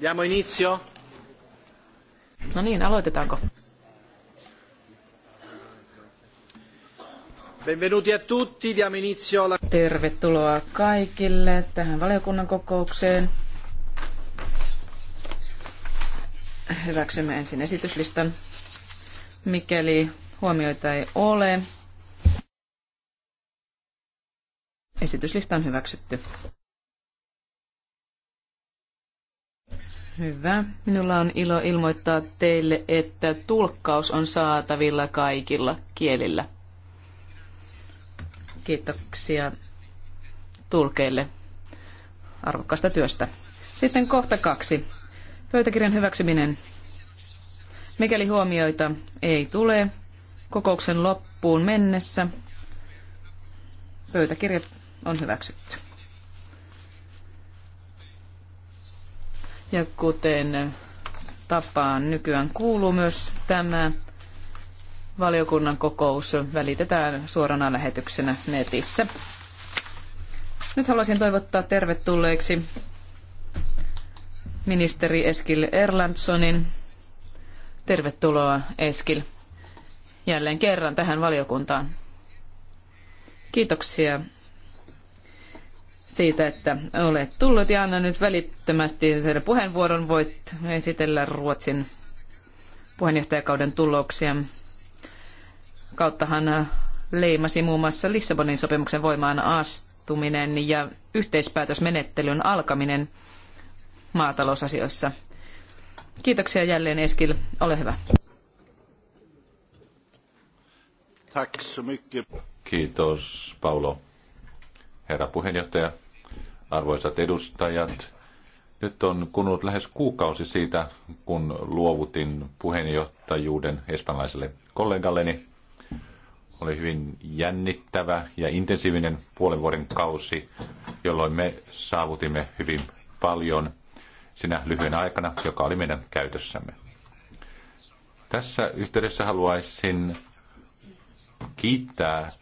Diamo inizio. No niin, aloitetaanko? Benvenuti a tutti, diamo inizio alla... Tervetuloa kaikille tähän valiokunnan kokoukseen. Hyväksymme ensin esityslistan. Mikäli huomioita ei ole, esityslista on hyväksytty. Hyvä. Minulla on ilo ilmoittaa teille, että tulkkaus on saatavilla kaikilla kielillä. Kiitoksia tulkeille arvokkaasta työstä. Sitten kohta kaksi. Pöytäkirjan hyväksyminen. Mikäli huomioita ei tule kokouksen loppuun mennessä, pöytäkirjat on hyväksytty. Ja kuten tapaan nykyään kuuluu myös tämä valiokunnan kokous välitetään suorana lähetyksenä netissä. Nyt haluaisin toivottaa tervetulleeksi ministeri Eskil Erlandsonin. Tervetuloa Eskil jälleen kerran tähän valiokuntaan. Kiitoksia siitä, että olet tullut ja anna nyt välittömästi puheenvuoron. Voit esitellä Ruotsin puheenjohtajakauden tuloksia. Kauttahan leimasi muun muassa Lissabonin sopimuksen voimaan astuminen ja yhteispäätösmenettelyn alkaminen maatalousasioissa. Kiitoksia jälleen Eskil. Ole hyvä. Kiitos Paulo. Herra puheenjohtaja, arvoisat edustajat. Nyt on kunnut lähes kuukausi siitä, kun luovutin puheenjohtajuuden espanjalaiselle kollegalleni. Oli hyvin jännittävä ja intensiivinen puolen vuoden kausi, jolloin me saavutimme hyvin paljon sinä lyhyen aikana, joka oli meidän käytössämme. Tässä yhteydessä haluaisin kiittää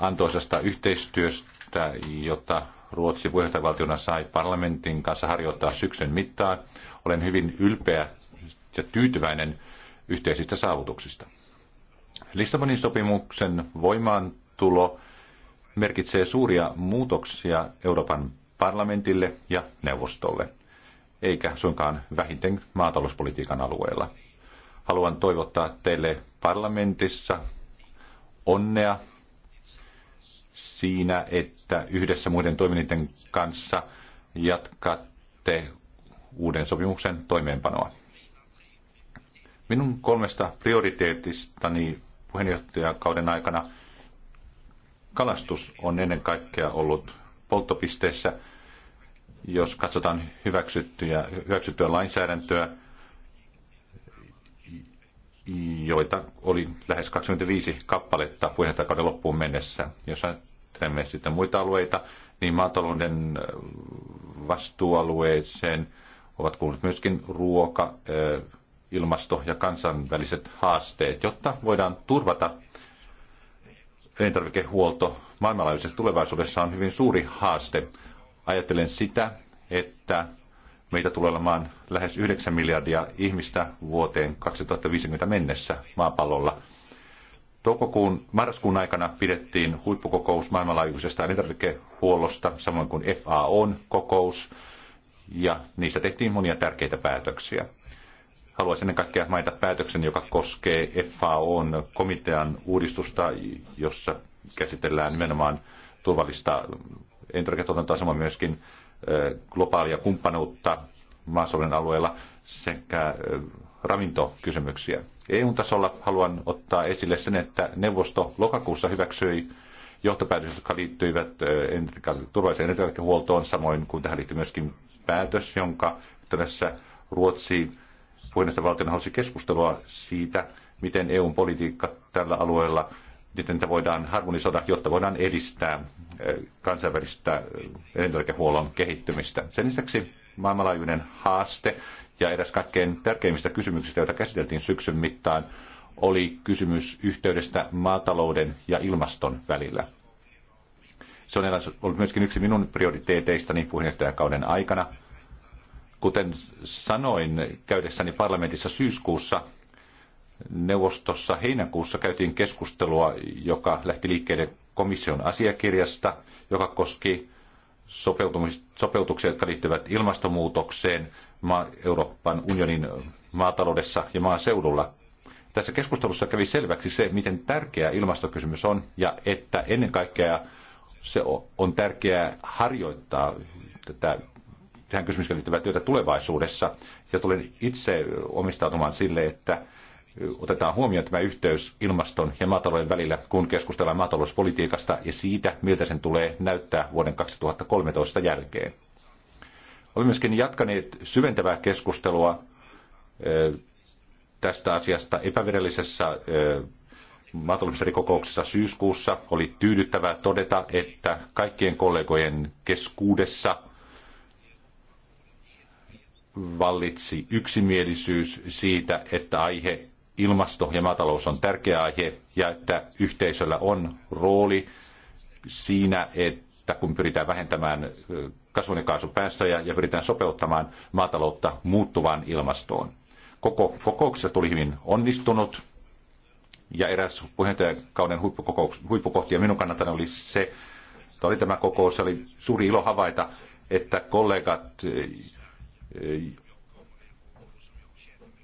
antoisasta yhteistyöstä, jota Ruotsi puheenjohtajavaltiona sai parlamentin kanssa harjoittaa syksyn mittaan. Olen hyvin ylpeä ja tyytyväinen yhteisistä saavutuksista. Lissabonin sopimuksen voimaantulo merkitsee suuria muutoksia Euroopan parlamentille ja neuvostolle, eikä suinkaan vähiten maatalouspolitiikan alueella. Haluan toivottaa teille parlamentissa onnea siinä, että yhdessä muiden toiminnan kanssa jatkatte uuden sopimuksen toimeenpanoa. Minun kolmesta prioriteetistani puheenjohtajakauden aikana kalastus on ennen kaikkea ollut polttopisteessä. Jos katsotaan hyväksyttyä, hyväksyttyä lainsäädäntöä, joita oli lähes 25 kappaletta puheenjohtajakauden loppuun mennessä. Jos käsittelemme sitä muita alueita, niin maatalouden vastuualueeseen ovat kuuluneet myöskin ruoka, ilmasto ja kansainväliset haasteet, jotta voidaan turvata elintarvikehuolto maailmanlaajuisessa tulevaisuudessa on hyvin suuri haaste. Ajattelen sitä, että meitä tulee olemaan lähes 9 miljardia ihmistä vuoteen 2050 mennessä maapallolla. Toukokuun, marraskuun aikana pidettiin huippukokous maailmanlaajuisesta elintarvikehuollosta, samoin kuin FAOn kokous, ja niistä tehtiin monia tärkeitä päätöksiä. Haluaisin ennen kaikkea mainita päätöksen, joka koskee FAOn komitean uudistusta, jossa käsitellään nimenomaan turvallista elintarviketuotantoa, samoin myöskin globaalia kumppanuutta maaseudulla alueella sekä ravintokysymyksiä. EU-tasolla haluan ottaa esille sen, että neuvosto lokakuussa hyväksyi johtopäätökset, jotka liittyivät turvalliseen energiahuoltoon, samoin kuin tähän liittyy myöskin päätös, jonka tässä Ruotsi puheenjohtajavaltiona halusi keskustelua siitä, miten EUn politiikka tällä alueella, miten niitä voidaan harmonisoida, jotta voidaan edistää kansainvälistä energiahuollon kehittymistä. Sen lisäksi maailmanlaajuinen haaste, ja eräs kaikkein tärkeimmistä kysymyksistä, joita käsiteltiin syksyn mittaan, oli kysymys yhteydestä maatalouden ja ilmaston välillä. Se on ollut myöskin yksi minun prioriteeteistani puheenjohtajakauden aikana. Kuten sanoin käydessäni parlamentissa syyskuussa, neuvostossa heinäkuussa käytiin keskustelua, joka lähti liikkeelle komission asiakirjasta, joka koski sopeutuksia, jotka liittyvät ilmastonmuutokseen, Euroopan unionin maataloudessa ja maaseudulla. Tässä keskustelussa kävi selväksi se, miten tärkeä ilmastokysymys on ja että ennen kaikkea se on tärkeää harjoittaa tätä tähän kysymykseen liittyvää työtä tulevaisuudessa. Ja tulen itse omistautumaan sille, että otetaan huomioon tämä yhteys ilmaston ja maatalouden välillä, kun keskustellaan maatalouspolitiikasta ja siitä, miltä sen tulee näyttää vuoden 2013 jälkeen. Olemme myöskin jatkaneet syventävää keskustelua eh, tästä asiasta epävirallisessa eh, maatalousministerikokouksessa syyskuussa. Oli tyydyttävää todeta, että kaikkien kollegojen keskuudessa vallitsi yksimielisyys siitä, että aihe ilmasto ja maatalous on tärkeä aihe ja että yhteisöllä on rooli siinä, että kun pyritään vähentämään eh, kasvihuonekaasupäästöjä ja pyritään sopeuttamaan maataloutta muuttuvaan ilmastoon. Koko kokouksessa tuli hyvin onnistunut ja eräs puheenjohtajakauden huippukohtia minun kannaltani oli se, että oli tämä kokous, oli suuri ilo havaita, että kollegat eh,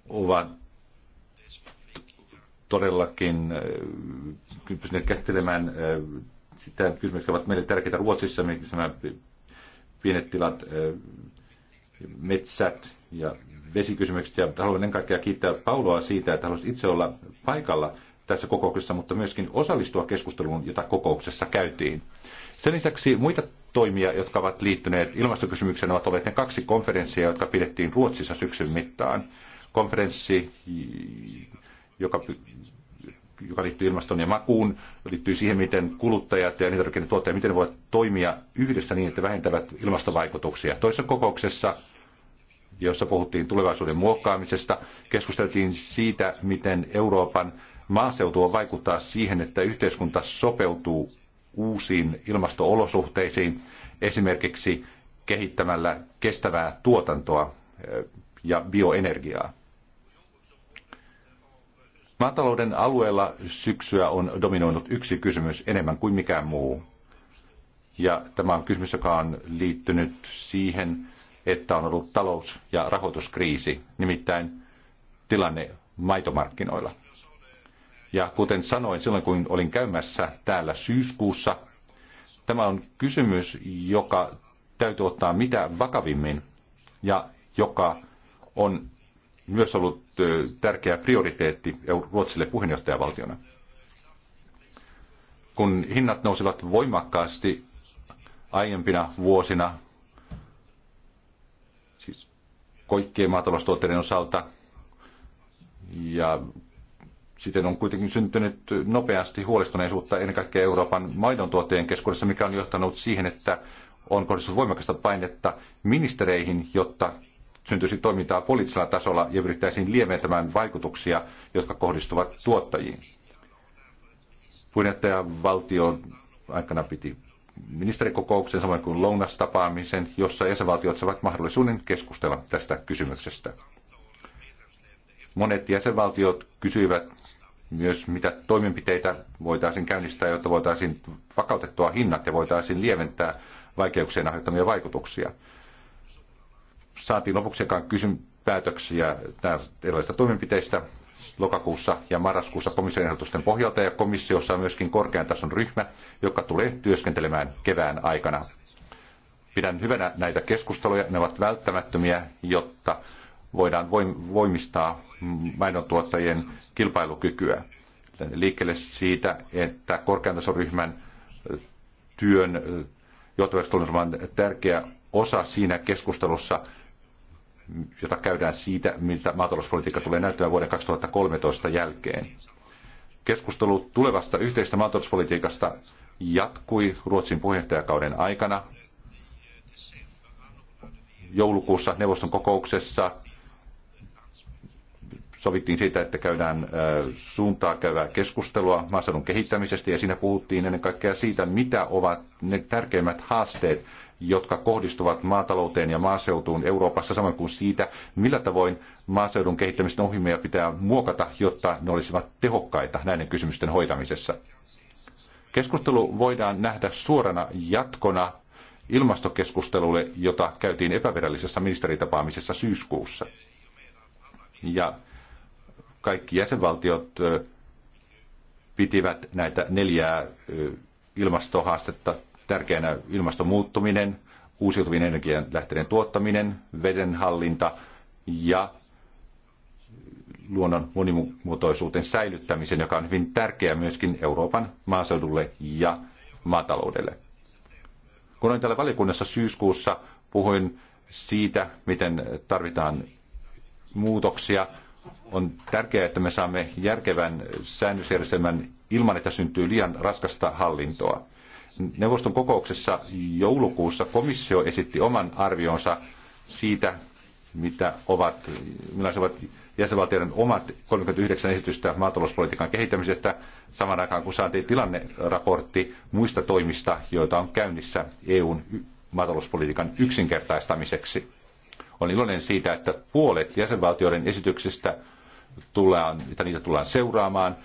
ovat todellakin eh, pystyneet käsittelemään eh, sitä kysymyksiä, jotka ovat meille tärkeitä Ruotsissa, miksi pienet tilat, metsät ja vesikysymykset. Ja haluan ennen kaikkea kiittää Pauloa siitä, että haluaisit itse olla paikalla tässä kokouksessa, mutta myöskin osallistua keskusteluun, jota kokouksessa käytiin. Sen lisäksi muita toimia, jotka ovat liittyneet ilmastokysymykseen, ovat olleet ne kaksi konferenssia, jotka pidettiin Ruotsissa syksyn mittaan. Konferenssi, joka joka liittyy ilmaston ja makuun, liittyy siihen, miten kuluttajat ja elintarviketuottajat, miten ne voivat toimia yhdessä niin, että vähentävät ilmastovaikutuksia. Toisessa kokouksessa, jossa puhuttiin tulevaisuuden muokkaamisesta, keskusteltiin siitä, miten Euroopan maaseutu on vaikuttaa siihen, että yhteiskunta sopeutuu uusiin ilmastoolosuhteisiin, esimerkiksi kehittämällä kestävää tuotantoa eh, ja bioenergiaa. Maatalouden alueella syksyä on dominoinut yksi kysymys enemmän kuin mikään muu. Ja tämä on kysymys, joka on liittynyt siihen, että on ollut talous- ja rahoituskriisi, nimittäin tilanne maitomarkkinoilla. Ja kuten sanoin silloin, kun olin käymässä täällä syyskuussa, tämä on kysymys, joka täytyy ottaa mitä vakavimmin ja joka on myös ollut tärkeä prioriteetti Ruotsille puheenjohtajavaltiona. Kun hinnat nousivat voimakkaasti aiempina vuosina, siis kaikkien maataloustuotteiden osalta, ja sitten on kuitenkin syntynyt nopeasti huolestuneisuutta ennen kaikkea Euroopan maidon tuottajien keskuudessa, mikä on johtanut siihen, että on kohdistunut voimakasta painetta ministereihin, jotta syntyisi toimintaa poliittisella tasolla ja pyrittäisiin lieventämään vaikutuksia, jotka kohdistuvat tuottajiin. Puheenjohtaja valtio aikana piti ministerikokouksen samoin kuin lounastapaamisen, jossa jäsenvaltiot saavat mahdollisuuden keskustella tästä kysymyksestä. Monet jäsenvaltiot kysyivät myös, mitä toimenpiteitä voitaisiin käynnistää, jotta voitaisiin vakautettua hinnat ja voitaisiin lieventää vaikeuksien aiheuttamia vaikutuksia saatiin lopuksi kysyn päätöksiä erilaisista toimenpiteistä lokakuussa ja marraskuussa komission ehdotusten pohjalta ja komissiossa on myöskin korkean tason ryhmä, joka tulee työskentelemään kevään aikana. Pidän hyvänä näitä keskusteluja, ne ovat välttämättömiä, jotta voidaan voimistaa maidontuottajien kilpailukykyä. Liikkeelle siitä, että korkean tason ryhmän työn johtavaksi on tärkeä osa siinä keskustelussa, jota käydään siitä, miltä maatalouspolitiikka tulee näyttämään vuoden 2013 jälkeen. Keskustelu tulevasta yhteistä maatalouspolitiikasta jatkui Ruotsin puheenjohtajakauden aikana joulukuussa neuvoston kokouksessa sovittiin siitä, että käydään suuntaa käyvää keskustelua maaseudun kehittämisestä ja siinä puhuttiin ennen kaikkea siitä, mitä ovat ne tärkeimmät haasteet, jotka kohdistuvat maatalouteen ja maaseutuun Euroopassa, samoin kuin siitä, millä tavoin maaseudun kehittämisen ohjelmia pitää muokata, jotta ne olisivat tehokkaita näiden kysymysten hoitamisessa. Keskustelu voidaan nähdä suorana jatkona ilmastokeskustelulle, jota käytiin epävirallisessa ministeritapaamisessa syyskuussa. Ja kaikki jäsenvaltiot pitivät näitä neljää ilmastohaastetta tärkeänä ilmaston muuttuminen, uusiutuvien energian lähteiden tuottaminen, vedenhallinta ja luonnon monimuotoisuuden säilyttämisen, joka on hyvin tärkeä myöskin Euroopan maaseudulle ja maataloudelle. Kun olin täällä valiokunnassa syyskuussa, puhuin siitä, miten tarvitaan muutoksia. On tärkeää, että me saamme järkevän säännösjärjestelmän ilman, että syntyy liian raskasta hallintoa neuvoston kokouksessa joulukuussa komissio esitti oman arvionsa siitä, mitä ovat, millaiset ovat jäsenvaltioiden omat 39 esitystä maatalouspolitiikan kehittämisestä saman aikaan, kun saatiin tilanneraportti muista toimista, joita on käynnissä EUn maatalouspolitiikan yksinkertaistamiseksi. Olen iloinen siitä, että puolet jäsenvaltioiden esityksistä tullaan, että niitä tullaan seuraamaan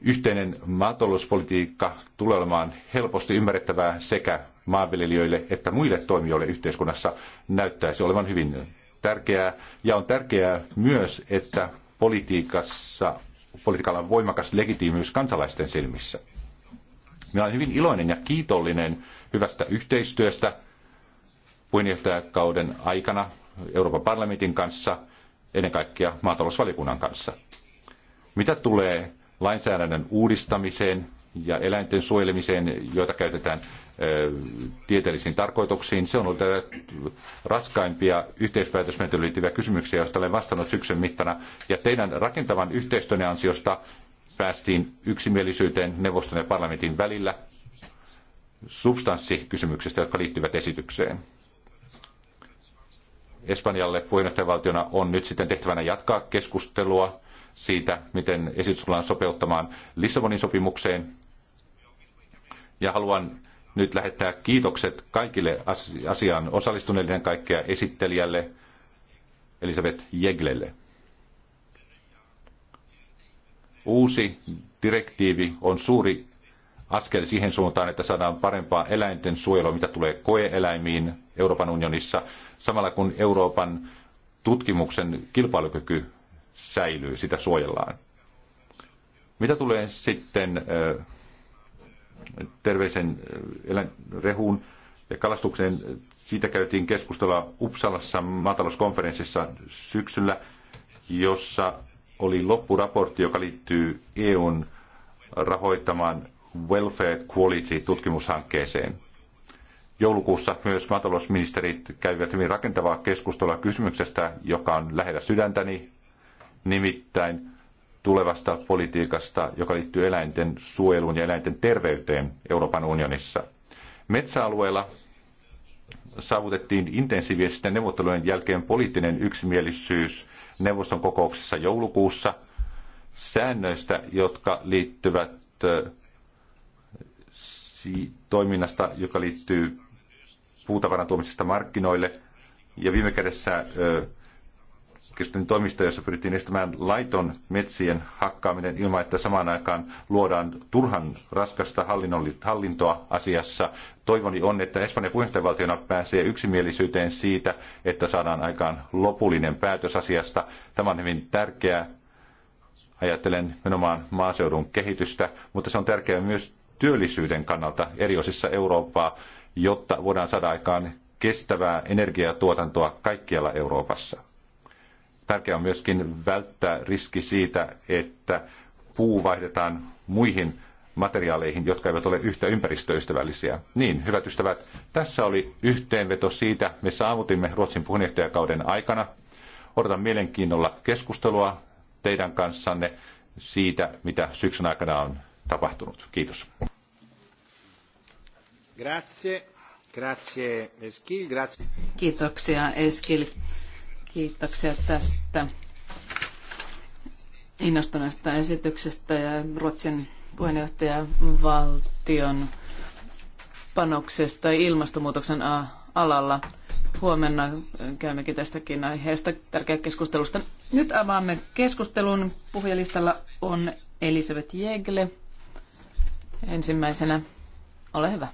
Yhteinen maatalouspolitiikka tulee olemaan helposti ymmärrettävää sekä maanviljelijöille että muille toimijoille yhteiskunnassa näyttäisi olevan hyvin tärkeää. Ja on tärkeää myös, että politiikassa, politiikalla on voimakas legitiimiys kansalaisten silmissä. Minä olen hyvin iloinen ja kiitollinen hyvästä yhteistyöstä puheenjohtajakauden aikana Euroopan parlamentin kanssa, ennen kaikkea maatalousvaliokunnan kanssa. Mitä tulee lainsäädännön uudistamiseen ja eläinten suojelemiseen, joita käytetään tieteellisiin tarkoituksiin. Se on ollut raskaimpia yhteispäätösmenettelyyn liittyviä kysymyksiä, joista olen vastannut syksyn mittana. Ja teidän rakentavan yhteistyönne ansiosta päästiin yksimielisyyteen neuvoston ja parlamentin välillä substanssikysymyksistä, jotka liittyvät esitykseen. Espanjalle puheenjohtajavaltiona on nyt sitten tehtävänä jatkaa keskustelua siitä, miten esitys tullaan sopeuttamaan Lissabonin sopimukseen. Ja haluan nyt lähettää kiitokset kaikille asiaan osallistuneille ja kaikkea esittelijälle Elisabeth Jeglelle. Uusi direktiivi on suuri askel siihen suuntaan, että saadaan parempaa eläinten suojelua, mitä tulee koeeläimiin Euroopan unionissa, samalla kun Euroopan tutkimuksen kilpailukyky säilyy, sitä suojellaan. Mitä tulee sitten terveisen rehuun ja kalastukseen, siitä käytiin keskustella Uppsalassa maatalouskonferenssissa syksyllä, jossa oli loppuraportti, joka liittyy EUn rahoittamaan Welfare Quality-tutkimushankkeeseen. Joulukuussa myös maatalousministerit käyvät hyvin rakentavaa keskustelua kysymyksestä, joka on lähellä sydäntäni, nimittäin tulevasta politiikasta, joka liittyy eläinten suojeluun ja eläinten terveyteen Euroopan unionissa. Metsäalueella saavutettiin intensiivisten neuvottelujen jälkeen poliittinen yksimielisyys neuvoston kokouksessa joulukuussa säännöistä, jotka liittyvät toiminnasta, joka liittyy puutavaran tuomisesta markkinoille. Ja viime kädessä keskustelin toimista, jossa pyrittiin estämään laiton metsien hakkaaminen ilman, että samaan aikaan luodaan turhan raskasta hallintoa asiassa. Toivoni on, että Espanjan puheenjohtajavaltiona pääsee yksimielisyyteen siitä, että saadaan aikaan lopullinen päätös asiasta. Tämä on hyvin tärkeää. Ajattelen nimenomaan maaseudun kehitystä, mutta se on tärkeää myös työllisyyden kannalta eri osissa Eurooppaa, jotta voidaan saada aikaan kestävää energiatuotantoa kaikkialla Euroopassa. Tärkeää on myöskin välttää riski siitä, että puu vaihdetaan muihin materiaaleihin, jotka eivät ole yhtä ympäristöystävällisiä. Niin, hyvät ystävät, tässä oli yhteenveto siitä, me saavutimme Ruotsin puheenjohtajakauden aikana. Odotan mielenkiinnolla keskustelua teidän kanssanne siitä, mitä syksyn aikana on tapahtunut. Kiitos. Grazie. Grazie, Eskil. Grazie. Kiitoksia, Eskil. Kiitoksia tästä innostuneesta esityksestä ja Ruotsin puheenjohtajavaltion panoksesta ilmastonmuutoksen alalla. Huomenna käymmekin tästäkin aiheesta tärkeä keskustelusta. Nyt avaamme keskustelun. Puhujalistalla on Elisabeth Jegle. Ensimmäisenä, ole hyvä.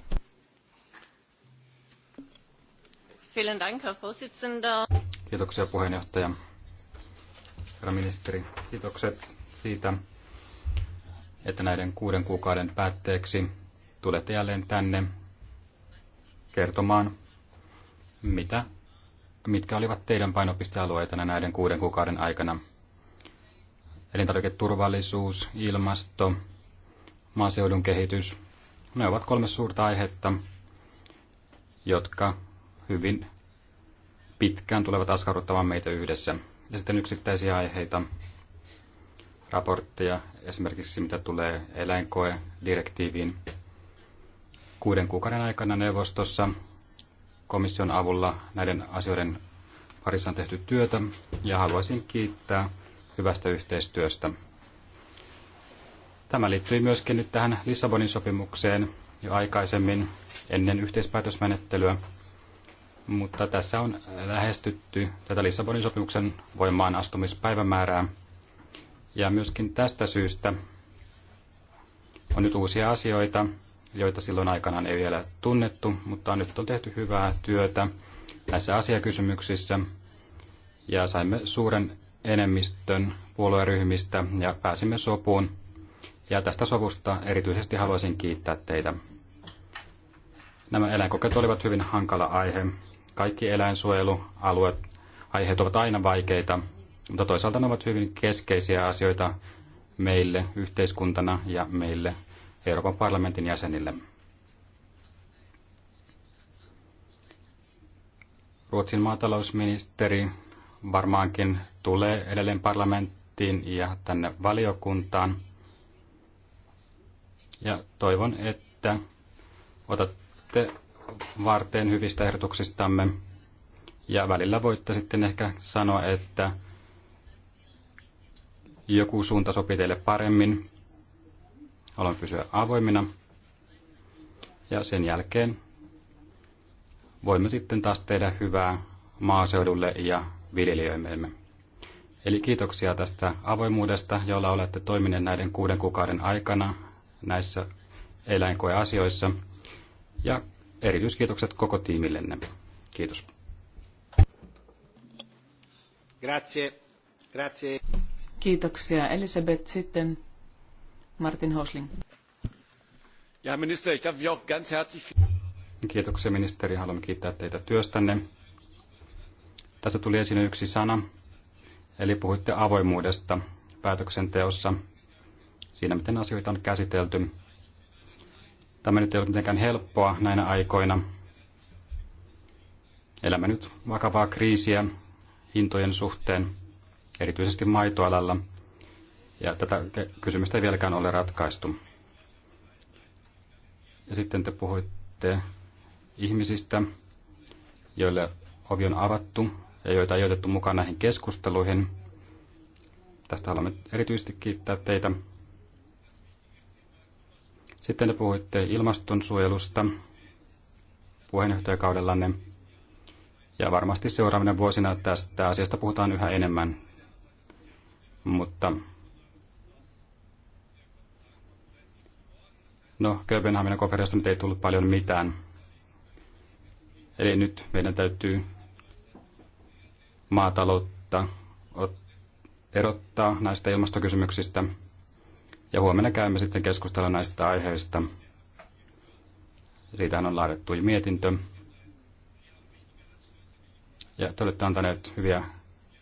Kiitoksia puheenjohtaja. Herra ministeri, kiitokset siitä, että näiden kuuden kuukauden päätteeksi tulette jälleen tänne kertomaan, mitä, mitkä olivat teidän painopistealueita näiden kuuden kuukauden aikana. Elintarviketurvallisuus, ilmasto, maaseudun kehitys, ne ovat kolme suurta aihetta, jotka hyvin pitkään tulevat askarruttamaan meitä yhdessä. Ja sitten yksittäisiä aiheita, raportteja, esimerkiksi mitä tulee eläinkoe direktiiviin, Kuuden kuukauden aikana neuvostossa komission avulla näiden asioiden parissa on tehty työtä ja haluaisin kiittää hyvästä yhteistyöstä. Tämä liittyy myöskin nyt tähän Lissabonin sopimukseen jo aikaisemmin ennen yhteispäätösmenettelyä mutta tässä on lähestytty tätä Lissabonin sopimuksen voimaan astumispäivämäärää. Ja myöskin tästä syystä on nyt uusia asioita, joita silloin aikanaan ei vielä tunnettu, mutta nyt on tehty hyvää työtä näissä asiakysymyksissä. Ja saimme suuren enemmistön puolueryhmistä ja pääsimme sopuun. Ja tästä sovusta erityisesti haluaisin kiittää teitä. Nämä eläinkokeet olivat hyvin hankala aihe kaikki eläinsuojelualueet, aiheet ovat aina vaikeita, mutta toisaalta ne ovat hyvin keskeisiä asioita meille yhteiskuntana ja meille Euroopan parlamentin jäsenille. Ruotsin maatalousministeri varmaankin tulee edelleen parlamenttiin ja tänne valiokuntaan. Ja toivon, että otatte varten hyvistä ehdotuksistamme. Ja välillä voitte sitten ehkä sanoa, että joku suunta sopii teille paremmin. Haluan pysyä avoimina. Ja sen jälkeen voimme sitten taas tehdä hyvää maaseudulle ja viljelijöimme. Eli kiitoksia tästä avoimuudesta, jolla olette toimineet näiden kuuden kuukauden aikana näissä eläinkoeasioissa. Ja Erityiskiitokset koko tiimillenne. Kiitos. Grazie. Grazie. Kiitoksia. Elisabeth sitten Martin Hosling. Ja minister, ich darf auch ganz herzlich... Kiitoksia ministeri, haluan kiittää teitä työstänne. Tässä tuli esiin yksi sana, eli puhuitte avoimuudesta päätöksenteossa, siinä miten asioita on käsitelty. Tämä nyt ei ole mitenkään helppoa näinä aikoina. Elämme nyt vakavaa kriisiä hintojen suhteen, erityisesti maitoalalla, ja tätä kysymystä ei vieläkään ole ratkaistu. Ja sitten te puhuitte ihmisistä, joille ovi on avattu ja joita ei otettu mukaan näihin keskusteluihin. Tästä haluamme erityisesti kiittää teitä. Sitten te puhuitte ilmastonsuojelusta puheenjohtajakaudellanne. Ja varmasti seuraavina vuosina tästä asiasta puhutaan yhä enemmän. Mutta no, Kööpenhaminan konferenssista ei tullut paljon mitään. Eli nyt meidän täytyy maataloutta erottaa näistä ilmastokysymyksistä – ja huomenna käymme sitten keskustella näistä aiheista. Siitähän on laadittu mietintö. Ja te olette antaneet hyviä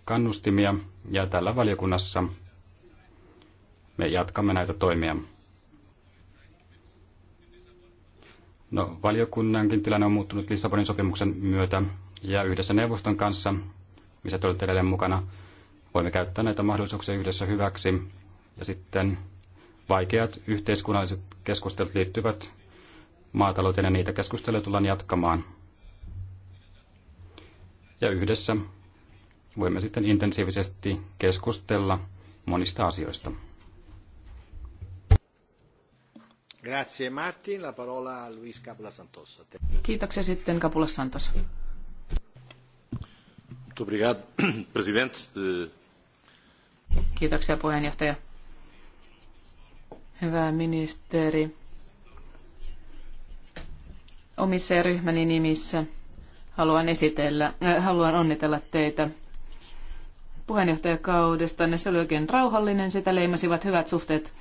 kannustimia ja tällä valiokunnassa me jatkamme näitä toimia. No, valiokunnankin tilanne on muuttunut Lissabonin sopimuksen myötä ja yhdessä neuvoston kanssa, missä te olette edelleen mukana, voimme käyttää näitä mahdollisuuksia yhdessä hyväksi. Ja sitten vaikeat yhteiskunnalliset keskustelut liittyvät maatalouteen ja niitä keskusteluja tullaan jatkamaan. Ja yhdessä voimme sitten intensiivisesti keskustella monista asioista. Grazie Martin, la parola a Luis Kiitoksia sitten Capula Santos. obrigado, presidente. Eh, Kiitoksia puheenjohtaja hyvä ministeri. Omissa ja ryhmäni nimissä haluan, esitellä, äh, haluan onnitella teitä puheenjohtajakaudestanne. Se oli oikein rauhallinen. Sitä leimasivat hyvät suhteet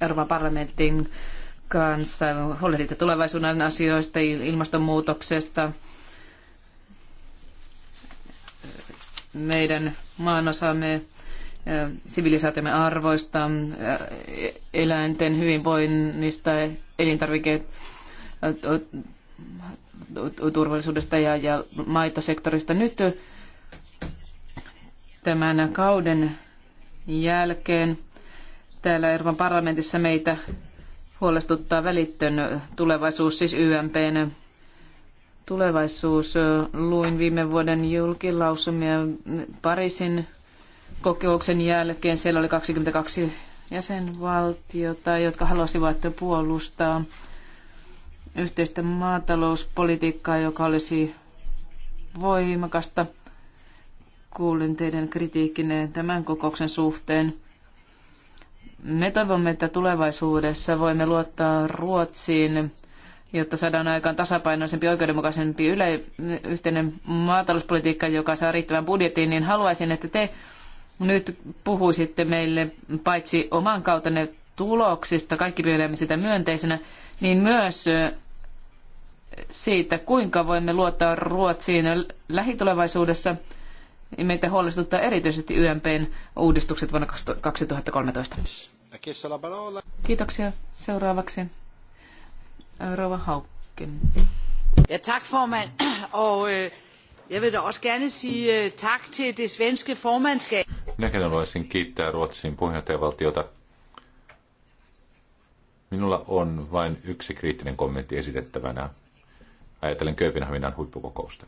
Euroopan parlamentin kanssa. Huolehditte tulevaisuuden asioista, ilmastonmuutoksesta, meidän maanosamme sivilisaatiomme arvoista, eläinten hyvinvoinnista, elintarvikeet turvallisuudesta ja, ja maitosektorista. Nyt tämän kauden jälkeen täällä Euroopan parlamentissa meitä huolestuttaa välittön tulevaisuus, siis YMPn tulevaisuus. Luin viime vuoden julkilausumia Pariisin kokouksen jälkeen siellä oli 22 jäsenvaltiota, jotka halusivat puolustaa yhteistä maatalouspolitiikkaa, joka olisi voimakasta. Kuulin teidän kritiikkinne tämän kokouksen suhteen. Me toivomme, että tulevaisuudessa voimme luottaa Ruotsiin, jotta saadaan aikaan tasapainoisempi, oikeudenmukaisempi yle, yhteinen maatalouspolitiikka, joka saa riittävän budjettiin, niin haluaisin, että te nyt puhuisitte meille paitsi oman kautenne tuloksista, kaikki pidämme sitä myönteisenä, niin myös siitä, kuinka voimme luottaa Ruotsiin lähitulevaisuudessa. Meitä huolestuttaa erityisesti YMPn uudistukset vuonna 2013. Kiitoksia. Seuraavaksi Rova Haukken. Ja tack Jeg vil da også gerne sige øh, tak det Minäkin haluaisin kiittää Ruotsin puheenjohtajavaltiota. Minulla on vain yksi kriittinen kommentti esitettävänä. Ajatellen Kööpenhaminan huippukokousta.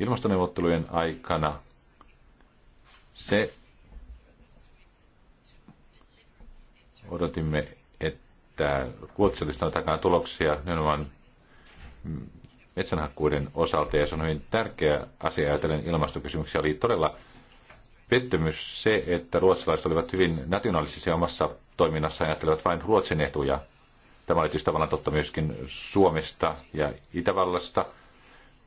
Ilmastoneuvottelujen aikana se odotimme, että Ruotsi olisi tuloksia nimenomaan metsänhakkuiden osalta, ja se on hyvin tärkeä asia ajatellen ilmastokysymyksiä, oli todella pettymys se, että ruotsalaiset olivat hyvin nationalistisia omassa toiminnassaan, ajattelevat vain Ruotsin etuja. Tämä oli tietysti tavallaan totta myöskin Suomesta ja Itävallasta,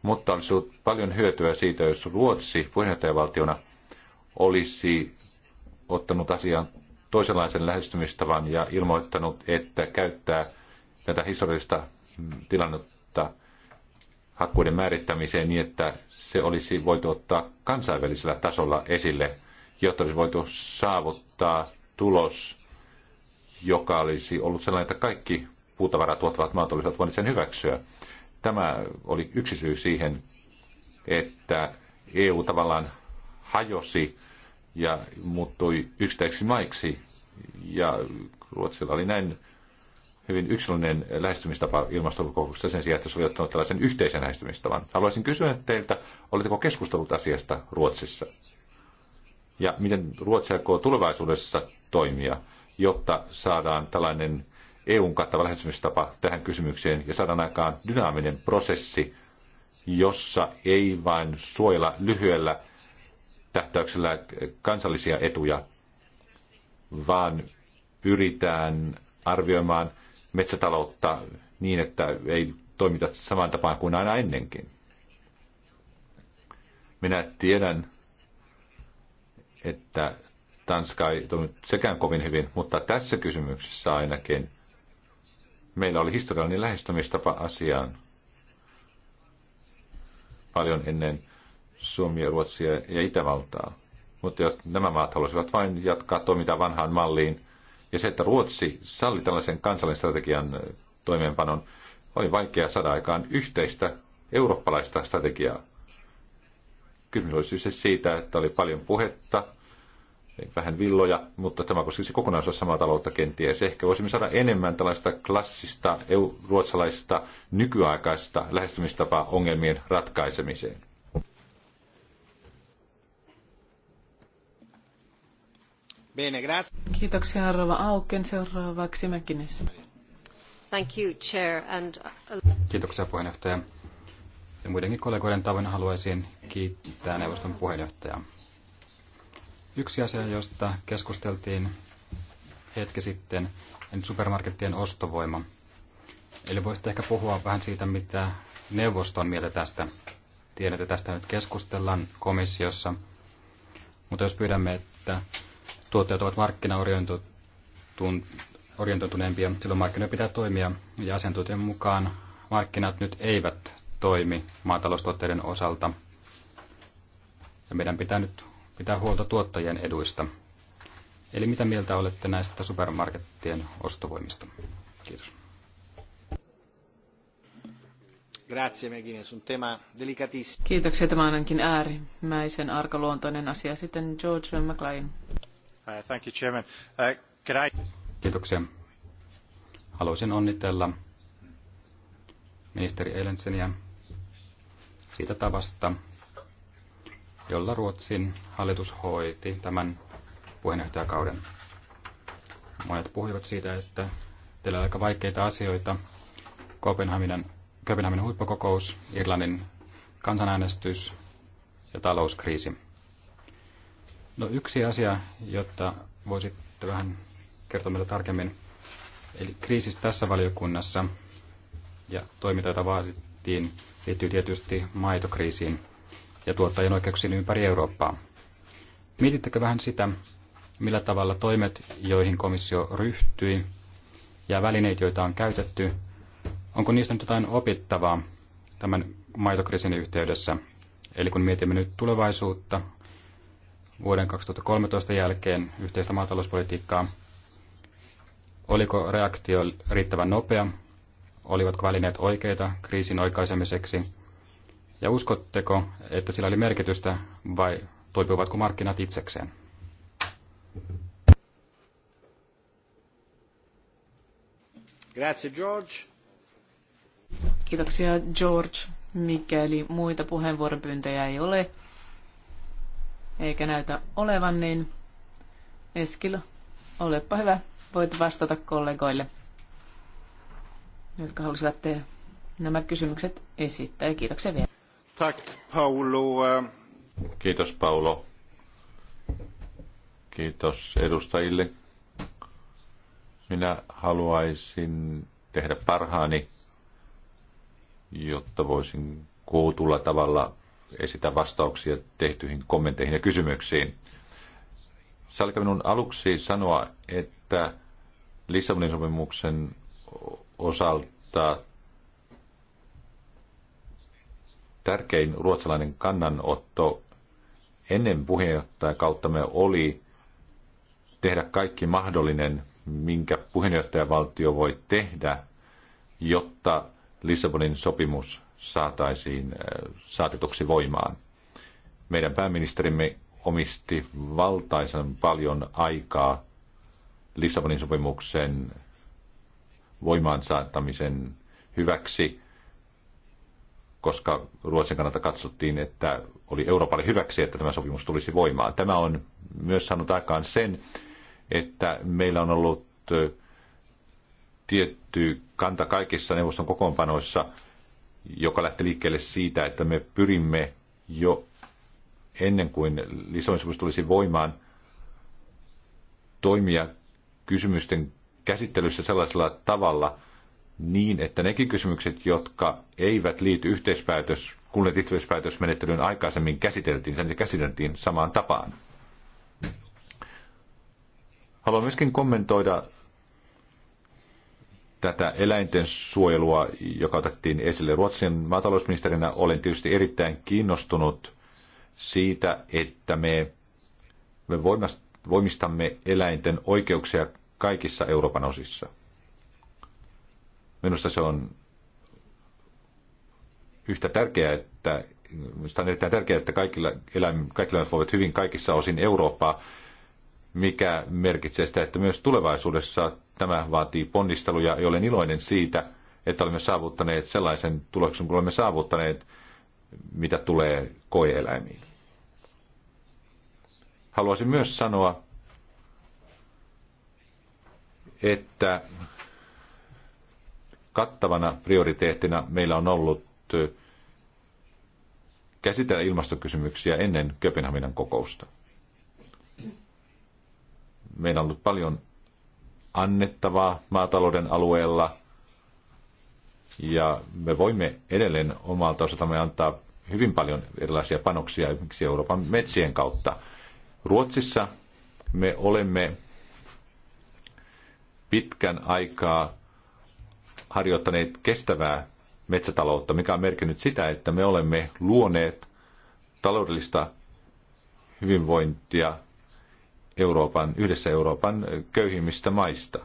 mutta olisi ollut paljon hyötyä siitä, jos Ruotsi puheenjohtajavaltiona olisi ottanut asian toisenlaisen lähestymistavan ja ilmoittanut, että käyttää tätä historiallista tilannetta hakkuiden määrittämiseen niin, että se olisi voitu ottaa kansainvälisellä tasolla esille, jotta olisi voitu saavuttaa tulos, joka olisi ollut sellainen, että kaikki puutavaraa tuottavat maat olisivat voineet sen hyväksyä. Tämä oli yksi syy siihen, että EU tavallaan hajosi ja muuttui yksittäiseksi maiksi. Ja Ruotsilla oli näin hyvin yksilöllinen lähestymistapa ilmastokokouksessa sen sijaan, että se oli ottanut tällaisen yhteisen lähestymistavan. Haluaisin kysyä teiltä, oletteko keskustellut asiasta Ruotsissa? Ja miten Ruotsi aikoo tulevaisuudessa toimia, jotta saadaan tällainen EUn kattava lähestymistapa tähän kysymykseen ja saadaan aikaan dynaaminen prosessi, jossa ei vain suojella lyhyellä tähtäyksellä kansallisia etuja, vaan pyritään arvioimaan metsätaloutta niin, että ei toimita saman tapaan kuin aina ennenkin. Minä tiedän, että Tanska ei toiminut sekään kovin hyvin, mutta tässä kysymyksessä ainakin meillä oli historiallinen lähestymistapa asiaan paljon ennen Suomia, Ruotsia ja Itävaltaa. Mutta jos nämä maat halusivat vain jatkaa toimintaa vanhaan malliin, ja se, että Ruotsi salli tällaisen kansallistrategian äh, toimeenpanon, oli vaikea saada aikaan yhteistä eurooppalaista strategiaa. Kysymys oli siis se siitä, että oli paljon puhetta, vähän villoja, mutta tämä koskisi kokonaisuus samaa taloutta kenties. Ehkä voisimme saada enemmän tällaista klassista, ruotsalaista, nykyaikaista lähestymistapaa ongelmien ratkaisemiseen. Bene, grazie. Kiitoksia Rova Auken. Seuraavaksi Thank you, Chair. And... Uh, Kiitoksia puheenjohtaja. Ja muidenkin kollegoiden tavoin haluaisin kiittää neuvoston puheenjohtajaa. Yksi asia, josta keskusteltiin hetki sitten, on supermarkettien ostovoima. Eli voisitte ehkä puhua vähän siitä, mitä neuvoston mieltä tästä. Tiedän, että tästä nyt keskustellaan komissiossa, mutta jos pyydämme, että tuottajat ovat markkinaorientoituneempia, silloin markkinoiden pitää toimia ja asiantuntijan mukaan markkinat nyt eivät toimi maataloustuotteiden osalta. Ja meidän pitää nyt pitää huolta tuottajien eduista. Eli mitä mieltä olette näistä supermarkettien ostovoimista? Kiitos. Grazie, tema Kiitoksia. Tämä on ainakin äärimmäisen arkaluontoinen asia. Sitten George McLean. Uh, uh, Kiitoksia. Haluaisin onnitella ministeri Elenseniä siitä tavasta, jolla Ruotsin hallitus hoiti tämän puheenjohtajakauden. Monet puhuivat siitä, että teillä on aika vaikeita asioita. Kopenhaminan, Kopenhaminan huippukokous, Irlannin kansanäänestys ja talouskriisi. No yksi asia, jotta voisitte vähän kertoa meille tarkemmin. Eli kriisissä tässä valiokunnassa ja toiminta, jota vaadittiin, liittyy tietysti maitokriisiin ja tuottajien oikeuksiin ympäri Eurooppaa. Mietittekö vähän sitä, millä tavalla toimet, joihin komissio ryhtyi, ja välineet, joita on käytetty, onko niistä nyt jotain opittavaa tämän maitokriisin yhteydessä? Eli kun mietimme nyt tulevaisuutta, vuoden 2013 jälkeen yhteistä maatalouspolitiikkaa. Oliko reaktio riittävän nopea? Olivatko välineet oikeita kriisin oikaisemiseksi? Ja uskotteko, että sillä oli merkitystä vai toipuivatko markkinat itsekseen? Grazie George. Kiitoksia George. Mikäli muita puheenvuoropyyntöjä ei ole, eikä näytä olevan, niin eskilo, olepa hyvä. Voit vastata kollegoille, jotka halusivat te nämä kysymykset esittää. Ja kiitoksia vielä. Tack, Paulo. Kiitos, Paulo. Kiitos edustajille. Minä haluaisin tehdä parhaani, jotta voisin kootulla tavalla esitä vastauksia tehtyihin kommentteihin ja kysymyksiin. Salka minun aluksi sanoa, että Lissabonin sopimuksen osalta tärkein ruotsalainen kannanotto ennen me oli tehdä kaikki mahdollinen, minkä puheenjohtajavaltio voi tehdä, jotta Lissabonin sopimus saataisiin äh, saatetuksi voimaan. Meidän pääministerimme omisti valtaisen paljon aikaa Lissabonin sopimuksen voimaan saattamisen hyväksi, koska Ruotsin kannalta katsottiin, että oli Euroopalle hyväksi, että tämä sopimus tulisi voimaan. Tämä on myös saanut aikaan sen, että meillä on ollut äh, tietty kanta kaikissa neuvoston kokoonpanoissa – joka lähti liikkeelle siitä, että me pyrimme jo ennen kuin Lissabonin tulisi voimaan toimia kysymysten käsittelyssä sellaisella tavalla niin, että nekin kysymykset, jotka eivät liity yhteispäätös, kun yhteispäätösmenettelyyn aikaisemmin käsiteltiin, sen käsiteltiin samaan tapaan. Haluan myöskin kommentoida tätä eläinten suojelua, joka otettiin esille Ruotsin maatalousministerinä, olen tietysti erittäin kiinnostunut siitä, että me, me voimistamme eläinten oikeuksia kaikissa Euroopan osissa. Minusta se on yhtä tärkeää, että minusta on erittäin tärkeää, että kaikilla, eläim, kaikki eläimet voivat hyvin kaikissa osin Eurooppaa, mikä merkitsee sitä, että myös tulevaisuudessa Tämä vaatii ponnisteluja ja olen iloinen siitä, että olemme saavuttaneet sellaisen tuloksen, kun olemme saavuttaneet, mitä tulee koeeläimiin. Haluaisin myös sanoa, että kattavana prioriteettina meillä on ollut käsitellä ilmastokysymyksiä ennen Köpenhaminan kokousta. Meillä on ollut paljon annettavaa maatalouden alueella. Ja me voimme edelleen omalta osaltamme antaa hyvin paljon erilaisia panoksia esimerkiksi Euroopan metsien kautta. Ruotsissa me olemme pitkän aikaa harjoittaneet kestävää metsätaloutta, mikä on merkinnyt sitä, että me olemme luoneet taloudellista hyvinvointia Euroopan, yhdessä Euroopan köyhimmistä maista.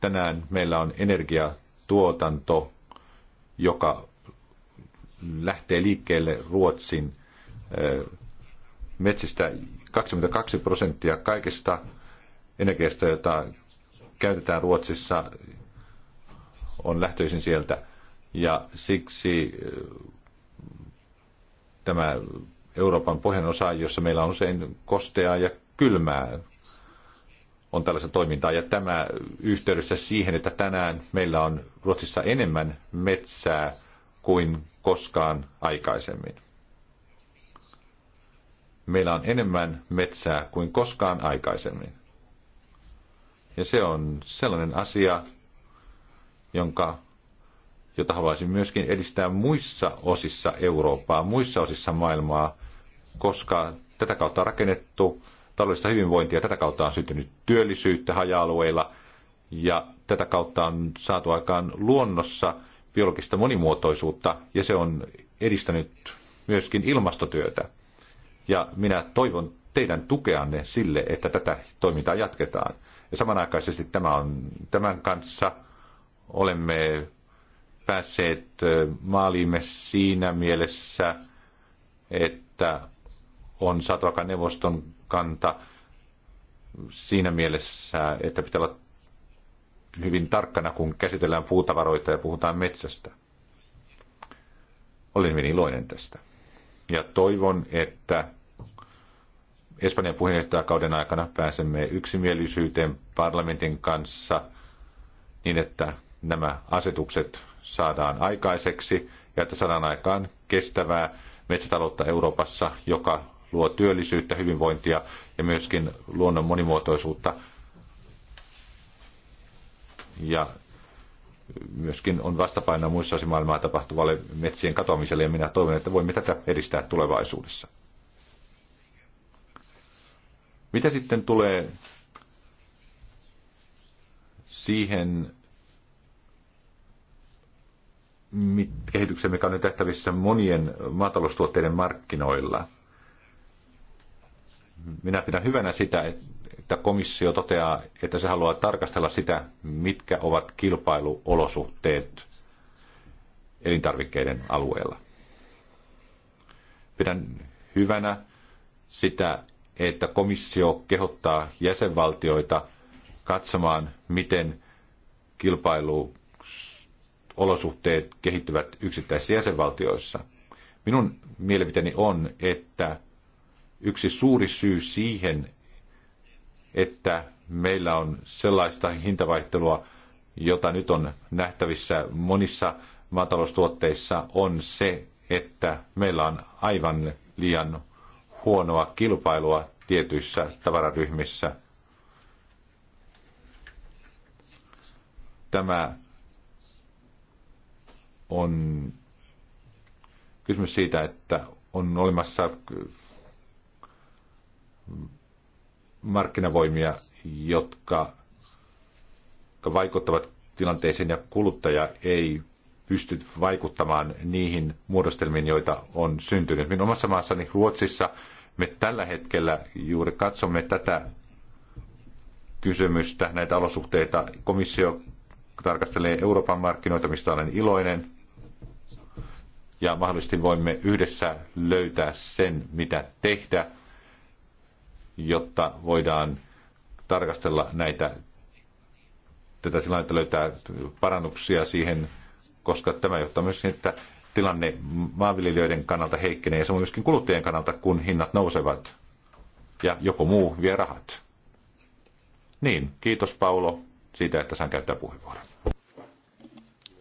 Tänään meillä on energiatuotanto, joka lähtee liikkeelle Ruotsin eh, metsistä 22 prosenttia kaikesta energiasta, jota käytetään Ruotsissa, on lähtöisin sieltä. Ja siksi eh, tämä Euroopan pohjanosaa, jossa meillä on usein kosteaa ja kylmää on tällaista toimintaa. Ja tämä yhteydessä siihen, että tänään meillä on Ruotsissa enemmän metsää kuin koskaan aikaisemmin. Meillä on enemmän metsää kuin koskaan aikaisemmin. Ja se on sellainen asia, jonka, jota haluaisin myöskin edistää muissa osissa Eurooppaa, muissa osissa maailmaa, koska tätä kautta on rakennettu taloudellista hyvinvointia, tätä kautta on syntynyt työllisyyttä haja-alueilla ja tätä kautta on saatu aikaan luonnossa biologista monimuotoisuutta ja se on edistänyt myöskin ilmastotyötä. Ja minä toivon teidän tukeanne sille, että tätä toimintaa jatketaan. Ja samanaikaisesti tämä on, tämän kanssa olemme päässeet maaliimme siinä mielessä, että on aika neuvoston kanta siinä mielessä, että pitää olla hyvin tarkkana, kun käsitellään puutavaroita ja puhutaan metsästä. Olin hyvin iloinen tästä. Ja toivon, että Espanjan puheenjohtajakauden aikana pääsemme yksimielisyyteen parlamentin kanssa niin, että nämä asetukset saadaan aikaiseksi ja että saadaan aikaan kestävää metsätaloutta Euroopassa, joka luo työllisyyttä, hyvinvointia ja myöskin luonnon monimuotoisuutta. Ja myöskin on vastapaino muissa osin maailmaa tapahtuvalle metsien katoamiselle ja minä toivon, että voimme tätä edistää tulevaisuudessa. Mitä sitten tulee siihen kehitykseen, mikä on nyt tehtävissä monien maataloustuotteiden markkinoilla – minä pidän hyvänä sitä, että komissio toteaa, että se haluaa tarkastella sitä, mitkä ovat kilpailuolosuhteet elintarvikkeiden alueella. Pidän hyvänä sitä, että komissio kehottaa jäsenvaltioita katsomaan, miten kilpailuolosuhteet kehittyvät yksittäisissä jäsenvaltioissa. Minun mielipiteeni on, että yksi suuri syy siihen, että meillä on sellaista hintavaihtelua, jota nyt on nähtävissä monissa maataloustuotteissa, on se, että meillä on aivan liian huonoa kilpailua tietyissä tavararyhmissä. Tämä on kysymys siitä, että on olemassa markkinavoimia, jotka vaikuttavat tilanteeseen ja kuluttaja ei pysty vaikuttamaan niihin muodostelmiin, joita on syntynyt. Minun omassa maassani Ruotsissa me tällä hetkellä juuri katsomme tätä kysymystä, näitä olosuhteita. Komissio tarkastelee Euroopan markkinoita, mistä olen iloinen. Ja mahdollisesti voimme yhdessä löytää sen, mitä tehdä jotta voidaan tarkastella näitä, tätä tilannetta löytää parannuksia siihen, koska tämä johtaa myös siihen, että tilanne maanviljelijöiden kannalta heikkenee ja samoin myöskin kuluttajien kannalta, kun hinnat nousevat ja joku muu vie rahat. Niin, kiitos Paulo siitä, että saan käyttää puheenvuoron.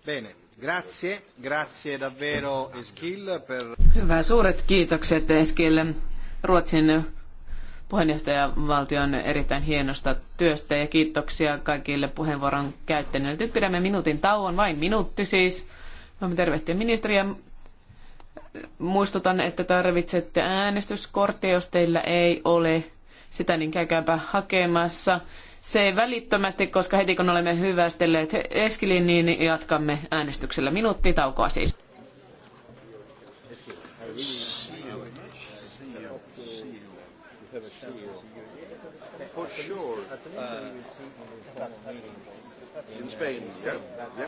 Bene. Grazie, grazie davvero Eskil per... Hyvä, suuret kiitokset Eskil Ruotsin puheenjohtajavaltion erittäin hienosta työstä ja kiitoksia kaikille puheenvuoron käyttäneille. Nyt pidämme minuutin tauon, vain minuutti siis. Voimme tervehtiä ministeriä. Muistutan, että tarvitsette äänestyskorttia, jos teillä ei ole sitä, niin käykääpä hakemassa. Se ei välittömästi, koska heti kun olemme hyvästelleet Eskilin, niin jatkamme äänestyksellä. Minuutti taukoa siis. for sure. Uh, in Spain, yeah. yeah.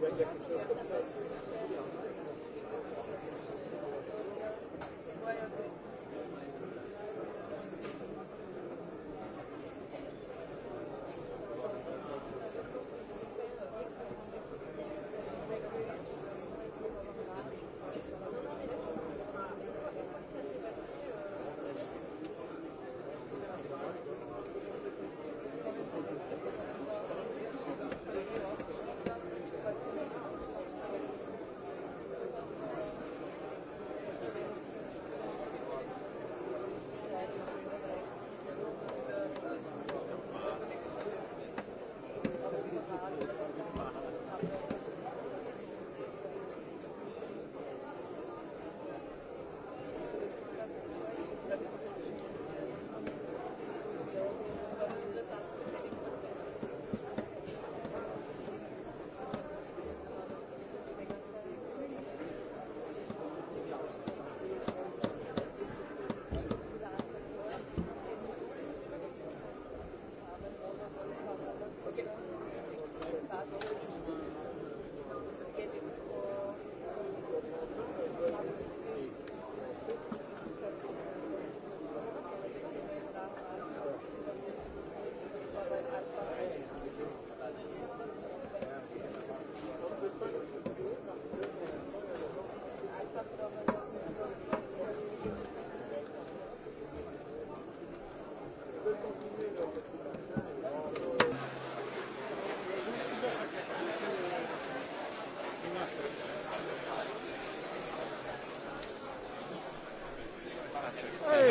Ja, ja,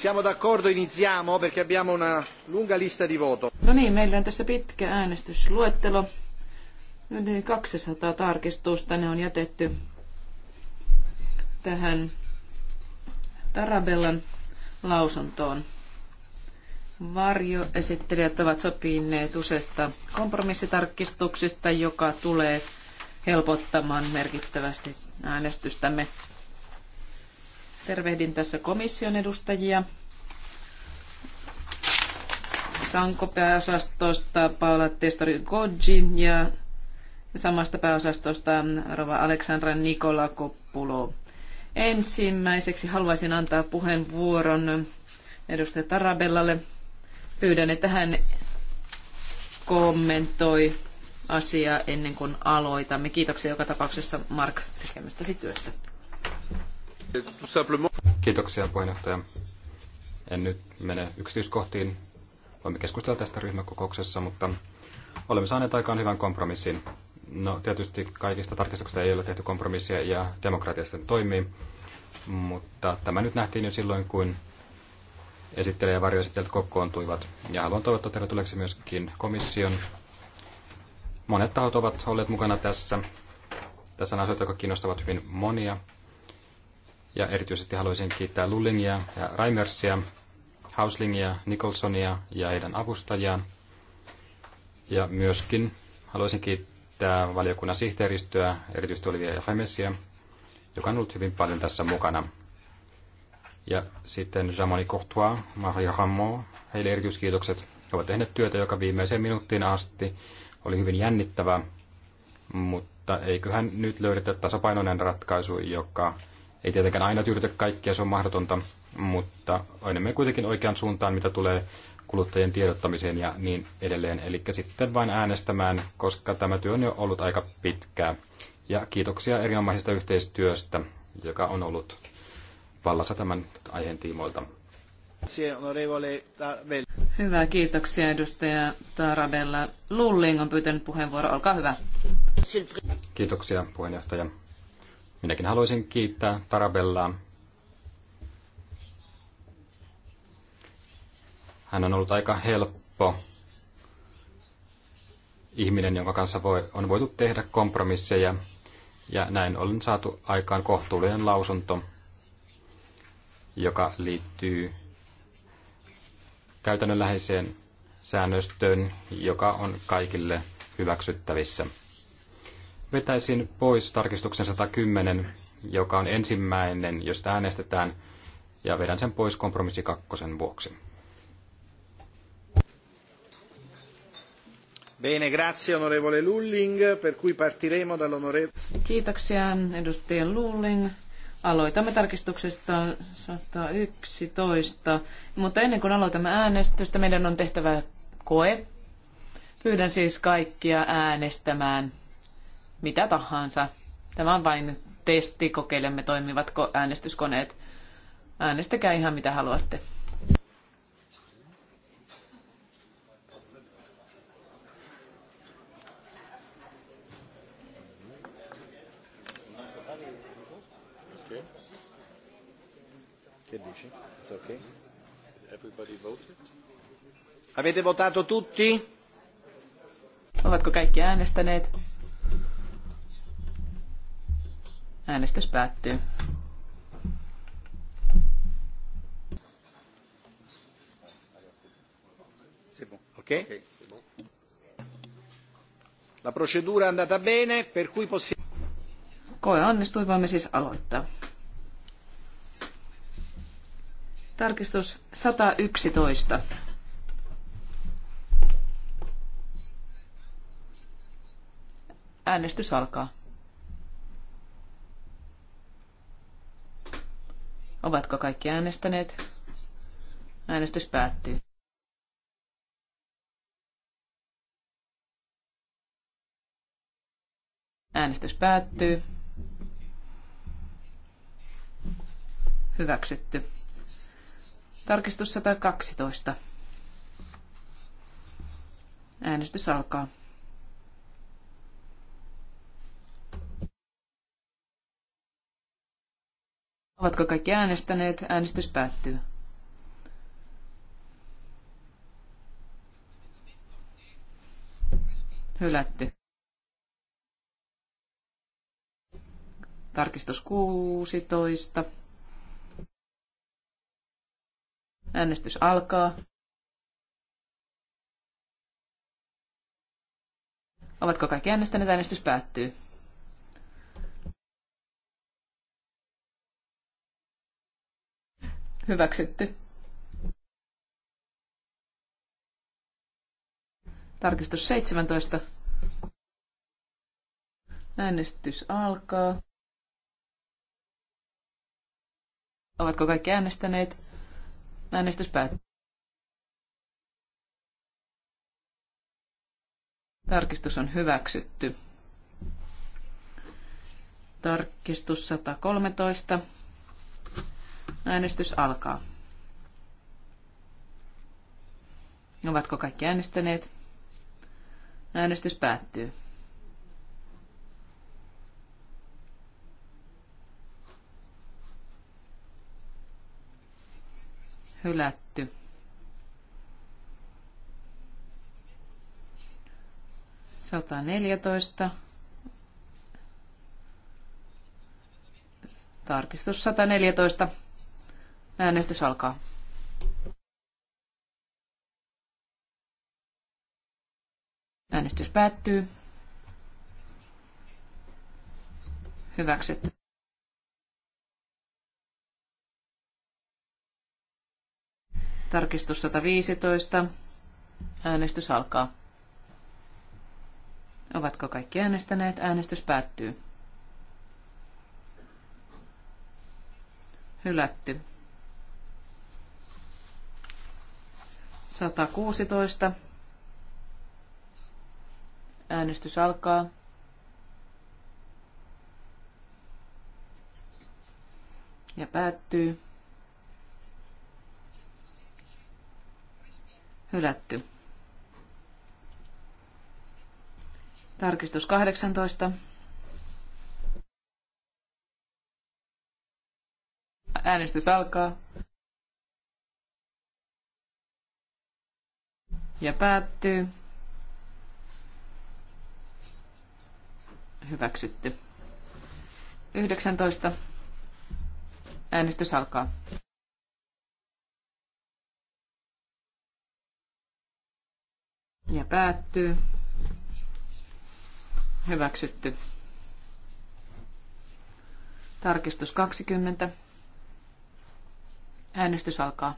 Siamo d'accordo, iniziamo perché abbiamo una lunga lista di voto. No niin, meillä on tässä pitkä äänestysluettelo. Yli niin 200 tarkistusta ne on jätetty tähän Tarabellan lausuntoon. Varjoesittelijät ovat sopineet useista kompromissitarkistuksista, joka tulee helpottamaan merkittävästi äänestystämme. Tervehdin tässä komission edustajia. Sanko pääosastosta Paula Testori Kodji ja samasta pääosastosta Rova Aleksandra Nikola Koppulo. Ensimmäiseksi haluaisin antaa puheenvuoron edustaja Tarabellalle. Pyydän, että hän kommentoi asiaa ennen kuin aloitamme. Kiitoksia joka tapauksessa Mark tekemästäsi työstä. Kiitoksia puheenjohtaja. En nyt mene yksityiskohtiin. Voimme keskustella tästä ryhmäkokouksessa, mutta olemme saaneet aikaan hyvän kompromissin. No tietysti kaikista tarkistuksista ei ole tehty kompromissia ja demokratia sitten toimii, mutta tämä nyt nähtiin jo silloin, kun esittelijä ja varjoesittelijät kokoontuivat. Ja haluan toivottaa tervetulleeksi myöskin komission. Monet tahot ovat olleet mukana tässä. Tässä on asioita, jotka kiinnostavat hyvin monia ja erityisesti haluaisin kiittää Lullingia ja Reimersia, Hauslingia, Nicholsonia ja heidän avustajiaan. Ja myöskin haluaisin kiittää valiokunnan sihteeristöä, erityisesti Olivia ja Haimesia, joka on ollut hyvin paljon tässä mukana. Ja sitten Jamoni Courtois, Maria Rammo, heille erityiskiitokset. He ovat tehneet työtä, joka viimeiseen minuuttiin asti oli hyvin jännittävää, mutta eiköhän nyt löydetä tasapainoinen ratkaisu, joka ei tietenkään aina tyydytä kaikkia, se on mahdotonta, mutta menemme kuitenkin oikean suuntaan, mitä tulee kuluttajien tiedottamiseen ja niin edelleen. Eli sitten vain äänestämään, koska tämä työ on jo ollut aika pitkää. Ja kiitoksia erinomaisesta yhteistyöstä, joka on ollut vallassa tämän aiheen tiimoilta. Hyvä, kiitoksia edustaja Tarabella. Lulling on pyytänyt puheenvuoro, olkaa hyvä. Kiitoksia puheenjohtaja. Minäkin haluaisin kiittää Tarabellaa. Hän on ollut aika helppo ihminen, jonka kanssa voi, on voitu tehdä kompromisseja, ja näin olen saatu aikaan kohtuullinen lausunto, joka liittyy käytännönläheiseen säännöstöön, joka on kaikille hyväksyttävissä. Vetäisin pois tarkistuksen 110, joka on ensimmäinen, josta äänestetään, ja vedän sen pois kompromissi kakkosen vuoksi. Bene, grazie onorevole Lulling, per cui partiremo dall'onorevole... Kiitoksia edustaja Lulling. Aloitamme tarkistuksesta 111, mutta ennen kuin aloitamme äänestystä, meidän on tehtävä koe. Pyydän siis kaikkia äänestämään mitä tahansa. Tämä on vain testi, kokeilemme toimivatko äänestyskoneet. Äänestäkää ihan mitä haluatte. Avete votato tutti? Ovatko kaikki äänestäneet? Äänestys päättyy. Okei. Okay. La procedura è andata bene, per cui possiamo... Koe onnistui, voimme siis aloittaa. Tarkistus 111. Äänestys alkaa. Ovatko kaikki äänestäneet? Äänestys päättyy. Äänestys päättyy. Hyväksytty. Tarkistus 112. Äänestys alkaa. Ovatko kaikki äänestäneet? Äänestys päättyy. Hylätty. Tarkistus 16. Äänestys alkaa. Ovatko kaikki äänestäneet? Äänestys päättyy. Hyväksytty. Tarkistus 17. Äänestys alkaa. Ovatko kaikki äänestäneet? Äänestys päättyy. Tarkistus on hyväksytty. Tarkistus 113. Äänestys alkaa. Ovatko kaikki äänestäneet? Äänestys päättyy. Hylätty. Sata neljätoista. Tarkistus sata neljätoista. Äänestys alkaa. Äänestys päättyy. Hyväksytty. Tarkistus 115. Äänestys alkaa. Ovatko kaikki äänestäneet? Äänestys päättyy. Hylätty. 116. Äänestys alkaa. Ja päättyy. Hylätty. Tarkistus 18. Äänestys alkaa. ja päättyy. Hyväksytty. 19. Äänestys alkaa. Ja päättyy. Hyväksytty. Tarkistus 20. Äänestys alkaa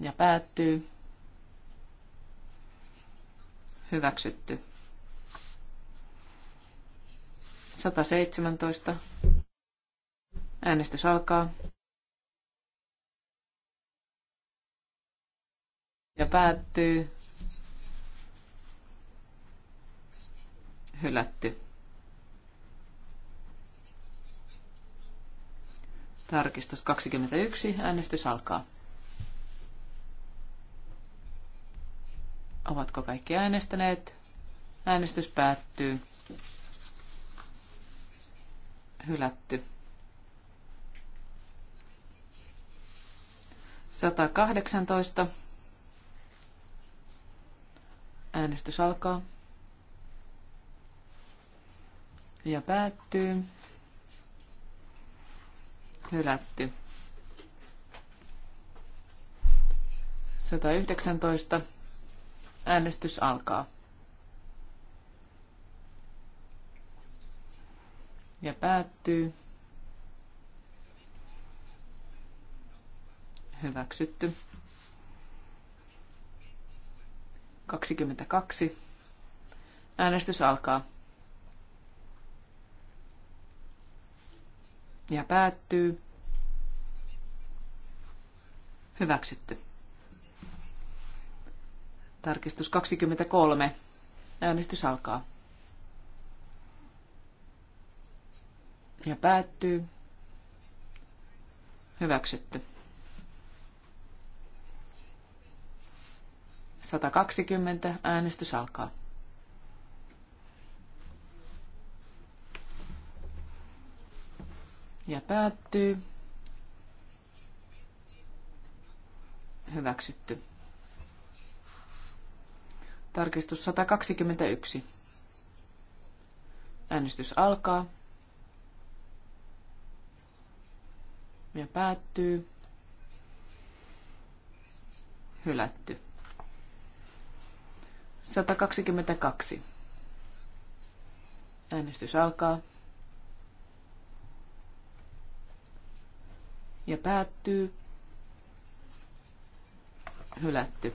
ja päättyy. Hyväksytty. 117. Äänestys alkaa. Ja päättyy. Hylätty. Tarkistus 21. Äänestys alkaa. Ovatko kaikki äänestäneet? Äänestys päättyy. Hylätty. 118. Äänestys alkaa. Ja päättyy. Hylätty. 119. Äänestys alkaa. Ja päättyy. Hyväksytty. 22. Äänestys alkaa. Ja päättyy. Hyväksytty. Tarkistus 23. Äänestys alkaa. Ja päättyy. Hyväksytty. 120. Äänestys alkaa. Ja päättyy. Hyväksytty. Tarkistus 121. Äänestys alkaa. Ja päättyy. Hylätty. 122. Äänestys alkaa. Ja päättyy. Hylätty.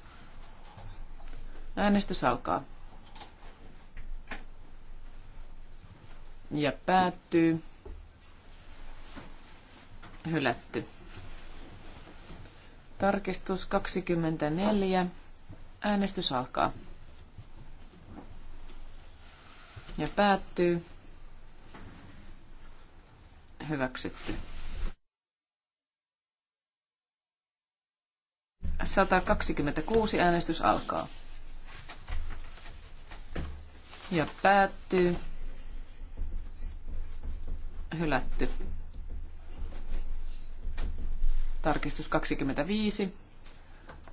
Äänestys alkaa. Ja päättyy. Hylätty. Tarkistus 24. Äänestys alkaa. Ja päättyy. Hyväksytty. 126 äänestys alkaa ja päättyy. Hylätty. Tarkistus 25.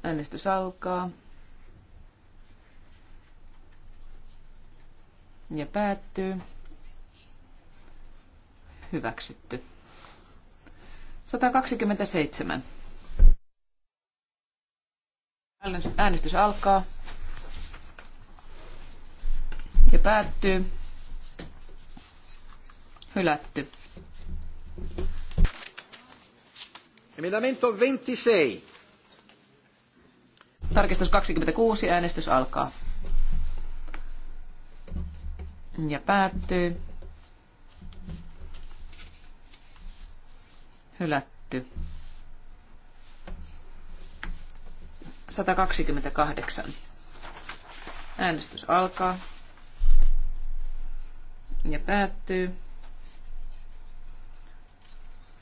Äänestys alkaa. Ja päättyy. Hyväksytty. 127. Äänestys alkaa. Äänestys päättyy. Hylätty. Emendamento 26. Tarkistus 26. Äänestys alkaa. Ja päättyy. Hylätty. 128. Äänestys alkaa ja päättyy.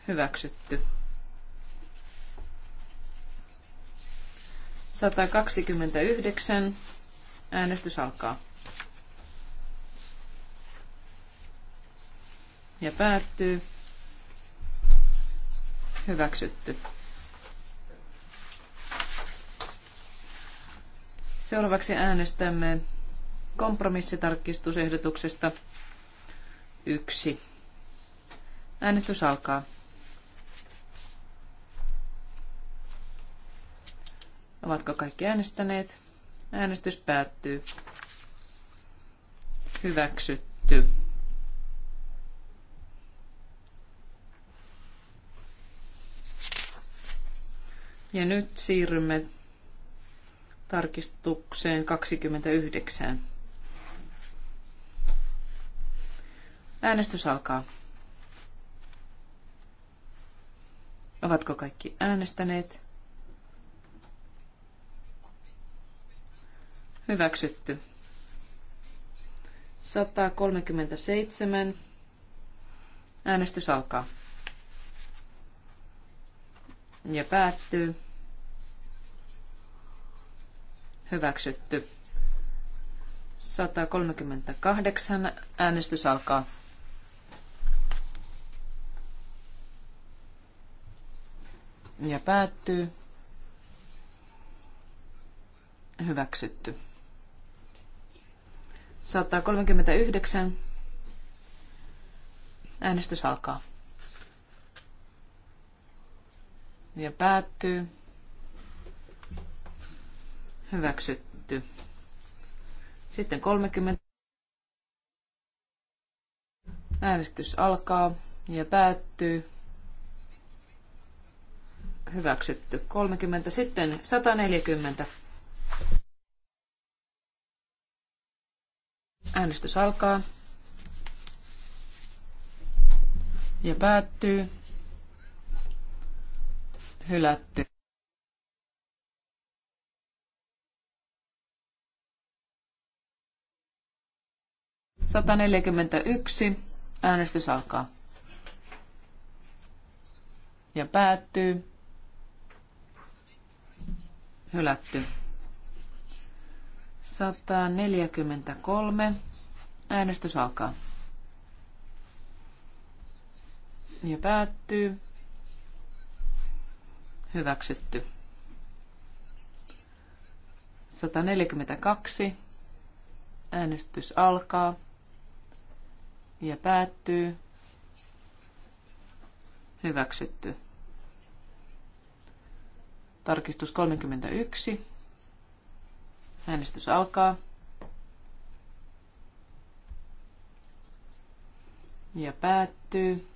Hyväksytty. 129. Äänestys alkaa. Ja päättyy. Hyväksytty. Seuraavaksi äänestämme kompromissitarkistusehdotuksesta Yksi. Äänestys alkaa. Ovatko kaikki äänestäneet? Äänestys päättyy. Hyväksytty. Ja nyt siirrymme tarkistukseen 29. Äänestys alkaa. Ovatko kaikki äänestäneet? Hyväksytty. 137. Äänestys alkaa. Ja päättyy. Hyväksytty. 138. Äänestys alkaa. ja päättyy. Hyväksytty. 139. Äänestys alkaa. Ja päättyy. Hyväksytty. Sitten 30. Äänestys alkaa ja päättyy hyväksytty 30, sitten 140. Äänestys alkaa ja päättyy. Hylätty. yksi. Äänestys alkaa. Ja päättyy. Hylätty. 143. Äänestys alkaa. Ja päättyy. Hyväksytty. 142. Äänestys alkaa ja päättyy. Hyväksytty. Tarkistus 31. Äänestys alkaa. Ja päättyy.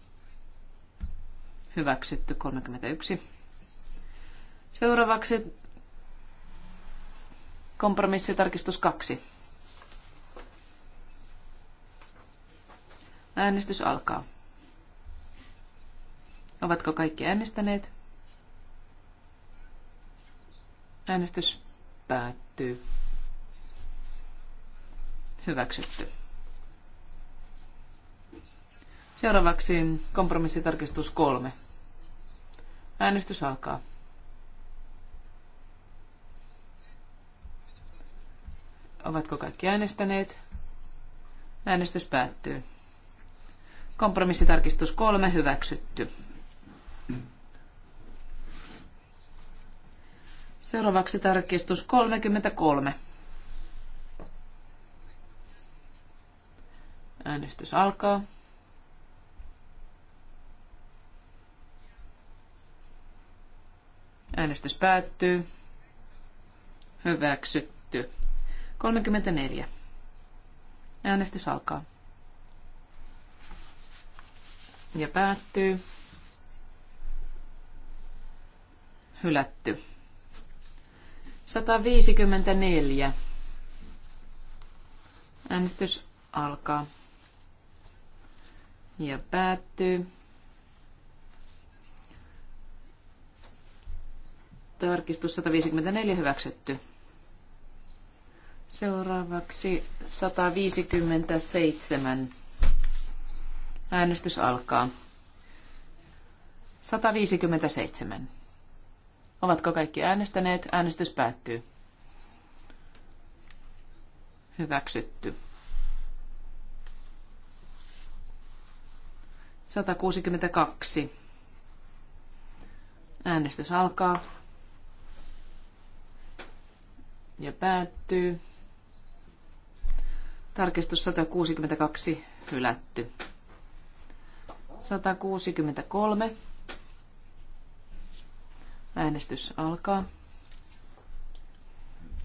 Hyväksytty 31. Seuraavaksi kompromissitarkistus 2. Äänestys alkaa. Ovatko kaikki äänestäneet? Äänestys päättyy. Hyväksytty. Seuraavaksi kompromissitarkistus kolme. Äänestys alkaa. Ovatko kaikki äänestäneet? Äänestys päättyy. Kompromissitarkistus kolme hyväksytty. Seuraavaksi tarkistus 33. Äänestys alkaa. Äänestys päättyy. Hyväksytty. 34. Äänestys alkaa. Ja päättyy. Hylätty. 154. Äänestys alkaa ja päättyy. Tarkistus 154 hyväksytty. Seuraavaksi 157. Äänestys alkaa. 157. Ovatko kaikki äänestäneet? Äänestys päättyy. Hyväksytty. 162. Äänestys alkaa ja päättyy. Tarkistus 162 hylätty. 163 Äänestys alkaa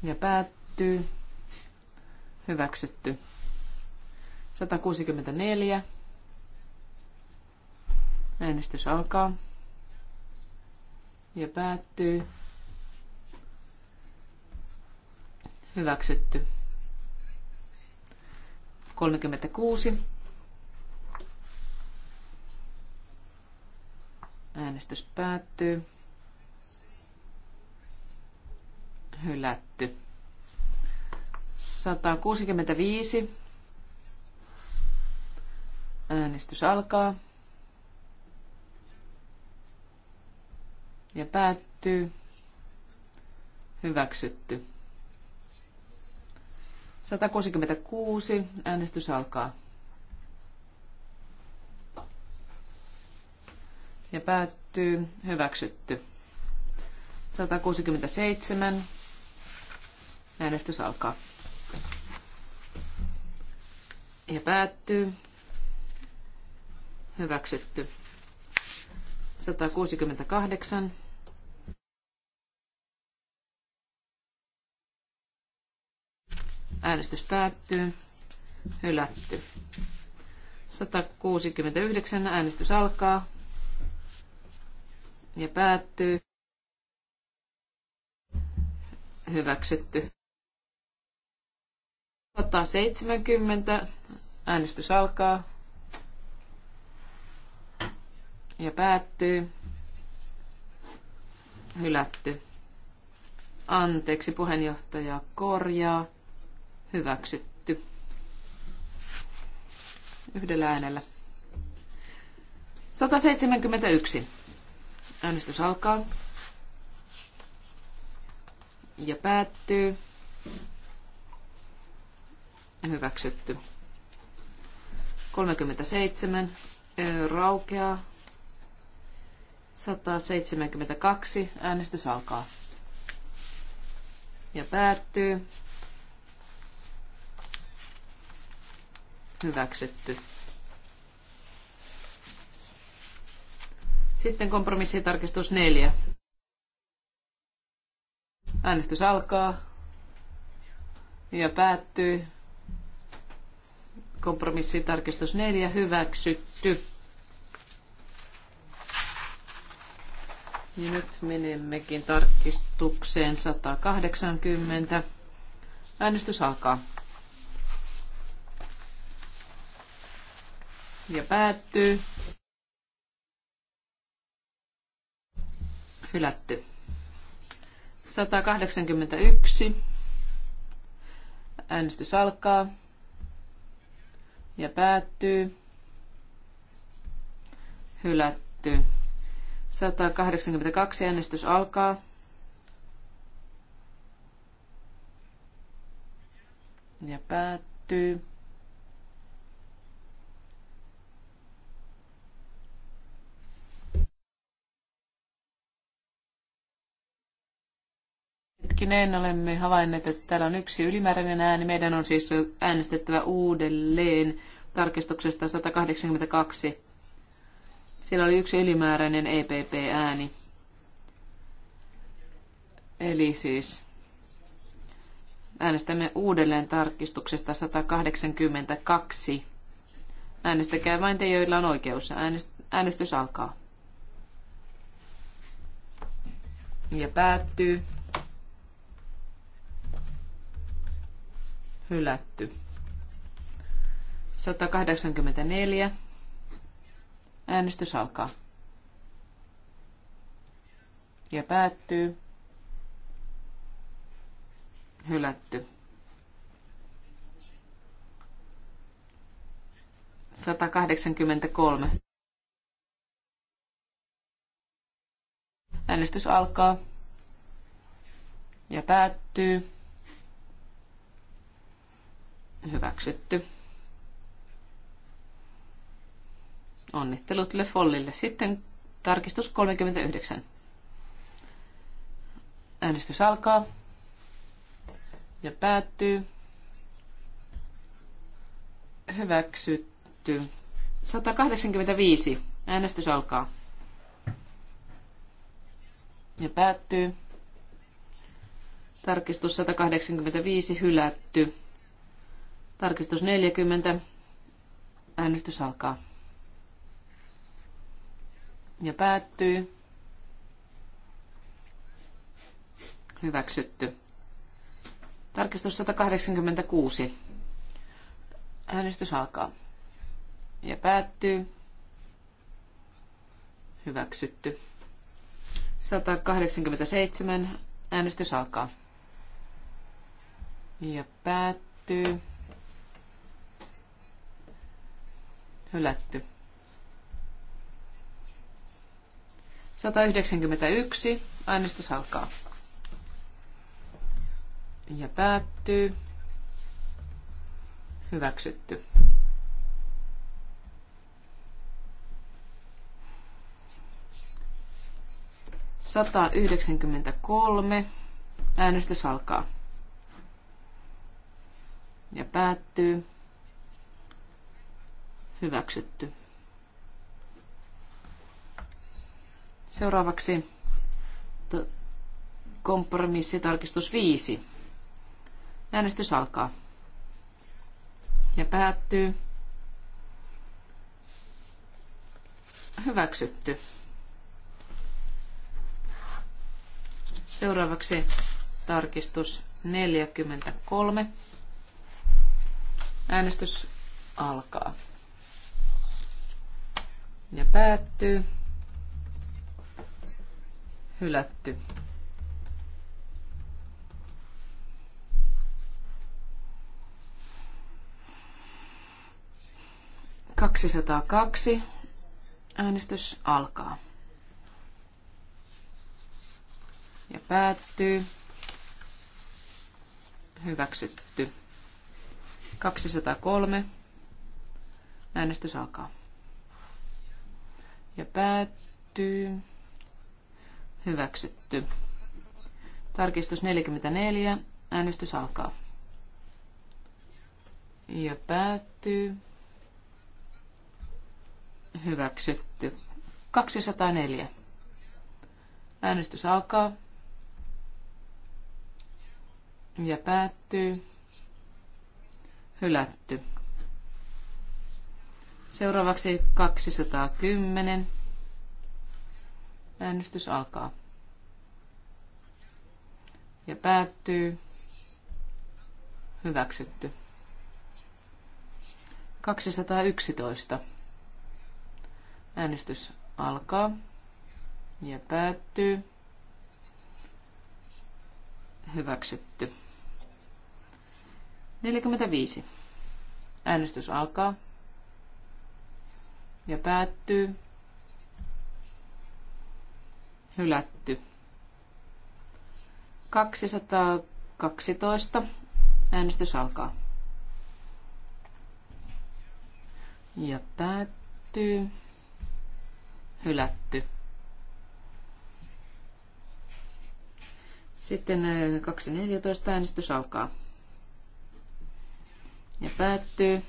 ja päättyy. Hyväksytty. 164. Äänestys alkaa ja päättyy. Hyväksytty. 36. Äänestys päättyy. hylätty. 165. Äänestys alkaa. Ja päättyy. Hyväksytty. 166. Äänestys alkaa. Ja päättyy. Hyväksytty. 167. Äänestys alkaa. Ja päättyy. Hyväksytty. 168. Äänestys päättyy. Hylätty. 169. Äänestys alkaa. Ja päättyy. Hyväksytty. 170. Äänestys alkaa. Ja päättyy. Hylätty. Anteeksi, puheenjohtaja korjaa. Hyväksytty. Yhdellä äänellä. 171. Äänestys alkaa. Ja päättyy hyväksytty. 37 raukeaa. 172 äänestys alkaa. Ja päättyy. Hyväksytty. Sitten kompromissitarkistus 4. Äänestys alkaa ja päättyy. Kompromissitarkistus 4 hyväksytty. Ja nyt menemmekin tarkistukseen 180. Äänestys alkaa. Ja päättyy. Hylätty. 181. Äänestys alkaa ja päättyy. Hylätty. 182 äänestys alkaa. Ja päättyy. Hetkinen, olemme havainneet, että täällä on yksi ylimääräinen ääni. Meidän on siis äänestettävä uudelleen tarkistuksesta 182. Siellä oli yksi ylimääräinen EPP-ääni. Eli siis äänestämme uudelleen tarkistuksesta 182. Äänestäkää vain te, joilla on oikeus. Äänestys alkaa. Ja päättyy. hylätty. 184. Äänestys alkaa. Ja päättyy. Hylätty. 183. Äänestys alkaa ja päättyy. Hyväksytty. Onnittelut Le Follille. Sitten tarkistus 39. Äänestys alkaa ja päättyy. Hyväksytty. 185. Äänestys alkaa. Ja päättyy. Tarkistus 185 hylätty. Tarkistus 40. Äänestys alkaa. Ja päättyy. Hyväksytty. Tarkistus 186. Äänestys alkaa. Ja päättyy. Hyväksytty. 187. Äänestys alkaa. Ja päättyy. Hylätty. 191. Äänestys alkaa. Ja päättyy. Hyväksytty. Sata yhdeksänkymmentä kolme. Äänestys alkaa. Ja päättyy. Hyväksytty. Seuraavaksi kompromissitarkistus 5. Äänestys alkaa. Ja päättyy. Hyväksytty. Seuraavaksi tarkistus 43. Äänestys alkaa ja päättyy. Hylätty. kaksi Äänestys alkaa. Ja päättyy. Hyväksytty. 203. Äänestys alkaa ja päättyy. Hyväksytty. Tarkistus 44. Äänestys alkaa. Ja päättyy. Hyväksytty. 204. Äänestys alkaa. Ja päättyy. Hylätty. Seuraavaksi 210. Äänestys alkaa. Ja päättyy. Hyväksytty. 211. Äänestys alkaa ja päättyy. Hyväksytty. 45. Äänestys alkaa ja päättyy. Hylätty. 212. Äänestys alkaa. Ja päättyy. Hylätty. Sitten 2.14 äh, äänestys alkaa. Ja päättyy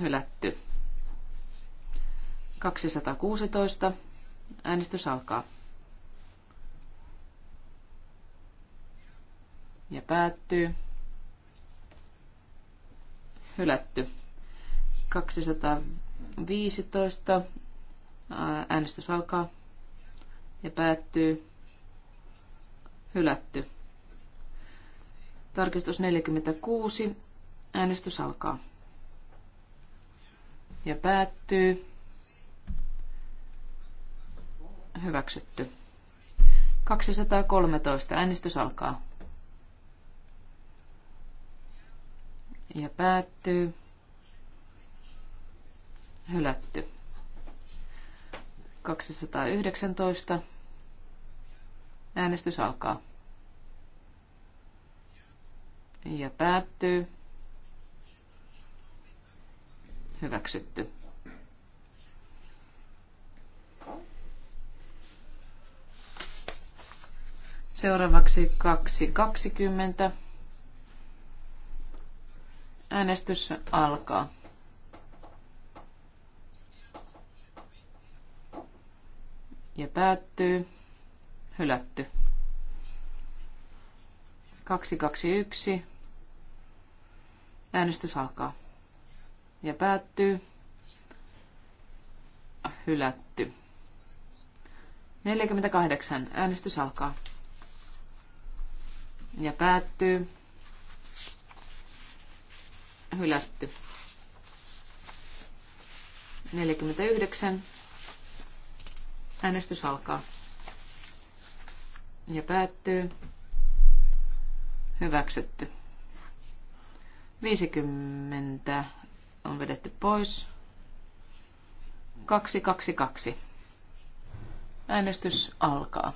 hylätty. 216. Äänestys alkaa. Ja päättyy. Hylätty. 215. Äänestys alkaa. Ja päättyy. Hylätty. Tarkistus 46. Äänestys alkaa ja päättyy. Hyväksytty. 213. Äänestys alkaa. Ja päättyy. Hylätty. 219. Äänestys alkaa. Ja päättyy hyväksytty. Seuraavaksi 2.20. Äänestys alkaa. Ja päättyy. Hylätty. 221. Äänestys alkaa ja päättyy. Hylätty. 48. Äänestys alkaa. Ja päättyy. Hylätty. 49. Äänestys alkaa. Ja päättyy. Hyväksytty. 50 on vedetty pois. 222. Äänestys alkaa.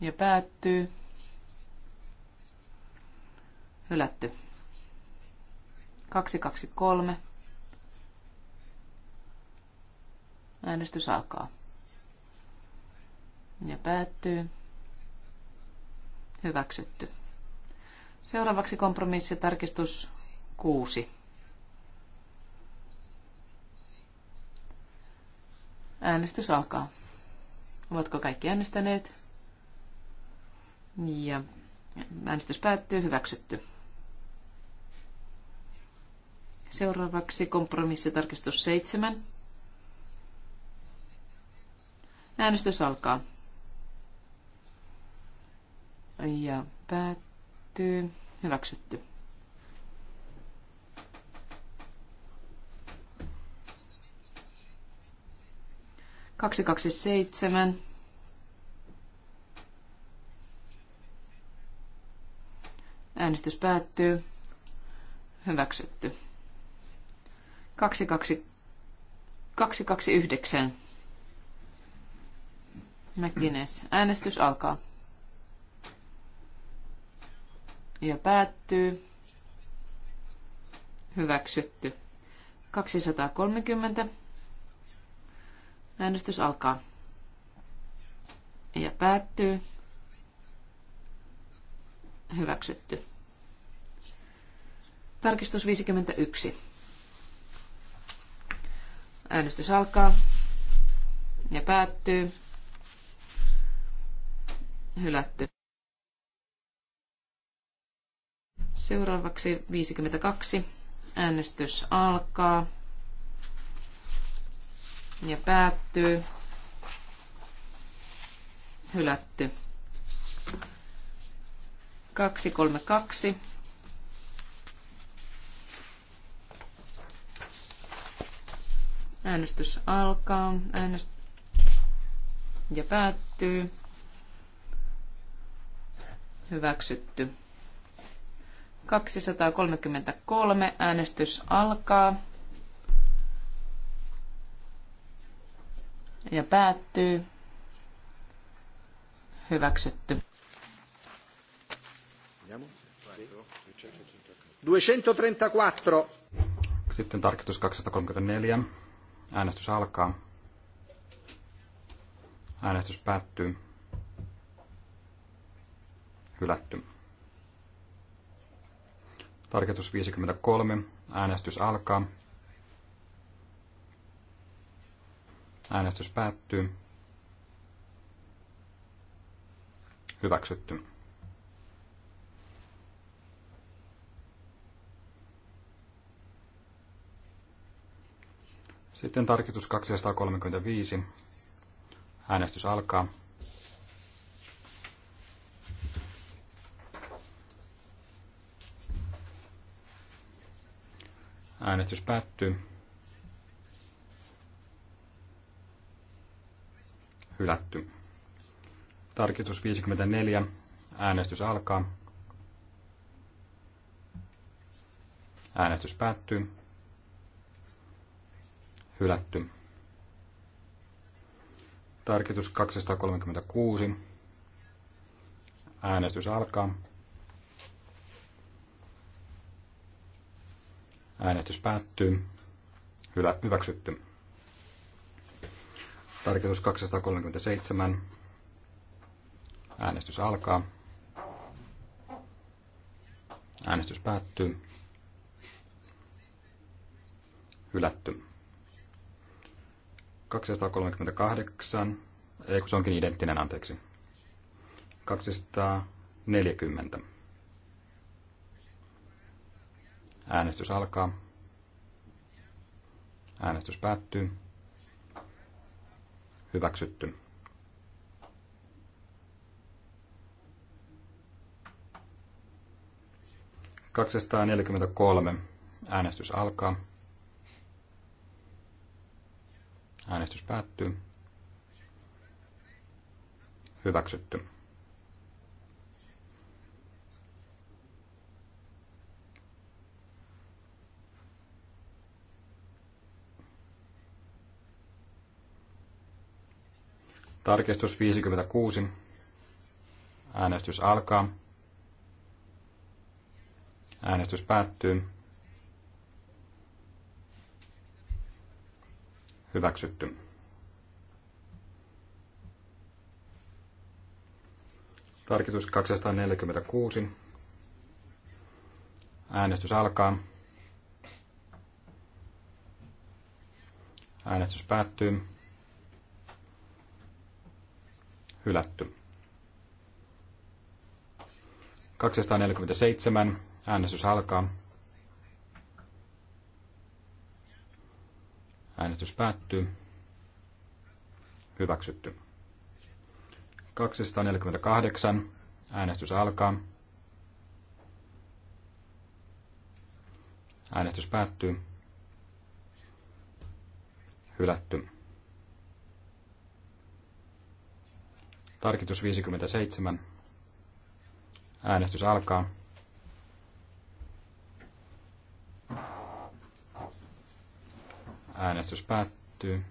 Ja päättyy. Hylätty. 223. Äänestys alkaa. Ja päättyy. Hyväksytty. Seuraavaksi kompromissi tarkistus 6. Äänestys alkaa. Ovatko kaikki äänestäneet? Ja äänestys päättyy. Hyväksytty. Seuraavaksi kompromissitarkistus 7. Äänestys alkaa. Ja päättyy. Hyväksytty. 227. Äänestys päättyy. Hyväksytty. kaksi 229. Mäkines. Äänestys alkaa. Ja päättyy. Hyväksytty. 230. Äänestys alkaa. Ja päättyy. Hyväksytty. Tarkistus 51. Äänestys alkaa ja päättyy. Hylätty. Seuraavaksi 52. Äänestys alkaa ja päättyy. Hylätty. 232. Äänestys alkaa äänest... ja päättyy. Hyväksytty. 233 äänestys alkaa. ja päättyy. Hyväksytty. 234. Sitten tarkistus 234. Äänestys alkaa. Äänestys päättyy. Hylätty. Tarkistus 53. Äänestys alkaa. Äänestys päättyy. Hyväksytty. Sitten tarkistus 235. Äänestys alkaa. Äänestys päättyy. hylätty. Tarkistus 54. Äänestys alkaa. Äänestys päättyy. Hylätty. Tarkistus 236. Äänestys alkaa. Äänestys päättyy. Hylä, hyväksytty. Tarkoitus 237. Äänestys alkaa. Äänestys päättyy. Hylätty. 238. Ei kun se onkin identtinen, anteeksi. 240. Äänestys alkaa. Äänestys päättyy. Hyväksytty. Kaksisataaneljäkymmentäkolme. Äänestys alkaa. Äänestys päättyy. Hyväksytty. Tarkistus 56. Äänestys alkaa. Äänestys päättyy. Hyväksytty. Tarkistus 246. Äänestys alkaa. Äänestys päättyy hylätty. 247. Äänestys alkaa. Äänestys päättyy. Hyväksytty. 248. Äänestys alkaa. Äänestys päättyy. Hylätty. Tarkitus 57. Äänestys alkaa. Äänestys päättyy.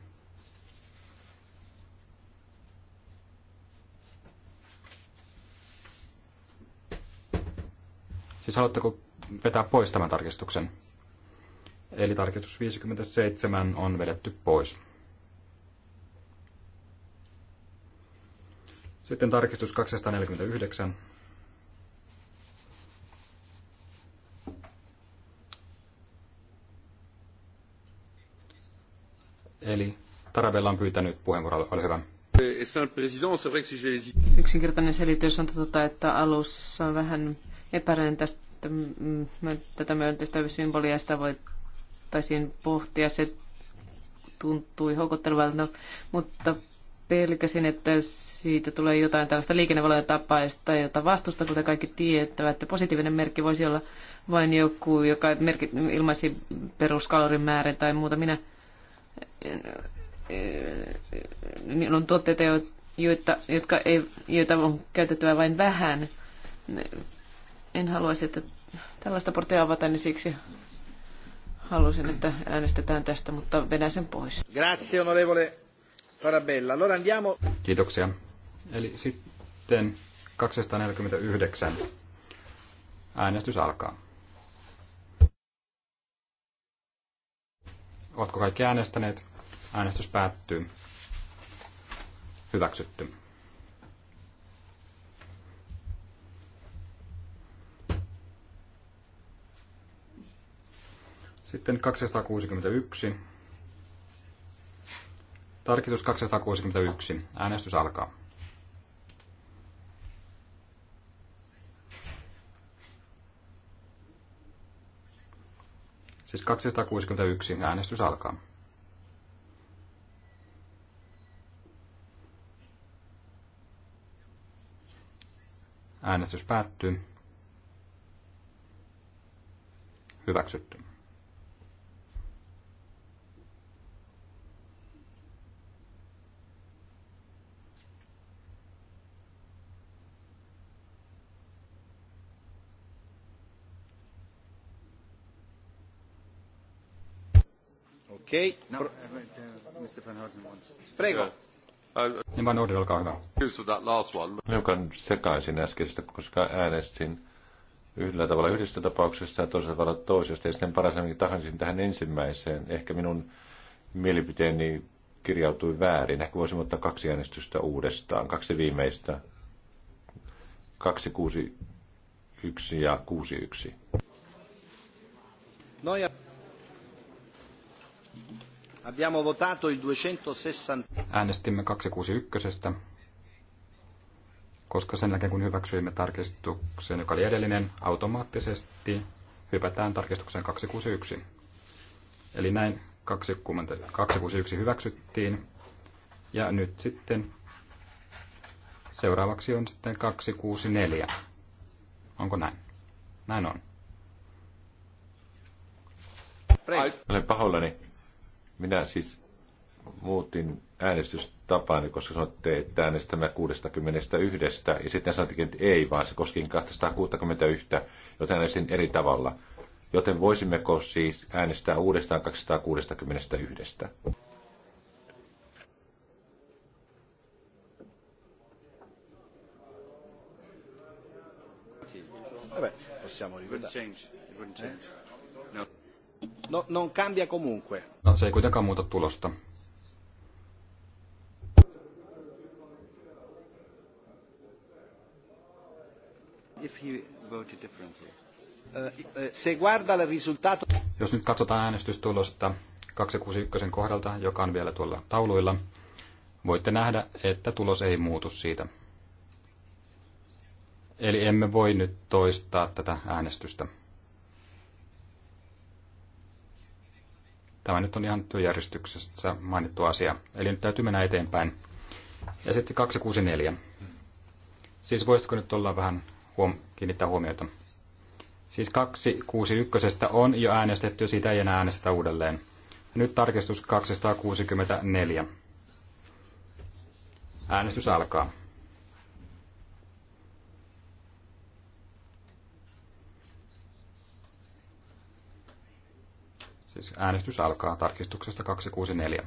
Siis haluatteko vetää pois tämän tarkistuksen? Eli tarkistus 57 on vedetty pois. Sitten tarkistus 249. Eli Tarabella on pyytänyt puheenvuoroa, ole hyvä. Yksinkertainen selitys on totta, että alussa vähän epäröin tästä, mm, tätä myönteistä symbolia, sitä voitaisiin pohtia. Se tuntui houkuttelevalta, mutta pelkäsin, että siitä tulee jotain tällaista liikennevalojen tapaista, jota vastusta, kuten kaikki tietävät, että positiivinen merkki voisi olla vain joku, joka merkki, ilmaisi peruskalorin määrän tai muuta. Minä niin on tuotteita, joita, jotka ei, joita on käytettävä vain vähän. En haluaisi, että tällaista portia avata, niin siksi halusin, että äänestetään tästä, mutta vedän sen pois. Grazie, onorevole Tarabella. Allora andiamo... Kiitoksia. Eli sitten 249. Äänestys alkaa. Oletko kaikki äänestäneet? Äänestys päättyy. Hyväksytty. Sitten 261. Tarkistus 261. Äänestys alkaa. Siis 261. Äänestys alkaa. Äänestys päättyy. Hyväksytty. No, eh, uh, äh, niin, hiukan sekaisin äskeisestä, koska äänestin yhdellä tavalla yhdestä tapauksesta ja toisella tavalla toisesta. Ja sitten paraisemmin tahansin tähän ensimmäiseen. Ehkä minun mielipiteeni kirjautui väärin. Ehkä voisimme ottaa kaksi äänestystä uudestaan, kaksi viimeistä. kaksi kuusi yksi ja yksi. No ja Abbiamo votato il 260. Äänestimme 261, koska sen jälkeen kun hyväksyimme tarkistuksen, joka oli edellinen, automaattisesti hypätään tarkistukseen 261. Eli näin 20, 261 hyväksyttiin. Ja nyt sitten seuraavaksi on sitten 264. Onko näin? Näin on. Olen pahoillani minä siis muutin äänestystapaani, koska sanotte, että äänestämme 61, ja sitten sanoittekin, että ei, vaan se koski 261, joten äänestin eri tavalla. Joten voisimmeko siis äänestää uudestaan 261? Vabbè, possiamo ricordare. It wouldn't change. It eh? No. No, non cambia comunque. No, se ei kuitenkaan muuta tulosta. If he voted differently. Eh, eh, se guarda il risultato... Jos nyt katsotaan äänestystulosta 261 kohdalta, joka on vielä tuolla tauluilla, voitte nähdä, että tulos ei muutu siitä. Eli emme voi nyt toistaa tätä äänestystä. Tämä nyt on ihan työjärjestyksessä mainittu asia. Eli nyt täytyy mennä eteenpäin. Ja sitten 264. Siis voisitko nyt olla vähän huom- kiinnittää huomiota? Siis 261 on jo äänestetty ja siitä ei enää äänestetä uudelleen. Ja nyt tarkistus 264. Äänestys alkaa. Siis äänestys alkaa tarkistuksesta 264.